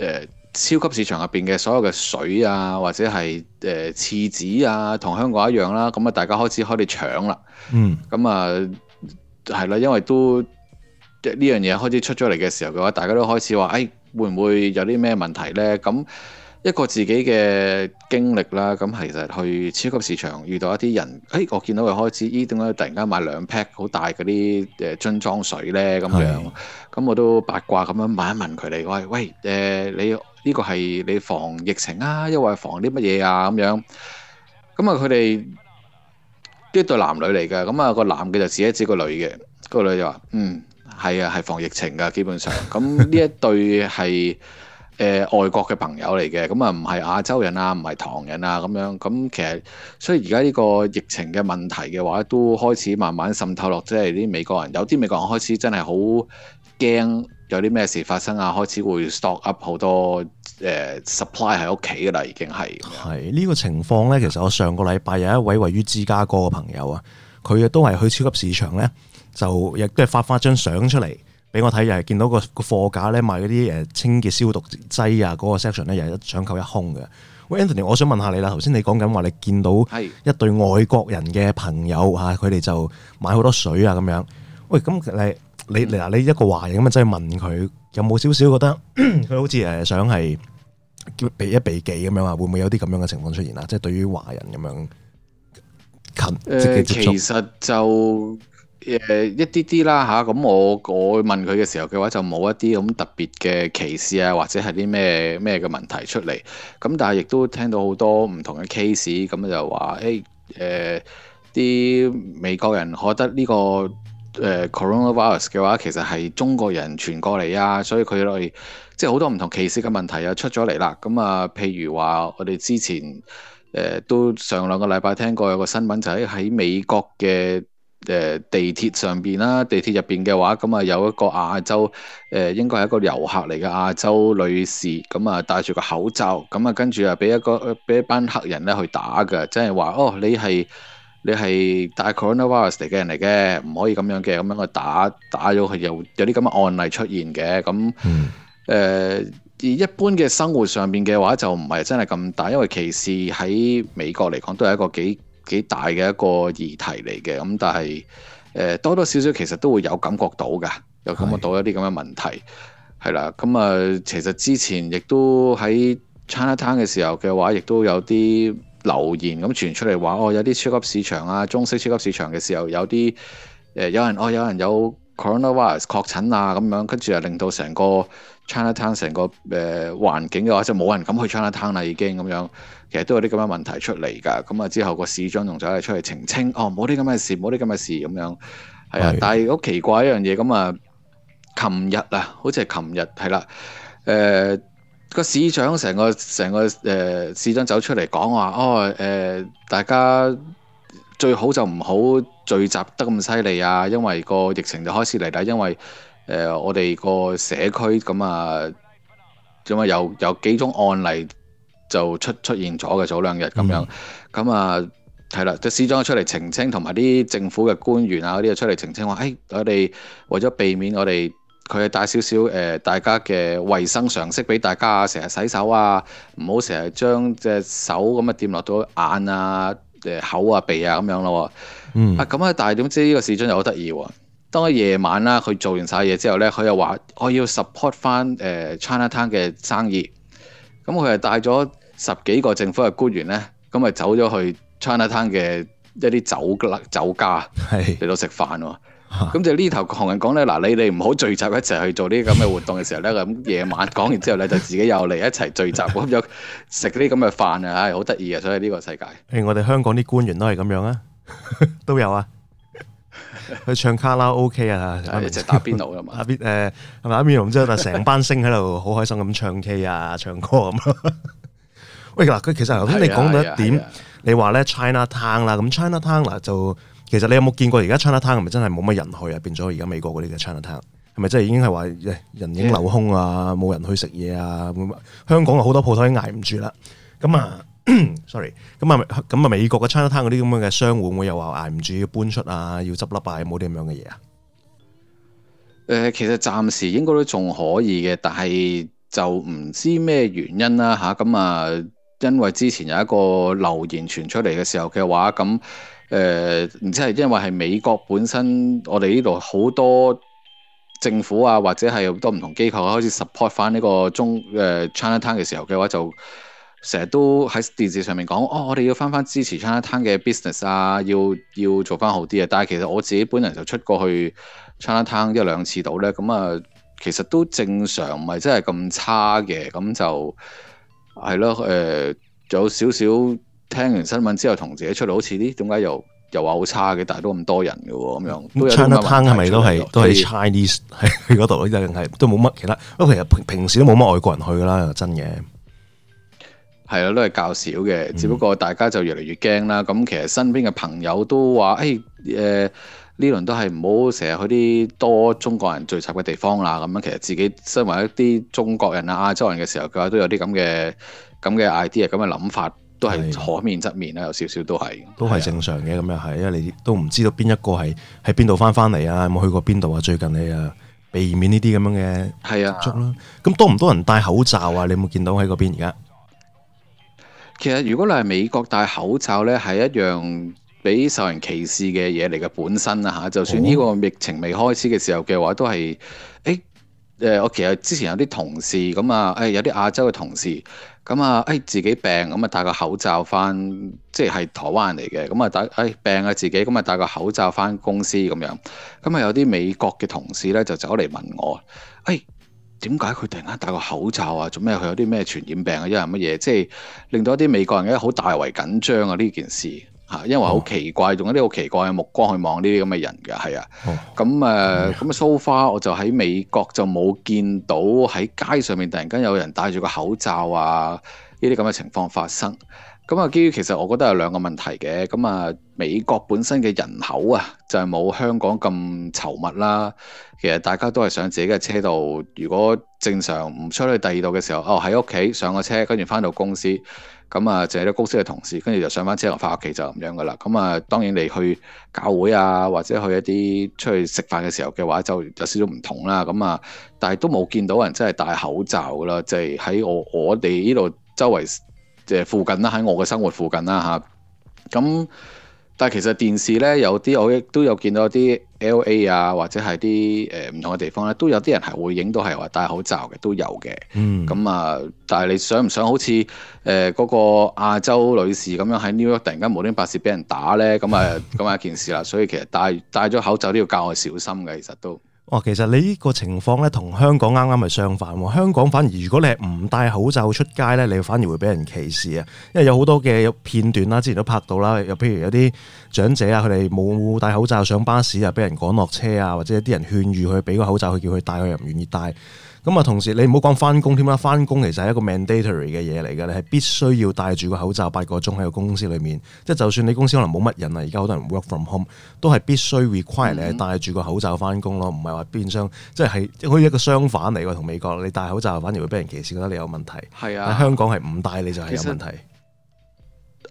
呃、超級市場入邊嘅所有嘅水啊，或者係誒廁紙啊，同香港一樣啦，咁啊，大家開始開始搶啦。嗯。咁啊，係啦，因為都呢樣嘢開始出咗嚟嘅時候嘅話，大家都開始話：「誒、哎，會唔會有啲咩問題呢？」咁一個自己嘅經歷啦，咁其實去超級市場遇到一啲人，哎，我見到佢開始，咦，點解突然間買兩 pack 好大嗰啲誒樽裝水咧？咁樣，咁我都八卦咁樣問一問佢哋，喂喂，誒，你呢個係你防疫情啊？因為防啲乜嘢啊？咁樣，咁啊，佢哋呢一對男女嚟嘅，咁啊個男嘅就指一指個女嘅，個女就話：嗯，係啊，係防疫情㗎，基本上，咁呢一對係。誒、呃，外國嘅朋友嚟嘅，咁啊唔係亞洲人啊，唔係唐人啊，咁樣，咁其實，所以而家呢個疫情嘅問題嘅話，都開始慢慢滲透落，即係啲美國人，有啲美國人開始真係好驚有啲咩事發生啊，開始會 stock up 好多誒、呃、supply 喺屋企噶啦，已經係。係呢、呢個情況呢。其實我上個禮拜有一位位於芝加哥嘅朋友啊，佢嘅都係去超級市場呢，就亦都係發翻張相出嚟。俾我睇，又係見到個個貨架咧，賣嗰啲誒、清潔消毒劑啊，嗰個 section 咧，又係一搶購一空嘅。喂，Anthony，我想問下你啦，頭先你講緊話你見到係一對外國人嘅朋友嚇，佢哋就買好多水啊咁樣。喂，咁你你嗱你一個華人咁啊，真係問佢有冇少少覺得佢好似誒想係避一避忌咁樣啊？會唔會有啲咁樣嘅情況出現啊？即係對於華人咁樣近誒、呃，其實就。誒一啲啲啦嚇，咁、啊、我我問佢嘅時候嘅話就冇一啲咁特別嘅歧視啊，或者係啲咩咩嘅問題出嚟。咁但係亦都聽到好多唔同嘅 case，咁就話誒誒啲美國人覺得呢、這個誒、呃、coronavirus 嘅話其實係中國人傳過嚟啊，所以佢哋即係好多唔同歧視嘅問題又出咗嚟啦。咁啊，譬如話我哋之前誒、呃、都上兩個禮拜聽過有個新聞就喺喺美國嘅。誒地鐵上邊啦，地鐵入邊嘅話，咁啊有一個亞洲，誒、呃、應該係一個遊客嚟嘅亞洲女士，咁啊戴住個口罩，咁啊跟住啊俾一個俾一班黑人咧去打嘅，即係話哦，你係你係帶 coronavirus 嚟嘅人嚟嘅，唔可以咁樣嘅，咁樣去打打咗佢又有啲咁嘅案例出現嘅，咁誒、嗯呃、而一般嘅生活上邊嘅話就唔係真係咁大，因為歧視喺美國嚟講都係一個幾。幾大嘅一個議題嚟嘅，咁但係誒、呃、多多少少其實都會有感覺到嘅，有感覺到一啲咁嘅問題係啦。咁啊、嗯，其實之前亦都喺 Chinatown 嘅時候嘅話，亦都有啲留言咁傳出嚟話，哦，有啲超級市場啊，中式超級市場嘅時候有啲誒、呃、有人哦，有人有 coronavirus 確診啊，咁樣跟住又令到成個。Chinatown 成個誒、呃、環境嘅話就冇人敢去 Chinatown 啦，已經咁樣，其實都有啲咁樣問題出嚟㗎。咁啊之後個市長仲走嚟出嚟澄清，哦，冇啲咁嘅事，冇啲咁嘅事咁樣，係啊。但係好奇怪一樣嘢，咁啊，琴日啊，好似係琴日係啦。誒個市長成個成個誒、呃、市長走出嚟講話，哦誒、呃、大家最好就唔好聚集得咁犀利啊，因為個疫情就開始嚟啦，因為。誒、呃，我哋個社區咁啊，咁啊有有幾種案例就出出現咗嘅，早兩日咁樣，咁、mm-hmm. 啊係啦，就市長出嚟澄清，同埋啲政府嘅官員啊嗰啲就出嚟澄清話，誒、哎、我哋為咗避免我哋佢係帶少少誒大家嘅衞生常識俾大家啊，成日洗手啊，唔好成日將隻手咁啊掂落到眼啊、誒、呃、口啊、鼻啊咁樣咯、啊，嗯啊咁啊，但係點知呢個市長又好得意喎。當一夜晚啦，佢做完晒嘢之後咧，佢又話我要 support 翻誒 China Town 嘅生意。咁佢係帶咗十幾個政府嘅官員咧，咁咪走咗去 China Town 嘅一啲酒酒家嚟到食飯。咁、啊、就呢頭行人講咧嗱，你你唔好聚集一齊去做呢啲咁嘅活動嘅時候咧，咁 夜晚講完之後咧，就自己又嚟一齊聚集咁 樣食啲咁嘅飯啊，唉、哎，好得意啊！所以呢個世界，誒，我哋香港啲官員都係咁樣啊，都有啊。去唱卡拉 OK 啊，一齊、啊、打邊爐啊嘛，阿、呃、邊係咪阿打邊爐之後就成班星喺度好開心咁唱 K 啊，唱歌咁。喂嗱，佢其實頭先你講到一點，啊啊、你話咧 China Town 啦，咁 China Town 嗱就其實你有冇見過而家 China Town 係咪真係冇乜人去啊？變咗而家美國嗰啲嘅 China Town 係咪真係已經係話人影流空啊？冇、啊、人去食嘢啊？香港好多鋪頭都捱唔住啦，咁啊～、嗯 sorry，咁啊，咁啊，美國嘅 China Town 嗰啲咁樣嘅商戶會唔會又話挨唔住要搬出啊，要執笠啊，有冇啲咁樣嘅嘢啊？誒、呃，其實暫時應該都仲可以嘅，但係就唔知咩原因啦、啊、吓。咁啊，因為之前有一個留言傳出嚟嘅時候嘅話，咁誒，唔知係因為係美國本身，我哋呢度好多政府啊，或者係好多唔同機構、啊、開始 support 翻呢個中誒、呃、China Town 嘅時候嘅話就。成日都喺電視上面講，哦，我哋要翻翻支持 China Town 嘅 business 啊，要要做翻好啲嘅。但係其實我自己本人就出過去 China Town 一兩次到咧，咁啊，其實都正常，唔係真係咁差嘅。咁就係咯，誒，呃、有少少聽完新聞之後，同自己出嚟好似啲，點解又又話好差嘅？但係都咁多人嘅喎，咁樣。咁 China Town 係咪都係都係 Chinese 喺嗰度一定係都冇乜其他？因為其實平平時都冇乜外國人去啦，真嘅。係啊，都係較少嘅，嗯、只不過大家就越嚟越驚啦。咁其實身邊嘅朋友都話，誒，誒、呃、呢輪都係唔好成日去啲多中國人聚集嘅地方啦。咁樣其實自己身為一啲中國人啊、亞洲人嘅時候，佢話都有啲咁嘅咁嘅 idea、咁嘅諗法，都係可免則免啦，有少少都係。都係正常嘅，咁又係，因為你都唔知道邊一個係喺邊度翻翻嚟啊？有冇去過邊度啊？最近你啊，避免呢啲咁樣嘅接觸啦、啊。咁多唔多人戴口罩啊？你有冇見到喺嗰邊而家？其實如果你係美國戴口罩咧，係一樣俾受人歧視嘅嘢嚟嘅本身啊嚇！就算呢個疫情未開始嘅時候嘅話，都係誒誒，我其實之前有啲同事咁啊，誒、嗯、有啲亞洲嘅同事咁啊，誒、嗯哎、自己病咁啊、嗯、戴個口罩翻，即係係台灣人嚟嘅咁啊，戴誒病啊自己咁啊、嗯、戴個口罩翻公司咁樣，咁、嗯、啊有啲美國嘅同事咧就走嚟問我，誒、哎。點解佢突然間戴個口罩啊？做咩？佢有啲咩傳染病啊？因為乜嘢？即係令到一啲美國人咧好大為緊張啊！呢件事嚇，因為好奇怪，oh. 用一啲好奇怪嘅目光去望呢啲咁嘅人㗎，係啊。咁、oh. 誒，咁、oh. 啊、呃，so far，我就喺美國就冇見到喺街上面突然間有人戴住個口罩啊，呢啲咁嘅情況發生。咁啊，基於其實我覺得有兩個問題嘅，咁啊，美國本身嘅人口啊，就係冇香港咁稠密啦。其實大家都係上自己嘅車度，如果正常唔出去第二度嘅時候，哦喺屋企上個車，跟住翻到公司，咁啊就係啲公司嘅同事，跟住就上翻車落翻屋企就咁樣噶啦。咁啊，當然你去教會啊，或者去一啲出去食飯嘅時候嘅話，就有少少唔同啦。咁啊，但係都冇見到人真係戴口罩啦，即係喺我我哋呢度周圍。即附近啦，喺我嘅生活附近啦吓，咁、啊、但係其實電視咧有啲，我亦都有見到啲 L.A. 啊，或者係啲誒唔同嘅地方咧，都有啲人係會影到係話戴口罩嘅都有嘅。嗯，咁啊，但係你想唔想好似誒、呃嗰個亞洲女士咁樣喺 New York 突然間無端端俾人打咧？咁啊咁啊一件事啦，所以其實戴戴咗口罩都要教我小心嘅，其實都。哇、哦，其實你呢個情況咧，同香港啱啱係相反喎。香港反而如果你係唔戴口罩出街咧，你反而會俾人歧視啊。因為有好多嘅片段啦，之前都拍到啦。又譬如有啲長者啊，佢哋冇戴口罩上巴士啊，俾人趕落車啊，或者啲人勸喻佢，俾個口罩佢叫佢戴，佢又唔願意戴。咁啊，同時你唔好講翻工添啦，翻工其實係一個 mandatory 嘅嘢嚟嘅，你係必須要戴住個口罩八個鐘喺個公司裏面。即係就算你公司可能冇乜人啊，而家好多人 work from home，都係必須 require 你係戴住個口罩翻工咯，唔係話變相即係即係好似一個相反嚟嘅同美國，你戴口罩反而會俾人歧視，覺得你有問題。係啊，香港係唔戴你就係有問題。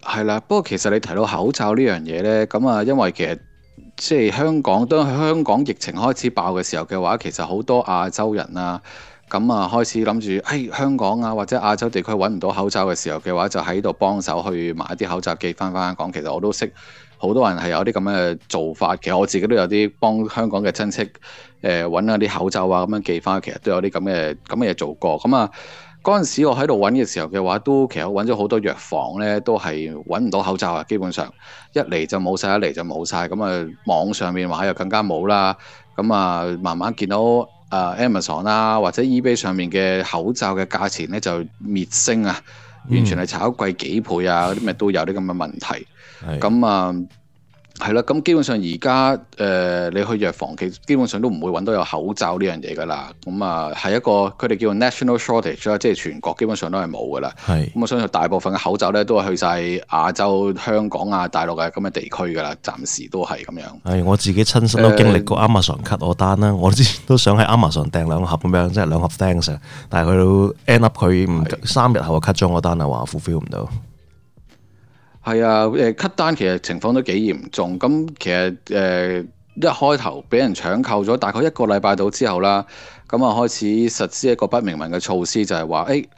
係啦，啊，不過其實你提到口罩呢樣嘢咧，咁啊，因為其實。即係香港當香港疫情開始爆嘅時候嘅話，其實好多亞洲人啊，咁啊開始諗住，誒香港啊或者亞洲地區揾唔到口罩嘅時候嘅話，就喺度幫手去買啲口罩寄翻翻香港。其實我都識好多人係有啲咁嘅做法，其實我自己都有啲幫香港嘅親戚誒揾下啲口罩啊咁樣寄翻，其實都有啲咁嘅咁嘅嘢做過，咁啊。嗰陣時我喺度揾嘅時候嘅話，都其實揾咗好多藥房咧，都係揾唔到口罩啊！基本上一嚟就冇晒，一嚟就冇晒。咁啊！網上面話又更加冇啦，咁啊慢慢見到誒 Amazon 啦或者 eBay 上面嘅口罩嘅價錢咧就滅升啊，嗯、完全係炒貴幾倍啊！嗰啲咩都有啲咁嘅問題，咁啊～係啦，咁基本上而家誒，你去藥房，佢基本上都唔會揾到有口罩呢樣嘢㗎啦。咁、嗯、啊，係一個佢哋叫做 national shortage，即係全國基本上都係冇㗎啦。係。咁、嗯、我相信大部分嘅口罩咧都係去晒亞洲、香港啊、大陸嘅咁嘅地區㗎啦，暫時都係咁樣。係、哎，我自己親身都經歷過 Amazon cut 我單啦，我之前都想喺 Amazon 訂兩盒咁樣，即係兩盒 things，但係佢都 end up 佢唔夠三日後的 cut 咗我單啊，話 fulfill 唔到。係啊，誒 cut 單其實情況都幾嚴重，咁其實誒、呃、一開頭俾人搶購咗，大概一個禮拜到之後啦，咁啊開始實施一個不明文嘅措施，就係、是、話，誒、欸、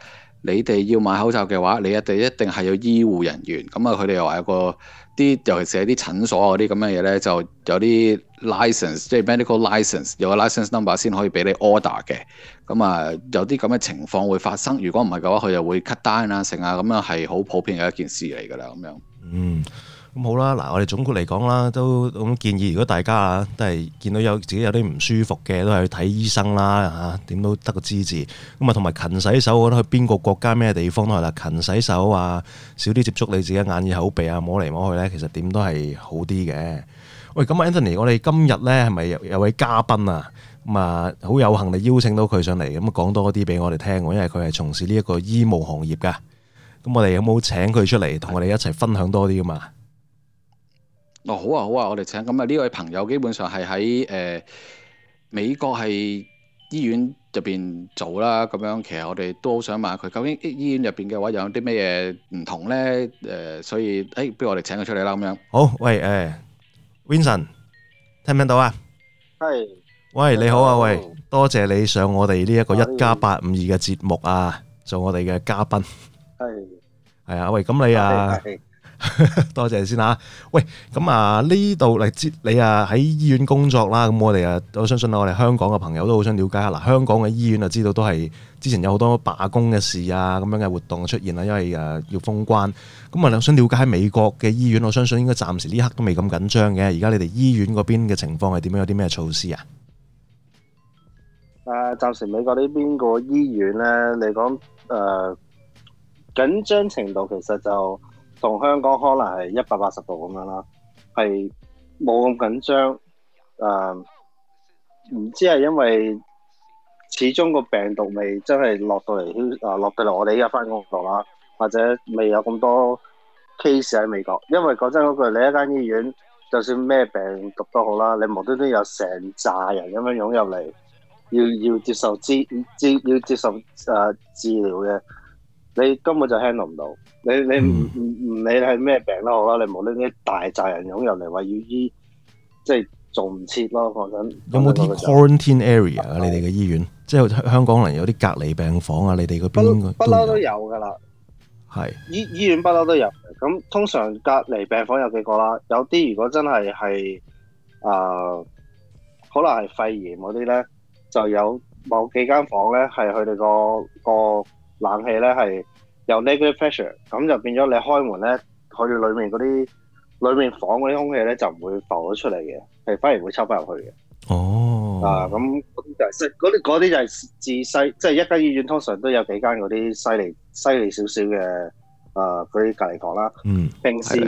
你哋要買口罩嘅話，你哋一定係有醫護人員，咁啊佢哋又話有一個。啲尤其是係啲診所啊嗰啲咁嘅嘢咧，就有啲 license 即係 medical license 有個 license number 先可以俾你 order 嘅。咁啊，有啲咁嘅情況會發生。如果唔係嘅話，佢就會 cut 單啊，成啊，咁樣係好普遍嘅一件事嚟㗎啦。咁樣，嗯。咁好啦，嗱，我哋總括嚟講啦，都咁建議，如果大家啊都係見到有自己有啲唔舒服嘅，都係去睇醫生啦嚇，點都得個知字。咁啊，同埋勤洗手，我覺得去邊個國家咩地方都係啦，勤洗手啊，少啲接觸你自己眼耳口鼻啊，摸嚟摸去咧，其實點都係好啲嘅。喂，咁 Anthony，我哋今日咧係咪有有位嘉賓啊？咁啊，好有幸地邀請到佢上嚟，咁講多啲俾我哋聽喎，因為佢係從事呢一個醫務行業噶。咁我哋有冇請佢出嚟同我哋一齊分享多啲啊嘛？哦，好啊，好啊，我哋請，咁啊呢位朋友基本上係喺誒美國係醫院入邊做啦，咁樣，其實我哋都好想問下佢究竟醫院入邊嘅話有啲咩嘢唔同咧？誒，所以誒，不如我哋請佢出嚟啦，咁樣。好，喂，誒，Vincent，聽唔聽到啊？係。喂，你好啊，喂，多謝你上我哋呢一個一家八五二嘅節目啊，做我哋嘅嘉賓。係。係啊，喂，咁你啊？ 多謝先吓，喂，咁啊呢度嚟，接你啊喺醫院工作啦，咁我哋啊我相信我哋香港嘅朋友都好想了解下。嗱，香港嘅醫院啊知道都係之前有好多罷工嘅事啊咁樣嘅活動出現啦，因為誒，要封關，咁啊我想了解喺美國嘅醫院，我相信應該暫時呢刻都未咁緊張嘅，而家你哋醫院嗰邊嘅情況係點樣，有啲咩措施啊？誒、啊，暫時美國呢邊個醫院呢，你講誒緊張程度其實就。同香港可能係一百八十度咁樣啦，係冇咁緊張。誒、嗯，唔知係因為始終個病毒未真係落到嚟，誒、啊、落到嚟。我哋依家翻工度啦，或者未有咁多 case 喺美國。因為講真嗰句，你一間醫院就算咩病毒都好啦，你無端端有成扎人咁樣湧入嚟，要要接受治治要接受誒、啊、治療嘅。你根本就 handle 唔到，你你唔唔唔理係咩病都好啦，嗯，你無論啲大扎人湧入嚟話要醫，即係做唔切咯，講緊。有冇啲 quarantine area 啊？嗯、你哋嘅醫院，即係香港人有啲隔離病房啊？你哋嗰邊不嬲都有噶啦，係醫醫院不嬲都有。咁通常隔離病房有幾個啦？有啲如果真係係啊，可能係肺炎嗰啲咧，就有某幾間房咧係佢哋個個。冷氣咧係有 negative pressure，咁就變咗你開門咧，佢裏面嗰啲裏面房嗰啲空氣咧就唔會浮咗出嚟嘅，係反而會抽翻入去嘅。哦、oh. 啊，啊咁啲就係嗰啲啲就係自細，即係一間醫院通常都有幾間嗰啲犀利犀利少少嘅啊嗰啲隔離房啦。嗯，平時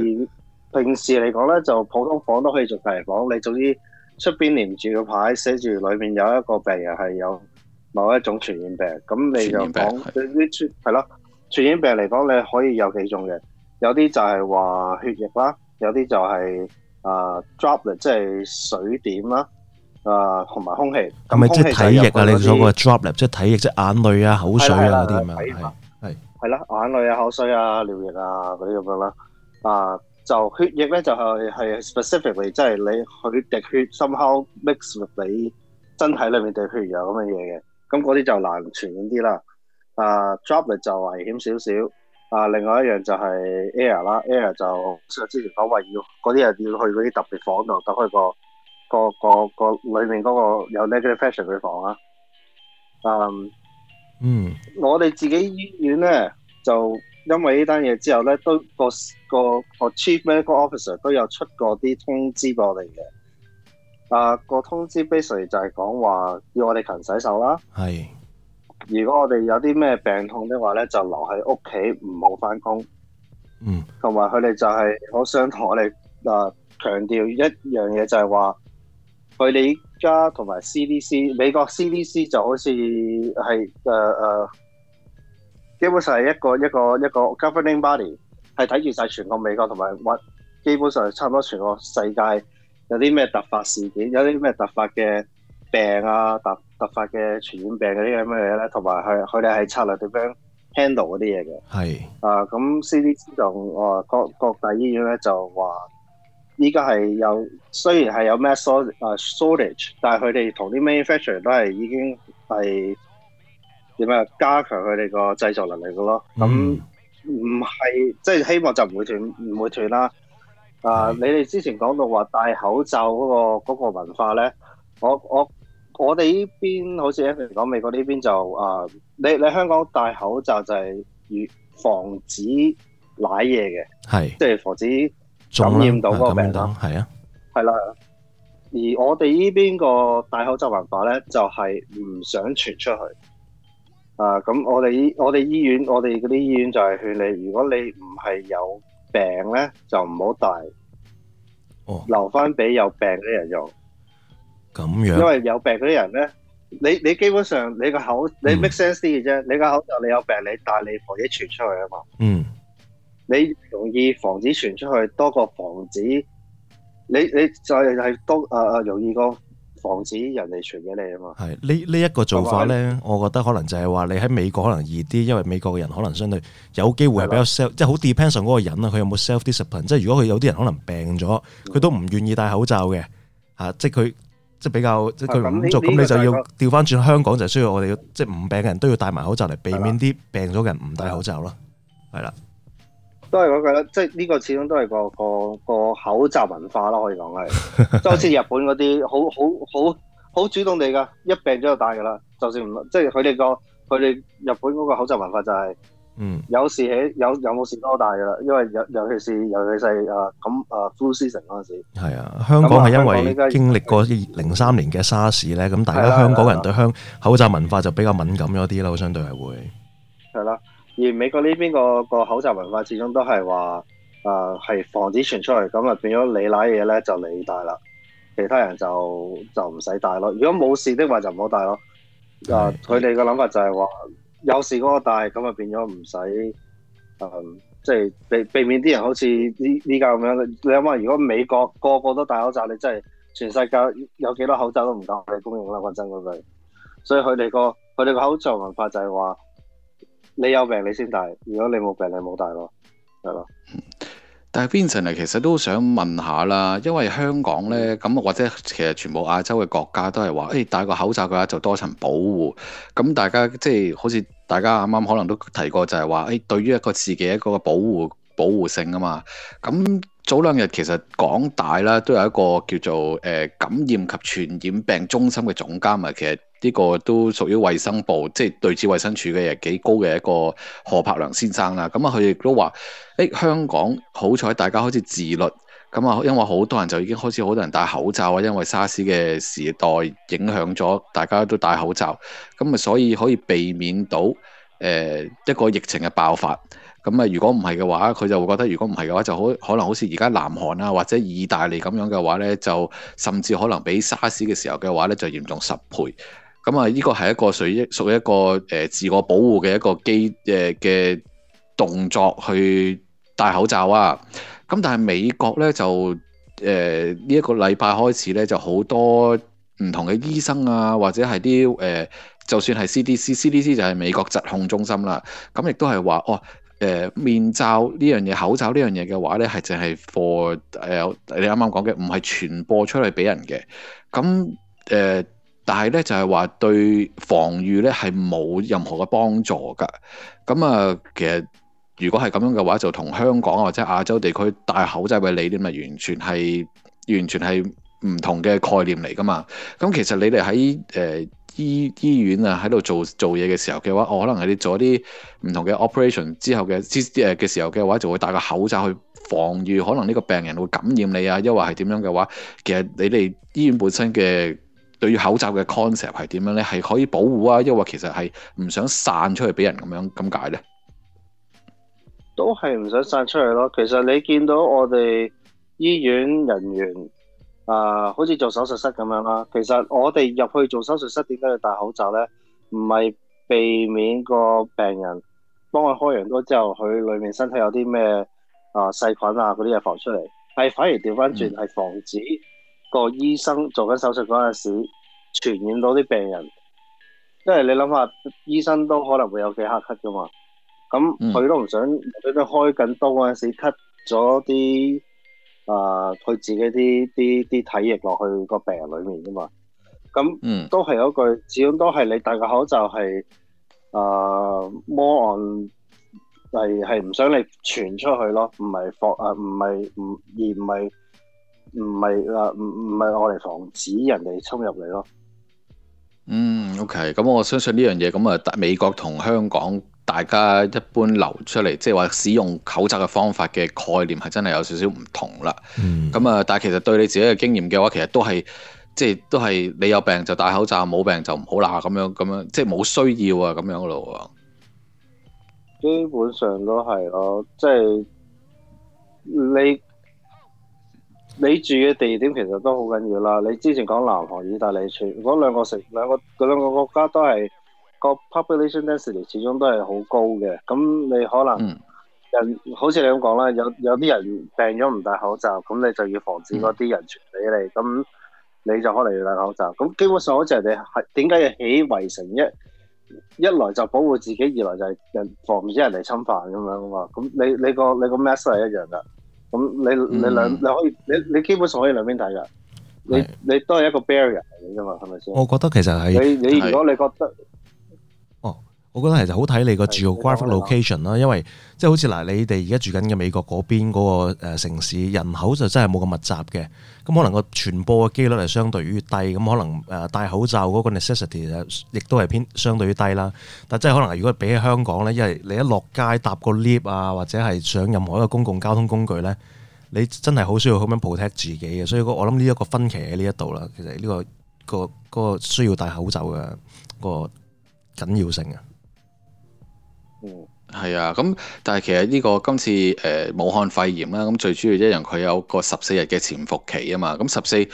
平時嚟講咧，就普通房都可以做隔離房，你總之出邊連住個牌，寫住裏面有一個病人係有。某一種傳染病，咁你就講啲傳係咯，傳染病嚟講，你可以有幾種嘅，有啲就係話血液啦，有啲就係啊 droplet 即係水點啦，啊同埋空氣，咁咪即係體液啊？你所講嘅 droplet 即係體液，即係眼淚啊、口水嗰啲啊，係係啦，眼淚啊、口水啊、尿液啊嗰啲咁樣啦，啊、呃、就血液咧就係、是、係 specifically，即係你去滴血，somehow mixed with 你身體裏面嘅血液咁嘅嘢嘅。咁嗰啲就難傳染啲啦，啊 droplet 就危險少少，啊另外一樣就係 air 啦、啊、air、啊、就即係之前講話要嗰啲又要去嗰啲特別房度等佢個個個個裏面嗰個有 negative pressure 嘅房啦，嗯、啊、嗯，我哋自己醫院咧就因為呢單嘢之後咧都個個個 chief medical officer 都有出過啲通知過嚟嘅。啊！那個通知 basically 就係講話要我哋勤洗手啦。係，如果我哋有啲咩病痛嘅話咧，就留喺屋企唔好翻工。嗯，同埋佢哋就係好想同我哋啊強調一樣嘢，就係話佢哋而家同埋 CDC 美國 CDC 就好似係誒誒，基本上係一個一個一個 governing body，係睇住晒全個美國同埋或基本上差唔多全個世界。有啲咩突發事件，有啲咩突發嘅病啊，突突發嘅傳染病嗰啲咁嘅嘢咧，同埋佢佢哋係策略點樣 handle 嗰啲嘢嘅？係啊，咁 CDC 就話各各大醫院咧就話，依家係有雖然係有咩 short shortage，但係佢哋同啲 manufacturer 都係已經係點樣加強佢哋個製造能力嘅咯。咁唔係即係希望就唔會斷，唔會斷啦。啊、uh，你哋之前講到話戴口罩嗰那個、那個文化咧，我我我哋呢邊好似 Evan 講美國呢邊就啊，uh, 你你香港戴口罩就係預防止瀨嘢嘅，係即係防止感染到嗰個病毒，係啊，係啦、啊。而我哋呢邊個戴口罩文化咧，就係、是、唔想傳出去。啊、uh，咁我哋我哋醫院我哋嗰啲醫院就係勸你，如果你唔係有。病咧就唔好戴，留翻俾有病嗰啲人用。咁樣，因為有病嗰啲人咧，你你基本上你個口你 make sense 啲嘅啫，你個口罩你有病，你戴你防止傳出去啊嘛。嗯，你容易防止傳出去多過防止，你你再係多啊啊、呃、容易個。防止人哋傳俾你啊嘛，係呢呢一個做法咧，我覺得可能就係話你喺美國可能易啲，因為美國嘅人可能相對有機會係比較 self，即係好 depends on 嗰個人啊，佢有冇 self discipline？即係如果佢有啲人可能病咗，佢都唔願意戴口罩嘅、嗯、啊！即係佢即係比較即係佢唔做，咁你就要調翻轉香港就係需要我哋要、嗯、即係唔病嘅人都要戴埋口罩嚟避免啲病咗嘅人唔戴口罩咯，係啦。都係嗰句啦，即係呢個始終都係個個個口罩文化啦。可以講係，就好似日本嗰啲好好好好主動地噶，一病咗就戴噶啦，就算唔即係佢哋個佢哋日本嗰個口罩文化就係，嗯，有事起有有冇事都戴噶啦，因為尤其尤其是尤其是啊咁啊 flu season 嗰陣時，係啊，香港係因為經歷過零三年嘅沙士咧，咁大家香港人對香口罩文化就比較敏感咗啲咯，相對係會係啦。而美國呢邊個、嗰個口罩文化始終都係話，誒、呃、係防止傳出嚟，咁啊變咗你攬嘢咧就你戴啦，其他人就就唔使戴咯。如果冇事的話就唔好戴咯。啊、呃，佢哋嘅諗法就係話有事嗰個戴，咁啊變咗唔使誒，即、呃、係、就係、避避免啲人好似呢呢家咁樣。你諗下，如果美國個個個都戴口罩，你真係全世界有幾多口罩都唔夠你公用啦！講真嗰句，所以佢哋個佢哋個口罩文化就係話。你有病你先戴，如果你冇病你冇戴咯，係咯。但係 Vincent 其實都想問下啦，因為香港呢，咁或者其實全部亞洲嘅國家都係話，誒、哎、戴個口罩嘅話就多層保護。咁大家即係好似大家啱啱可能都提過就係話，誒、哎、對於一個自己嘅一個保護保護性啊嘛。咁早兩日其實港大啦都有一個叫做誒、呃、感染及傳染病中心嘅總監啊，其實。呢個都屬於衛生部，即係對此衛生署嘅人幾高嘅一個何柏良先生啦。咁啊，佢亦都話，誒香港好彩，大家開始自律。咁啊，因為好多人就已經開始好多人戴口罩啊，因為沙士嘅時代影響咗，大家都戴口罩。咁啊，所以可以避免到誒一個疫情嘅爆發。咁啊，如果唔係嘅話，佢就會覺得如果唔係嘅話，就好可能好似而家南韓啊，或者意大利咁樣嘅話呢，就甚至可能比沙士嘅時候嘅話呢，就嚴重十倍。咁、嗯、啊，依、這個係一個屬於屬於一個誒、呃、自我保護嘅一個機誒嘅動作，去戴口罩啊。咁、嗯、但係美國咧就誒呢一個禮拜開始咧就好多唔同嘅醫生啊，或者係啲誒，就算係 CDC，CDC 就係美國疾控中心啦。咁、嗯、亦都係話哦，誒、呃、面罩呢樣嘢、口罩呢樣嘢嘅話咧，係淨係 for、呃、你啱啱講嘅，唔係傳播出嚟俾人嘅。咁、嗯、誒。呃但係咧，就係話對防禦咧係冇任何嘅幫助㗎。咁啊，其實如果係咁樣嘅話，就同香港或者亞洲地區戴口罩嘅理念咪完全係完全係唔同嘅概念嚟㗎嘛。咁其實你哋喺誒醫醫院啊喺度做做嘢嘅時候嘅話，我可能係你做一啲唔同嘅 operation 之後嘅嘅時候嘅話，就會戴個口罩去防禦，可能呢個病人會感染你啊，又或係點樣嘅話，其實你哋醫院本身嘅。對於口罩嘅 concept 係點樣咧？係可以保護啊，抑或其實係唔想散出去俾人咁樣，咁解咧。都係唔想散出去咯。其實你見到我哋醫院人員啊、呃，好似做手術室咁樣啦。其實我哋入去做手術室點解要戴口罩咧？唔係避免個病人，幫佢開完刀之後，佢裡面身體有啲咩啊細菌啊嗰啲嘢放出嚟，係反而調翻轉係防止。個醫生做緊手術嗰陣時，傳染到啲病人，因為你諗下，醫生都可能會有幾黑咳噶嘛，咁佢都唔想，佢、嗯、都開緊刀嗰陣時，咳咗啲啊，佢、呃、自己啲啲啲體液落去個病人裏面噶嘛，咁、嗯、都係嗰句，始終都係你戴個口罩係啊，摸按係係唔想你傳出去咯，唔係防啊，唔係唔而唔係。唔係啦，唔唔係我嚟防止人哋侵入嚟咯。嗯，OK，咁我相信呢樣嘢，咁啊，美國同香港大家一般流出嚟，即係話使用口罩嘅方法嘅概念係真係有少少唔同啦。咁、嗯、啊，但係其實對你自己嘅經驗嘅話，其實都係即係都係你有病就戴口罩，冇病就唔好啦，咁樣咁樣，即係冇需要啊，咁樣咯。基本上都係咯，即係你。你住嘅地點其實都好緊要啦。你之前講南韓、意大利，全兩個城、兩個國家都係個 population density 始終都係好高嘅。咁你可能人、嗯、好似你咁講啦，有有啲人病咗唔戴口罩，咁你就要防止嗰啲人傳俾你，咁、嗯、你就可能要戴口罩。咁基本上好似人哋係點解要起圍城？一一來就保護自己，二來就係人防止人嚟侵犯咁嘛。咁你你個你個 mask 係一樣噶。咁你你兩、嗯、你可以你你基本上可以兩邊睇噶，你你都係一個 barrier 嚟嘅嘛，係咪先？我覺得其實係你你如果你覺得。我覺得其實好睇你個住 geographical location 啦，因為即係、即係、好似嗱，你哋而家住緊嘅美國嗰邊嗰個城市人口就真係冇咁密集嘅，咁可能個傳播嘅機率係相對於低，咁可能誒戴口罩嗰個 necessity 亦都係偏相對於低啦。但係真係可能如果比起香港咧，因為你一落街搭個 lift 啊，或者係上任何一個公共交通工具咧，你真係好需要咁樣 protect 自己嘅。所以我諗呢一個分歧喺呢一度啦，其實呢、呢個、嗰個、嗰個、需要戴口罩嘅、嗰個緊要性啊。嗯，係啊，咁但係其實呢個今次誒武漢肺炎啦，咁最主要一樣佢有個十四日嘅潛伏期啊嘛，咁十四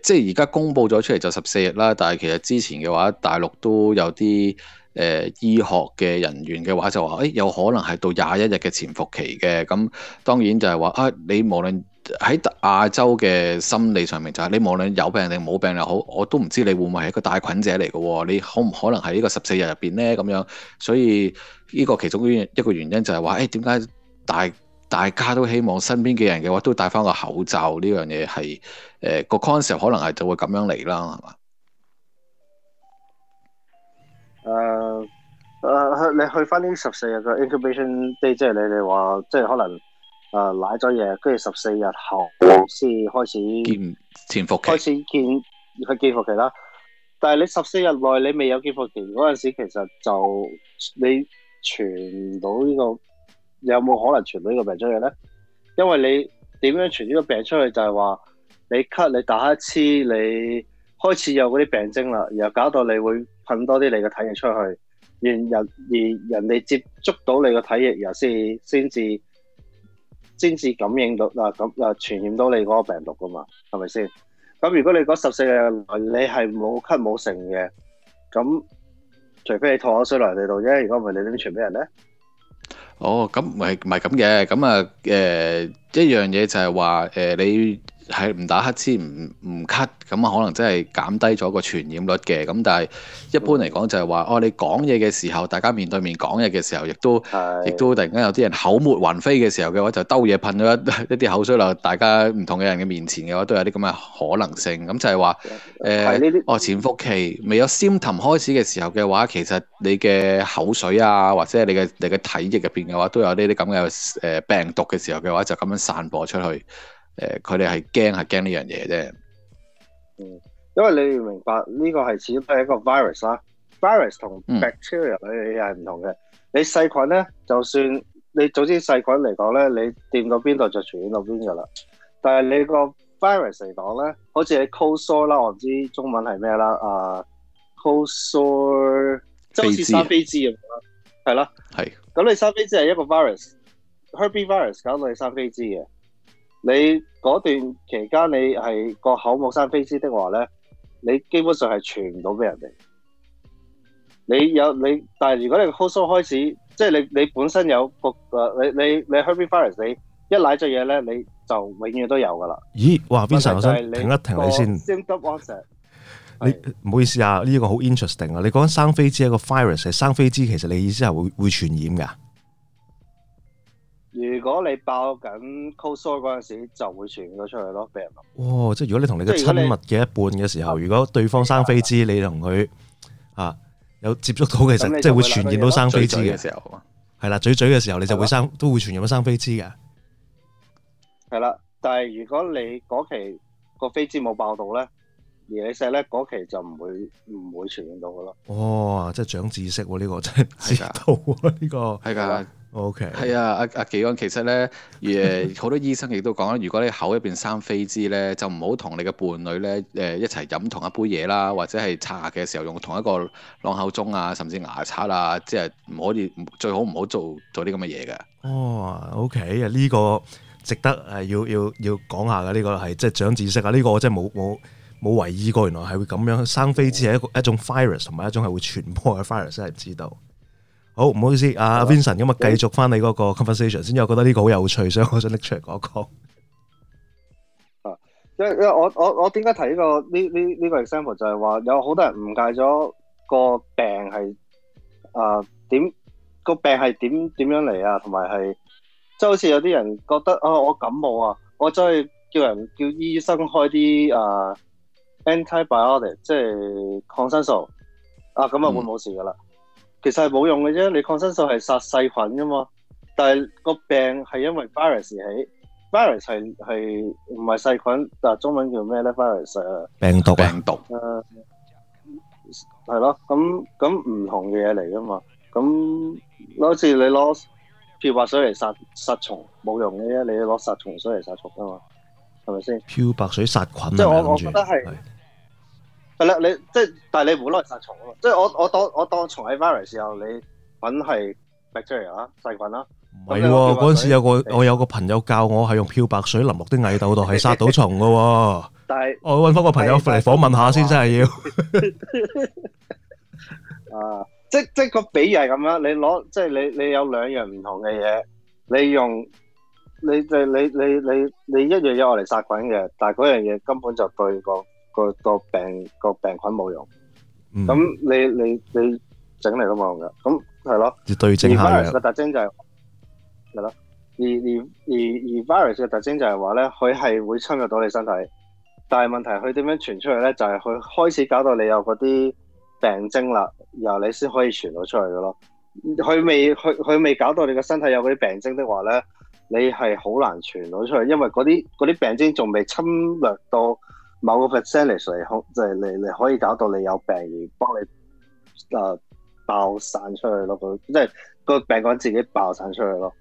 即係而家公布咗出嚟就十四日啦，但係其實之前嘅話，大陸都有啲誒醫學嘅人員嘅話就話誒有可能係到廿一日嘅潛伏期嘅，咁當然就係話啊，你無論喺亞洲嘅心理上面就係你無論有病定冇病又好，我都唔知你會唔會係一個帶菌者嚟嘅，你可唔可能係呢個十四日入邊咧咁樣，所以。呢、這個其中一一個原因就係話，誒點解大大家都希望身邊嘅人嘅話都戴翻個口罩呢樣嘢係誒個 concept 可能係就會咁樣嚟啦，係嘛？誒、uh, 誒、uh，你去翻呢十四日嘅 incubation day，即係你哋話，即、就、係、是、可能誒買咗嘢，跟住十四日後先開始見潛伏期，開始見佢潛伏期啦。但係你十四日內你未有潛伏期嗰陣時，其實就你，傳到呢個有冇可能傳到呢個病出去咧？因為你點樣傳呢個病出去就係話你咳、你打乞嗤、你開始有嗰啲病徵啦，然後搞到你會噴多啲你嘅體液出去，然人而人哋接觸到你嘅體液，然後先先至先至感染到嗱咁啊，啊，啊，啊傳染到你嗰個病毒噶嘛，係咪先？咁如果你嗰十四日你係冇咳冇成嘅，咁。除非你拖咗水落人地度啫，如果唔係，你點傳畀人咧？哦，咁唔係，唔係咁嘅，咁啊，誒、呃，一樣嘢就係話，誒、呃，你。係唔打乞嗤，唔唔咳咁啊，cut, 可能真係減低咗個傳染率嘅。咁但係一般嚟講就係話，哦，你講嘢嘅時候，大家面對面講嘢嘅時候，亦都亦都突然間有啲人口沫橫飛嘅時候嘅話，就兜嘢噴咗一啲口水流。大家唔同嘅人嘅面前嘅話，都有啲咁嘅可能性。咁就係、是、話，誒、呃、哦，潛伏期未有 symptom 開始嘅時候嘅話，其實你嘅口水啊，或者你嘅你嘅體液入邊嘅話，都有呢啲咁嘅誒病毒嘅時候嘅話，就咁樣散播出去。誒，佢哋係驚，係驚呢樣嘢啫。嗯，因為你要明白呢個係始終都係一個 virus 啦。virus 同 bacteria 你係唔同嘅。你細菌咧，就算你早知細菌嚟講咧，你掂到邊度就傳染到邊噶、啊、啦。但係你個 virus 嚟講咧，好似你 cold sore 啦，我唔知中文係咩啦。啊 cold sore 即係好似生飛滋咁啦，係啦，係。咁你生飛滋係一個 virus，herpes virus 搞到你生飛滋嘅。你嗰段期間，你係個口目生飛滋的話咧，你基本上係傳唔到俾人哋。你有你，但係如果你 close o f 開始，即係你你本身有個誒，你你你 herpes virus 你一舐隻嘢咧，你就永遠都有噶啦。咦？哇 Vincent？我想停一停你先。James 你唔好意思啊，呢、呢個好 interesting 啊。你講生飛滋係一個 virus，生飛滋其實你意思係會會傳染噶？如果你爆緊 close 嗰陣時，就會傳咗出去咯，俾、哦、人。即係如果你同你嘅親密嘅一半嘅時候如，如果對方生飛滋，你同佢啊有接觸到，嘅時候，即係會傳染到生飛滋嘅時候，係啦，嘴嘴嘅時候你就會生都會傳染到生飛滋嘅。係啦，但係如果你嗰期、個飛滋冇爆到咧，而你錫咧嗰期就唔會唔會傳染到嘅咯。哦，即係長知識呢、啊，這個真係知道啊呢、這個係噶。O K 係啊，阿阿技安，其實咧，而好 多醫生亦都講啦，如果你口入邊生痱滋咧，就唔好同你嘅伴侶咧，誒一齊飲同一杯嘢啦，或者係刷牙嘅時候用同一個晾口中啊，甚至牙刷啊，即係唔可以最好唔好做做啲咁嘅嘢嘅。哦，O K 啊，呢、okay，個值得誒、呃、要要要講下嘅呢、這個係即係長知識啊，呢、這個真係冇冇。冇懷疑過，原來係會咁樣生飛，只係一個一種 virus，同埋一種係會傳播嘅 virus，真係唔知道。好唔好意思，阿 Vincent，今日繼續翻你嗰個 conversation 先，我覺得呢個好有趣，所以我想拎出嚟講講。因為因為我我我點解睇呢個呢呢呢個 example 就係話有好多人誤解咗個病係啊點個病係點點樣嚟啊，同埋係即係好似有啲人覺得啊、哦，我感冒啊，我真係叫人叫醫生開啲啊。呃 Antibiotic 即係抗生素啊，咁啊會冇事噶啦、嗯。其實係冇用嘅啫，你抗生素係殺細菌噶嘛，但係個病係因為 virus 起，virus 係係唔係細菌，但、啊、係中文叫咩咧？virus 病毒病毒，係咯，咁咁唔同嘅嘢嚟噶嘛。咁好似你攞漂白水嚟殺殺蟲冇用嘅啫，你要攞殺蟲水嚟殺蟲噶嘛，係咪先？漂白水殺菌即係、就是、我我覺得係。係啦，你即係，但係你唔好攞嚟殺蟲啊！即係我我當我當蟲係 virus 時候，你搵係 bacteria 細菌啦。唔係喎，嗰陣時有個我有個朋友教我係用漂白水淋落啲蟻竇度，係殺到蟲噶。但係我搵翻個朋友嚟訪問一下先，真係要 啊， 即即個比喻咁樣你攞即係你你有兩樣唔同嘅嘢，你用你你你你你，你一樣嘢嚟殺菌嘅，但係嗰樣嘢根本就對個。個個病個病菌冇用，咁、嗯、你你你整嚟都冇用㗎，咁係咯。而 virus 嘅特徵就係、是，係咯。而而而而 virus 嘅特徵就係話咧，佢係會侵入到你身體，但係問題佢點樣傳出去咧？就係、是、佢開始搞到你有嗰啲病徵啦，然後你先可以傳到出去㗎咯。佢未佢佢未搞到你個身體有嗰啲病徵的話咧，你係好難傳到出去，因為嗰啲啲病徵仲未侵略到。某個 percentage 嚟，即係你，你可以搞到你有病而幫你誒爆散出去咯。佢即係個病菌自己爆散出去咯。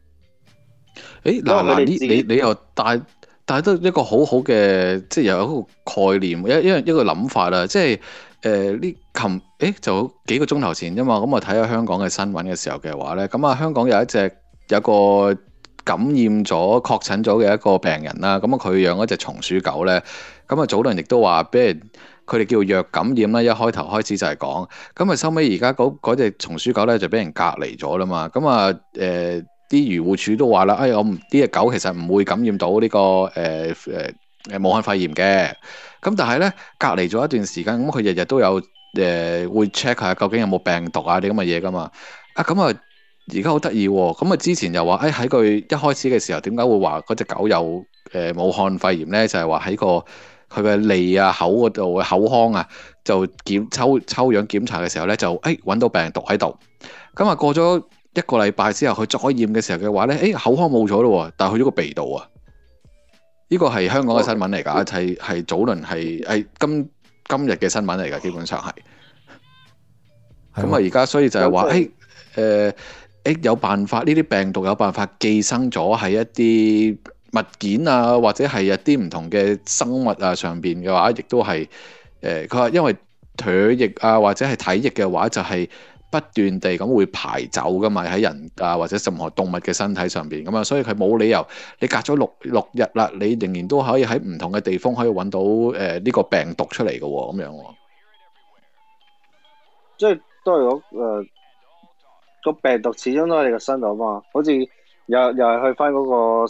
誒嗱嗱，呢你你，你又帶帶得一個好好嘅，即係有一個概念，一一個一個諗法啦。即係誒呢琴誒就幾個鐘頭前啫嘛。咁我睇下香港嘅新聞嘅時候嘅話咧，咁啊香港有一隻有一個感染咗、確診咗嘅一個病人啦。咁啊佢養一隻松鼠狗咧。咁啊，早輪亦都話，俾人佢哋叫弱感染啦，一開頭開始就係講。咁啊，收尾而家嗰隻松鼠狗咧就俾人隔離咗啦嘛。咁啊，誒啲漁護署都話啦，哎，我唔啲隻狗其實唔會感染到呢、呢個誒誒誒武漢肺炎嘅。咁但係咧，隔離咗一段時間，咁佢日日都有誒、呃、會 check 下究竟有冇病毒啊啲咁嘅嘢噶嘛。啊，咁啊，而家好得意喎。咁啊，之前又話，誒喺佢一開始嘅時候點解會話嗰隻狗有誒、呃、武漢肺炎咧？就係話喺個。佢嘅脷啊、口嗰度嘅口腔啊，就檢抽抽樣檢查嘅時候咧，就誒揾到病毒喺度。咁啊，過咗一個禮拜之後，佢再驗嘅時候嘅話咧，誒口腔冇咗咯，但係去咗個鼻度啊。呢個係香港嘅新聞嚟㗎，係係早輪係係今今日嘅新聞嚟㗎，基本上係。咁啊，而家所以就係話，誒誒有辦法呢啲病毒有辦法寄生咗喺一啲。物件啊，或者係一啲唔同嘅生物啊，上邊嘅話，亦都係誒。佢、呃、話因為唾液啊，或者係體液嘅話，就係、是、不斷地咁會排走噶嘛，喺人啊或者任何動物嘅身體上邊咁啊，所以佢冇理由你隔咗六六日啦，你仍然都可以喺唔同嘅地方可以揾到誒呢、呃這個病毒出嚟嘅咁樣。即係都係講誒個病毒，始終都喺你個身度啊嘛，好似又又係去翻嗰、那個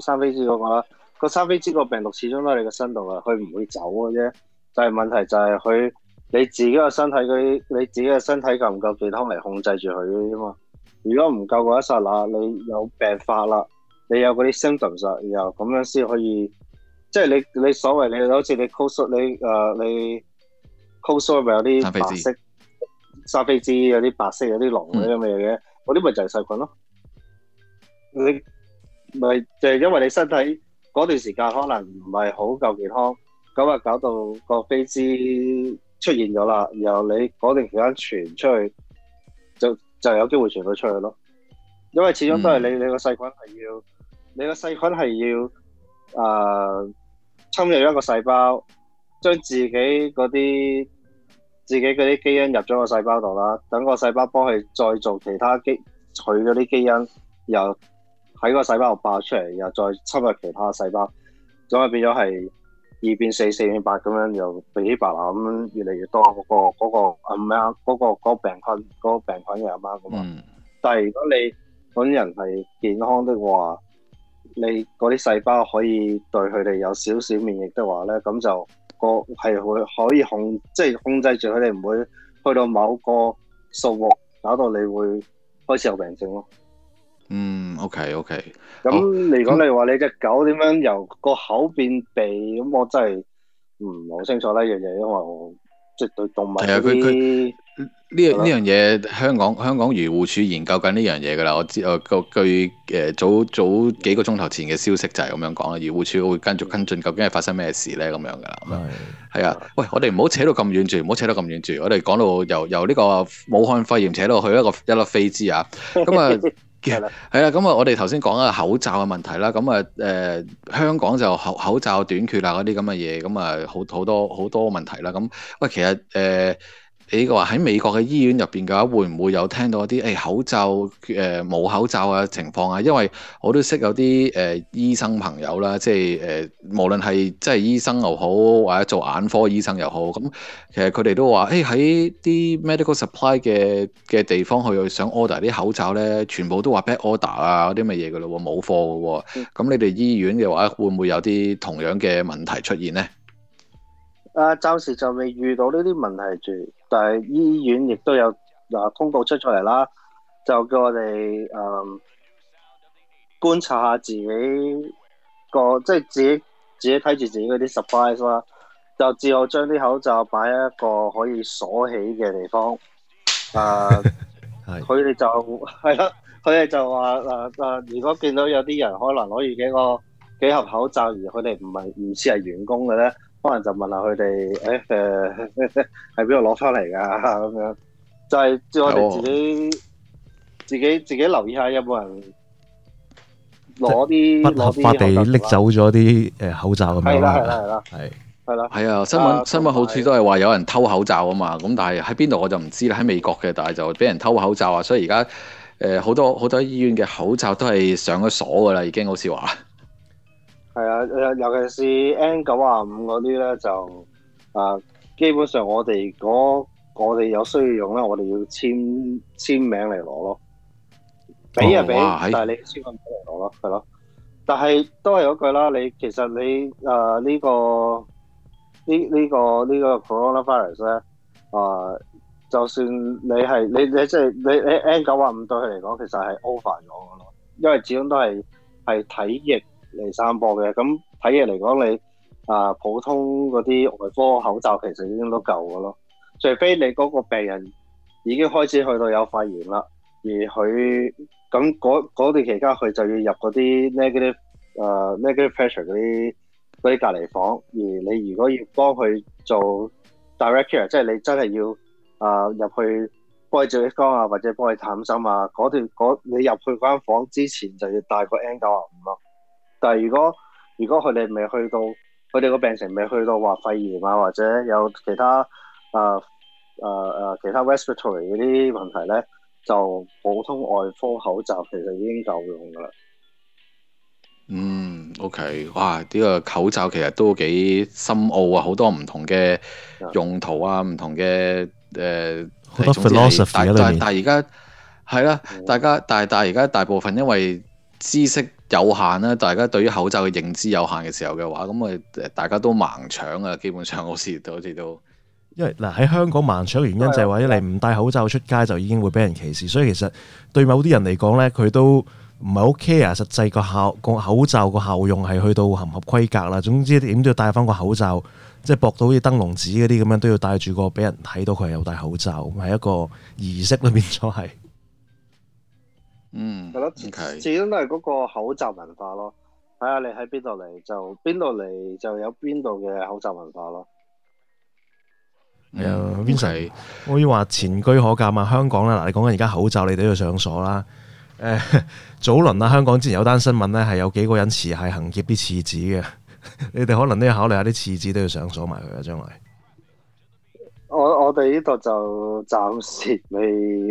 生飛滋嗰個啦，個生飛滋個病毒始終都係你個身度噶，佢唔會走嘅啫。但係問題就係佢你自己個身體佢你自己個身體夠唔夠健康嚟控制住佢啫嘛？如果唔夠嘅一剎那，你有病發啦，你有嗰啲 symptoms 實，然後咁樣先可以，即係你你所謂你好似你 cold sore 你誒你 cold sore 咪有啲白色生飛滋有啲白色有啲濃嗰啲咁嘅嘢嘅，嗰啲咪就係細菌咯，你。咪就係、是、因為你身體嗰段時間可能唔係好夠健康，咁啊搞到個飛滋出現咗啦，然後你嗰段時間傳出去，就就有機會傳到出去咯。因為始終都係你你個細菌係要，你個細菌係要誒、呃、侵入一個細胞，將自己嗰啲自己嗰啲基因入咗個細胞度啦，等個細胞幫佢再做其他基取啲基因然後。喺個細胞度爆出嚟，然後再侵入其他嘅細胞，咁啊變咗係二變四，四變八咁樣，又肥起白啦，咁越嚟越多嗰、嗰個、嗰個啊啊、嗰個、嗰個病菌嗰、嗰個病菌嘅阿媽咁，但係如果你本人係健康的話，你嗰啲細胞可以對佢哋有少少免疫的話咧，咁就、嗰個係會可以控，即、就、係、係、控制住佢哋唔會去到某個數目，搞到你會開始有病症咯。嗯，OK，OK。咁嚟講，嗯嗯、你話你隻狗點樣由個口變鼻，咁、哦、我真係唔好清楚呢樣嘢，因為我即係對動物係啊。佢佢呢樣呢樣嘢，香港香港漁護署研究緊呢樣嘢噶啦。我知啊，據、呃、誒早早幾個鐘頭前嘅消息就係咁樣講啦。漁護署會跟住跟進，究竟係發生咩事咧？咁樣噶啦。係係啊。喂，我哋唔好扯到咁遠住，唔好扯到咁遠住。我哋講到由由呢個武漢肺炎扯到去一個一粒飛滋啊。咁啊。 係啦，係啦，咁啊，我哋頭先講啊口罩嘅問題啦，咁啊，呃，香港就口口罩短缺啦，嗰啲咁嘅嘢，咁啊，好好多好多問題啦，咁，喂，其實誒。呃你話喺美國嘅醫院入邊嘅話，會唔會有聽到一啲誒、哎、口罩誒冇、呃、口罩嘅情況啊？因為我都識有啲誒、呃、醫生朋友啦，即係誒、呃、無論係即係醫生又好，或者做眼科醫生又好，咁、嗯、其實佢哋都話誒喺啲 medical supply 嘅嘅地方去想 order 啲口罩咧，全部都話 back order 啊嗰啲乜嘢嘅咯，冇貨嘅喎。咁、嗯、你哋醫院嘅話，會唔會有啲同樣嘅問題出現咧？啊，暫時就未遇到呢啲問題住。但係醫院亦都有嗱通、啊、告出出嚟啦，就叫我哋誒、嗯、觀察下自己個，即係自己自己睇住自己嗰啲 supplies 啦，就最好將啲口罩擺喺一個可以鎖起嘅地方。啊，佢 哋們就係咯，佢 哋就話嗱嗱，如果見到有啲人可能攞住幾個幾盒口罩，而佢哋唔係唔似係員工嘅咧。可能就問下佢哋，誒、欸、誒，喺邊度攞翻嚟㗎咁樣？就係、係、我哋自己、哦、自己自己留意下有有，有冇人攞啲不合法地拎走咗啲誒口罩咁樣啦。係啦係啦係啦啦係啊！新聞、啊、新聞好似都係話有人偷口罩啊嘛，咁但係喺邊度我就唔知啦。喺美國嘅，但係就俾人偷口罩啊，所以而家誒好多好多醫院嘅口罩都係上咗鎖㗎啦，已經好似話。係啊，尤其是 N95 嗰啲咧，就啊、呃，基本上我哋、那個、我哋有需要用咧，我哋要簽簽名嚟攞咯，俾啊俾，但係你簽名嚟攞咯，係、哎、咯。但係都係嗰句啦，你其實你誒、呃這個這個這個、呢個呢呢個呢個 corona virus 咧，啊、呃，就算你係你你即、就、係、是、你，你 N95 對佢嚟講，其實係 over 咗嘅咯，因為始終都係係體液嚟散播嘅。咁睇嘢嚟講，講你啊普通嗰啲外科口罩其實已經都夠噶咯。除非你嗰個病人已經開始去到有肺炎啦，而佢咁嗰段期間佢就要入嗰啲 negative、啊、negative pressure 嗰啲嗰啲隔離房。而你如果要幫佢做 direct care，即係你真係要啊入去幫佢照 X 光啊，或者幫佢探心啊，嗰段嗰你入去嗰間房之前就要戴個 N 九啊五咯。但係如果如果佢哋未去到，佢哋個病程未去到話肺炎啊，或者有其他誒誒誒其他 respiratory 嗰啲問題咧，就普通外科口罩其實已經夠用噶啦。嗯，OK，哇！呢個口罩其實都幾深奧啊，好多唔同嘅用途啊，唔同嘅誒、呃、好多 philosophy 啊，但係而家係啦，大家但係但係而家大部分因為知識。有限啦，大家對於口罩嘅認知有限嘅時候嘅話，咁咪大家都盲搶啊！基本上好似好似都，因為嗱喺香港盲搶嘅原因就係話，一嚟唔戴口罩出街就已經會俾人歧視，嗯，所以其實對某啲人嚟講呢，佢都唔係好 care 實際個效個口罩個效用係去到合唔合規格啦。總之點都要戴翻個口罩，即係薄到好似啲燈籠紙嗰啲咁樣都要戴住個，俾人睇到佢係有戴口罩，係一個儀式咯，變咗係。嗯，係囉，始終都係嗰個口罩文化咯。睇下你喺邊度嚟，就邊度嚟就有邊度嘅口罩文化咯。係、嗯、啊 ，Vincent，可以話前居可鑒啊。香港咧，嗱，你講緊而家口罩，你都要上鎖啦。誒、欸，早輪啊，香港之前有單新聞咧，係有幾個人持械行劫啲厠紙嘅。你哋可能都要考慮下啲厠紙都要上鎖埋佢啊。將來，我我哋呢度就暫時未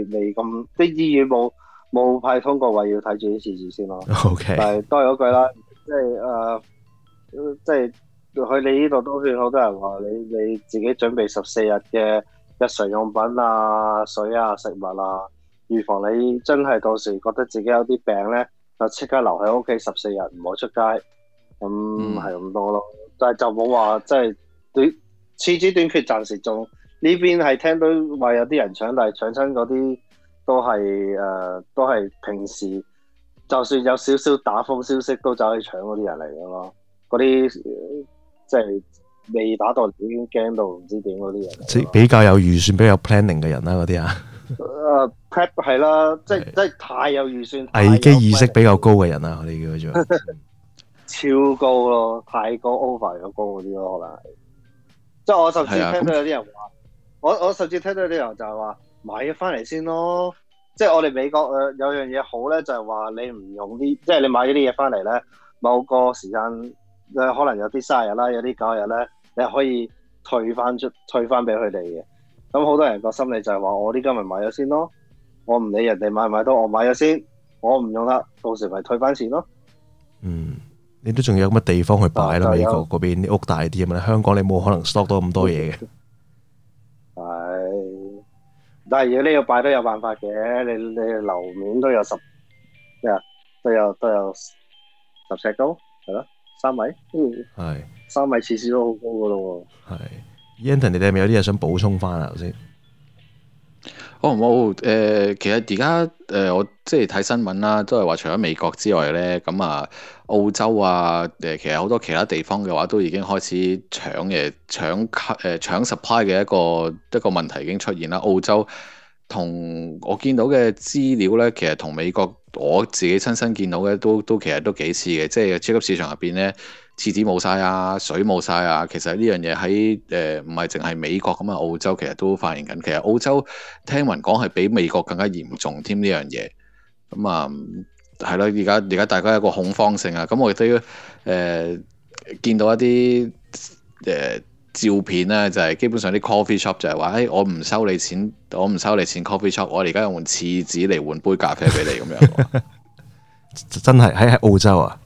未咁，啲醫院冇。冇派通過委要睇住啲廁紙先咯。OK，但係都係嗰句啦，即係誒、呃，即係去你呢度都算好多人話你你自己準備十四日嘅日常用品啊、水啊、食物啊，預防你真係到時覺得自己有啲病咧，就即刻留喺屋企十四日，唔好出街。咁係咁多咯，但係就冇話即係斷廁紙短缺，暫時仲呢邊係聽到話有啲人搶，但係搶親嗰啲。都係誒、呃，都係平時就算有少少打風消息都走去搶嗰啲人嚟㗎咯，嗰啲即係未打到已經驚到唔知點嗰啲人。即比較有預算、比較 planning 嘅人啦，嗰啲啊。誒，plan 係啦，即即太有，太有預算、危機意識比較高嘅人啦、啊， 我哋叫做超高咯，太 over 的高 over 咁高嗰啲咯，可能係。即我甚至聽到有啲人話、啊，我我甚至聽到有啲人就係話。買咗翻嚟先咯，即係我哋美國誒有樣嘢好咧，就係話你唔用啲，即係你買咗啲嘢翻嚟咧，某個時間誒可能有啲卅日啦，有啲假日咧，你可以退翻出，退翻俾佢哋嘅。咁好多人個心理就係話，我呢家咪買咗先咯，我唔理人哋買唔買到，我買咗先，我唔用啦，到時咪退翻錢咯。嗯，你都仲有乜地方去擺咯、啊？美國嗰邊啲屋大啲啊嘛，香港你冇可能 stock 到咁多嘢嘅。係。 但係如果你要擺都有辦法嘅，你你樓面都有十咩啊？都有都有十尺高，係咯，三米，嗯，係三米次次都好高噶咯喎。係，Anthony 你哋係咪有啲嘢想補充翻啊？頭先。我唔好誒，其實而家誒，我即係睇新聞啦，都係話除咗美國之外咧，咁啊澳洲啊誒、呃，其實好多其他地方嘅話都已經開始搶嘅搶誒、呃、搶 supply 嘅一個一個問題已經出現啦。澳洲同我見到嘅資料咧，其實同美國我自己親身，身見到嘅都都其實都幾似嘅，即係超級市場入邊咧。廁紙冇晒啊，水冇晒啊！其實呢樣嘢喺誒唔係淨係美國咁啊，澳洲其實都發現緊。其實澳洲聽聞講係比美國更加嚴重添呢樣嘢。咁啊，係、嗯、咯，而家而家大家有個恐慌性啊。咁我亦都要誒見到一啲誒、呃、照片咧，就係、是、基本上啲 coffee shop 就係話，誒、哎、我唔收你錢，我唔收你錢，coffee shop，我而家用廁紙嚟換杯咖啡俾你咁樣。 真係喺澳洲啊！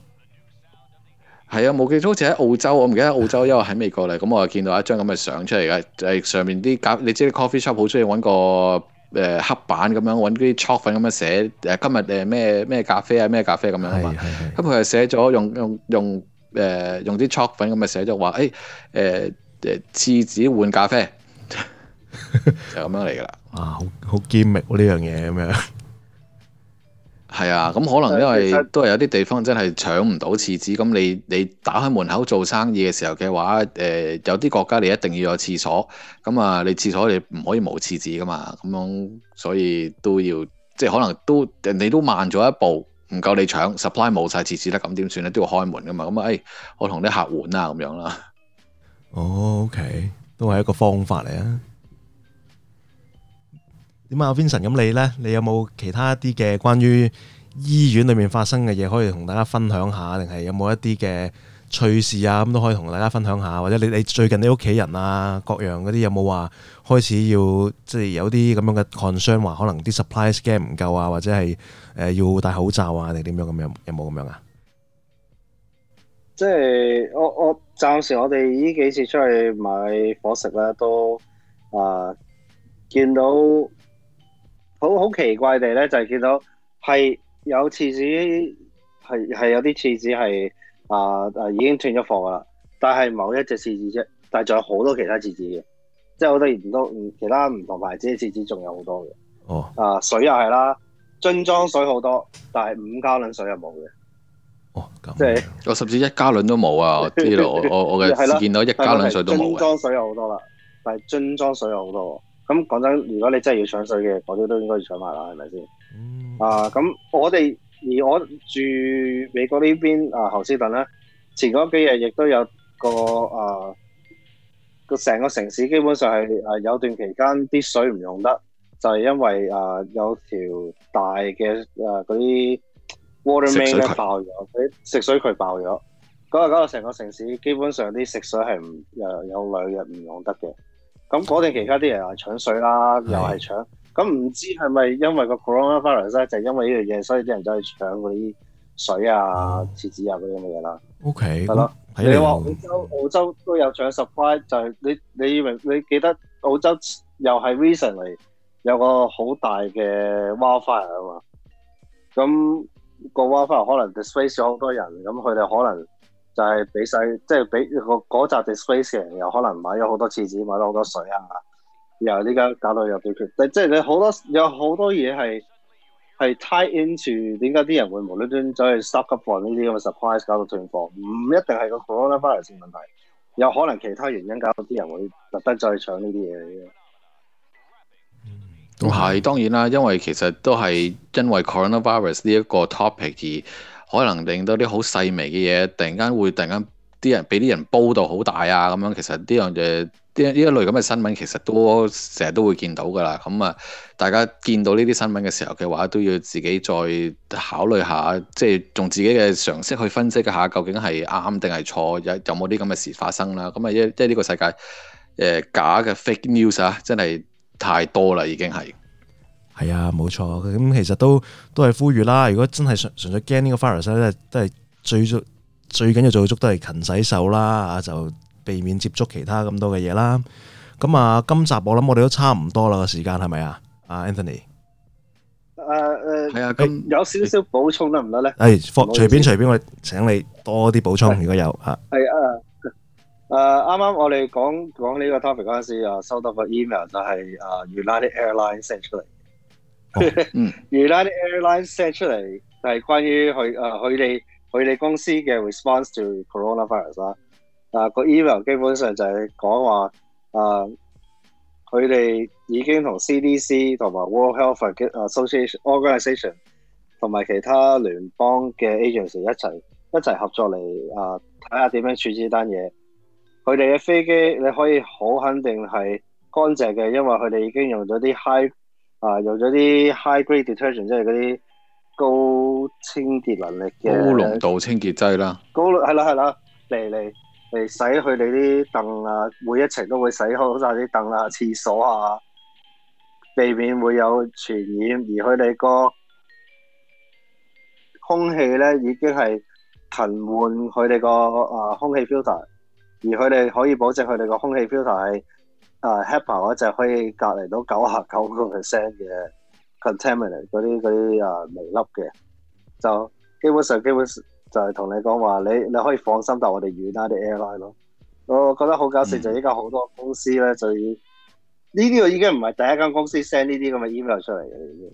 係啊，冇記錯，好似喺澳洲，我唔記得澳洲，因為喺美國嚟。咁、啊、我就見到一張咁嘅相出嚟嘅，誒、就係、上面啲咖，你知啲 coffee shop 好中意揾個黑板咁樣揾啲 chalk 粉咁樣寫，誒今日誒咩咩咖啡啊咩咖啡咁樣啊嘛，咁佢又寫咗用用用誒、呃、用啲 chalk 粉咁咪寫咗話誒誒廁紙換咖啡， 就咁樣嚟噶啦，啊好好 gimmick 呢樣嘢咁樣。 係啊，咁可能因為都係有啲地方真係搶唔到廁紙，咁你你打開門口做生意嘅時候嘅話，誒、呃，有啲國家你一定要有廁所，咁啊，你廁所你唔可以冇廁紙噶嘛，咁樣所以都要，即係可能都你都慢咗一步，唔夠你搶，supply 冇晒廁紙咧，咁點算咧？都要開門噶嘛，咁啊，誒、哎，我同啲客換啊，咁樣啦。o、oh, k y、okay. 都係一個方法嚟啊。點啊，Vincent？咁你呢？你有冇其他啲嘅關於醫院裏面發生嘅嘢，可以同大家分享下？定係有冇一啲嘅趣事啊？咁都可以同大家分享下。或者你你最近你屋企人啊，各樣嗰啲有冇話開始要即係、就是、有啲咁樣嘅 concern，話可能啲 supply scan 唔夠啊，或者係誒、呃、要戴口罩啊，定點樣咁樣？有冇咁樣啊？即係我我暫時我哋呢幾次出去買伙食咧，都啊見到。好好奇怪地咧，就係、是、見到係有廁紙，係係有啲廁紙係啊啊已經斷咗貨啦。但係某一隻廁紙啫，但係仲有好多其他廁紙嘅，即係好多唔多唔其他唔同牌子嘅廁紙仲有好多嘅。哦，啊水又係啦，樽裝水好多，但係五加侖水又冇嘅。哦，咁，即、就、係、是、我甚至一加侖都冇啊！呢度我 我嘅只見到一加侖水都冇。樽裝水有好多啦，但係樽裝水有好多、啊。咁講真，如果你真係要搶水嘅，嗰啲都應該要搶埋啦，係咪先？啊，咁我哋而我住美國呢邊啊，侯斯頓咧，前嗰幾日亦都有個啊個成個城市基本上係啊有段期間啲水唔用得，就係、是、因為啊有條大嘅啊嗰啲 water main 咧爆咗，啲食水渠爆咗，嗰、那個嗰個成個城市基本上啲食水係唔又有兩日唔用得嘅。咁嗰段其他啲人又係搶水啦，又係搶。咁唔知係咪因為個 corona virus 咧，就係因為呢樣嘢，所以啲人走去搶嗰啲水啊、廁紙啊嗰啲咁嘅嘢啦。O K，係咯。你話澳洲澳洲都有搶 supply，就係你你以為你記得澳洲又係 recently 嚟有個好大嘅 wildfire 啊嘛？咁個 wildfire 可能 displace 咗好多人，咁佢哋可能。就係俾晒，即、就、係、是、俾個嗰集 displacer 又可能買咗好多廁紙，買咗好多水啊！然後呢家搞到又短缺，即係你好多有好多嘢係係 tie into 點解啲人會無端端走去 shop up for 呢啲咁嘅 surprise 搞到斷貨？唔一定係個 coronavirus 問題，有可能其他原因搞到啲人會特登再搶呢啲嘢嘅。都、嗯、係當然啦，因為其實都係因為 coronavirus 呢一個 topic 而。可能令到啲好細微嘅嘢，突然間會突然間啲人俾啲人煲到好大啊！咁樣其實呢樣嘢，呢一類咁嘅新聞，其實都成日都會見到㗎啦。咁啊，大家見到呢啲新聞嘅時候嘅話，都要自己再考慮下，即係用自己嘅常識去分析一下，究竟係啱定係錯，有有冇啲咁嘅事發生啦？咁啊，即係呢個世界誒假嘅 fake news 啊，真係太多啦，已經係。係啊，冇錯，咁其實都都係呼籲啦。如果真係純純粹驚呢個 virus 咧，都係都係最最最緊要做足，都係勤洗手啦，就避免接觸其他咁多嘅嘢啦。咁啊，今集我諗我哋都差唔多啦，個時間係咪啊？阿 Anthony，誒誒，係啊，有少少補充得唔得咧？係，隨隨便隨便我請你多啲補充，如果有吓。係啊，誒，啱啱我哋講講呢個 topic 嗰陣時啊，收到個 email 就係誒原來啲 airline send 出嚟。United Airlines set 出嚟就係，是，關於佢誒佢哋佢哋公司嘅 response to coronavirus 啦，啊。嗱個 email 基本上就係講話誒佢哋已經同 CDC 同埋 World Health Association 同埋其他聯邦嘅 agency 一齊一齊合作嚟啊睇下點樣處置呢單嘢。佢哋嘅飛機你可以好肯定係乾淨嘅，因為佢哋已經用咗啲 high 啊，用咗啲 high grade detergent，即係嗰啲高清潔能力嘅高濃度清潔劑啦。高係啦係啦，嚟嚟嚟洗佢哋啲凳啊，每一層都會洗好晒啲凳啊、廁所啊，避免會有傳染。而佢哋個空氣咧已經係更換佢哋個啊空氣 filter，而佢哋可以保證佢哋個空氣 filter 係。啊 HEPA 嗰隻可以隔離到九啊九個 percent 嘅 contaminate 啲嗰啲啊微粒嘅，就基本上基本上就係同你講話，你你可以放心但我哋遠啦啲 airline 咯。我覺得好搞笑就依家好多公司咧，就呢啲我已經唔係第一間公司 send 呢啲咁嘅 email 出嚟嘅已經。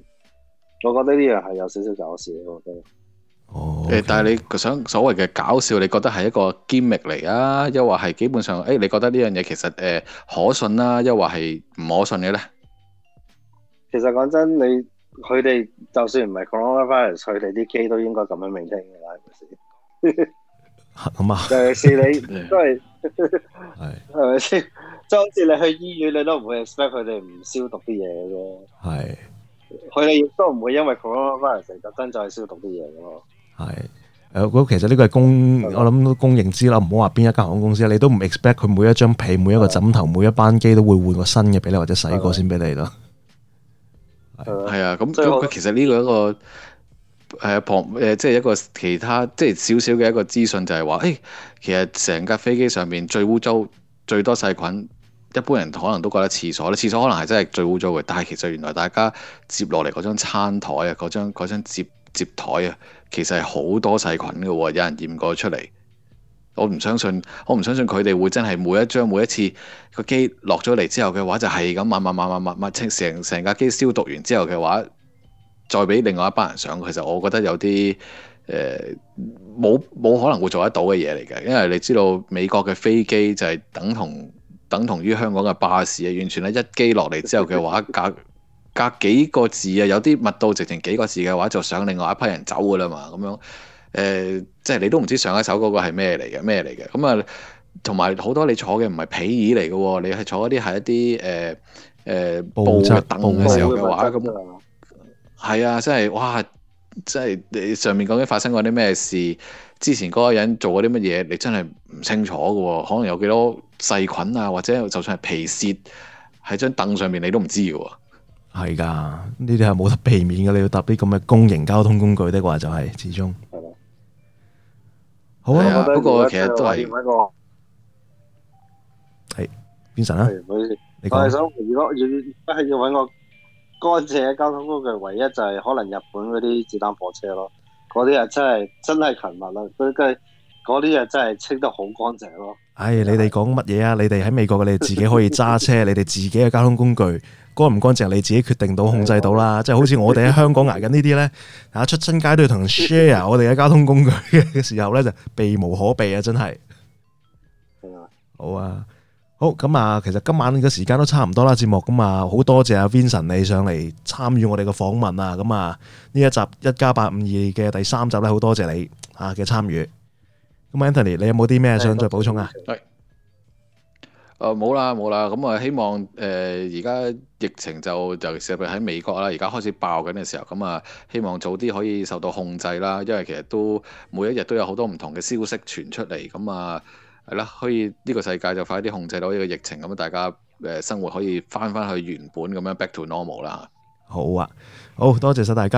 我覺得呢樣係有少少搞笑。我覺得誒、oh, okay，但係你想所謂嘅搞笑，你覺得係一個 gimmick 嚟啊？抑或係基本上，誒、哎，你覺得呢樣嘢其實誒、呃、可信啦、啊？抑或係唔可信嘅咧？其實講真，你佢哋就算唔係 coronavirus，佢哋啲機都應該咁樣聆聽嘅啦。係咪先？咁啊，尤其是你都係係係咪先？即係好似你去醫院，你都唔會 expect 佢哋唔消毒啲嘢咯。係，佢哋亦都唔會因為 coronavirus 特登再係消毒啲嘢噶嘛。係，誒、呃，嗰其實呢個係公。我諗公認之啦，唔好話邊一間航空公司，你都唔 expect 佢每一張被、每一個枕頭、每一班機都會換個新嘅俾你，或者洗過先俾你咯。係啊，咁咁佢其實呢個一個係旁誒，即係一個其他即係少少嘅一個資訊就，就係話，誒，其實成架飛機上面最污糟、最多細菌，一般人可能都覺得廁所咧，廁所可能係真係最污糟嘅，但係其實原來大家接落嚟嗰張餐台啊，嗰張嗰張接接台啊。其實係好多細菌㗎喎，有人驗過出嚟。我唔相信，我唔相信佢哋會真係每一張、每一次個機落咗嚟之後嘅話，就係咁，抹抹抹抹抹抹，清成成架機消毒完之後嘅話，再俾另外一班人上。其實我覺得有啲誒，冇、呃、冇可能會做得到嘅嘢嚟嘅，因為你知道美國嘅飛機就係等同等同於香港嘅巴士啊，完全咧一機落嚟之後嘅話，梗。 隔幾個字啊，有啲密到直情幾個字嘅話，就上另外一批人走噶啦嘛。咁樣誒、呃，即係你都唔知上一手嗰個係咩嚟嘅咩嚟嘅。咁啊，同埋好多你坐嘅唔係皮椅嚟嘅、哦，你係坐嗰啲係一啲誒誒布嘅凳嘅時候嘅話，咁啊係啊，真係哇！真係你上面究竟發生過啲咩事？之前嗰個人做過啲乜嘢？你真係唔清楚嘅喎、哦。可能有幾多細菌啊，或者就算係皮屑喺張凳上面，你都唔知嘅喎、哦。係噶，呢啲係冇得避免嘅。你要搭啲咁嘅公營交通工具的話，就是，就係始終。好啊，不過其實都係要揾個係邊神啊？我係想如果要係要揾個乾淨嘅交通工具，唯一就係可能日本嗰啲子彈火車咯。嗰啲啊真係真係勤密啦，佢佢嗰啲啊真係清得好乾淨咯。唉、哎，你哋講乜嘢啊？你哋喺美國嘅，你哋自己可以揸車， 你哋自己嘅交通工具。乾唔乾淨你自己決定到控制到啦，即係好似我哋喺香港挨緊呢啲呢，啊 出親街都要同 share 我哋嘅交通工具嘅時候呢，就避無可避啊，真係。好啊，好啊，好咁啊，其實今晚嘅時間都差唔多啦，節目咁啊，好多謝阿 Vincent 你上嚟參與我哋嘅訪問啊，咁啊呢一集一家八五二嘅第三集呢，好多謝你啊嘅參與。咁 Anthony 你有冇啲咩想再補充？啊冇啦冇啦，咁啊、呃、希望誒而家。呃疫情就尤其是喺美國啦，而家開始爆緊嘅時候，咁啊希望早啲可以受到控制啦。因為其實都每一日都有好多唔同嘅消息傳出嚟，咁啊係啦，可以呢個世界就快啲控制到呢個疫情，咁啊大家誒、呃、生活可以翻翻去原本咁樣 back to normal 啦。好啊，好多謝晒大家。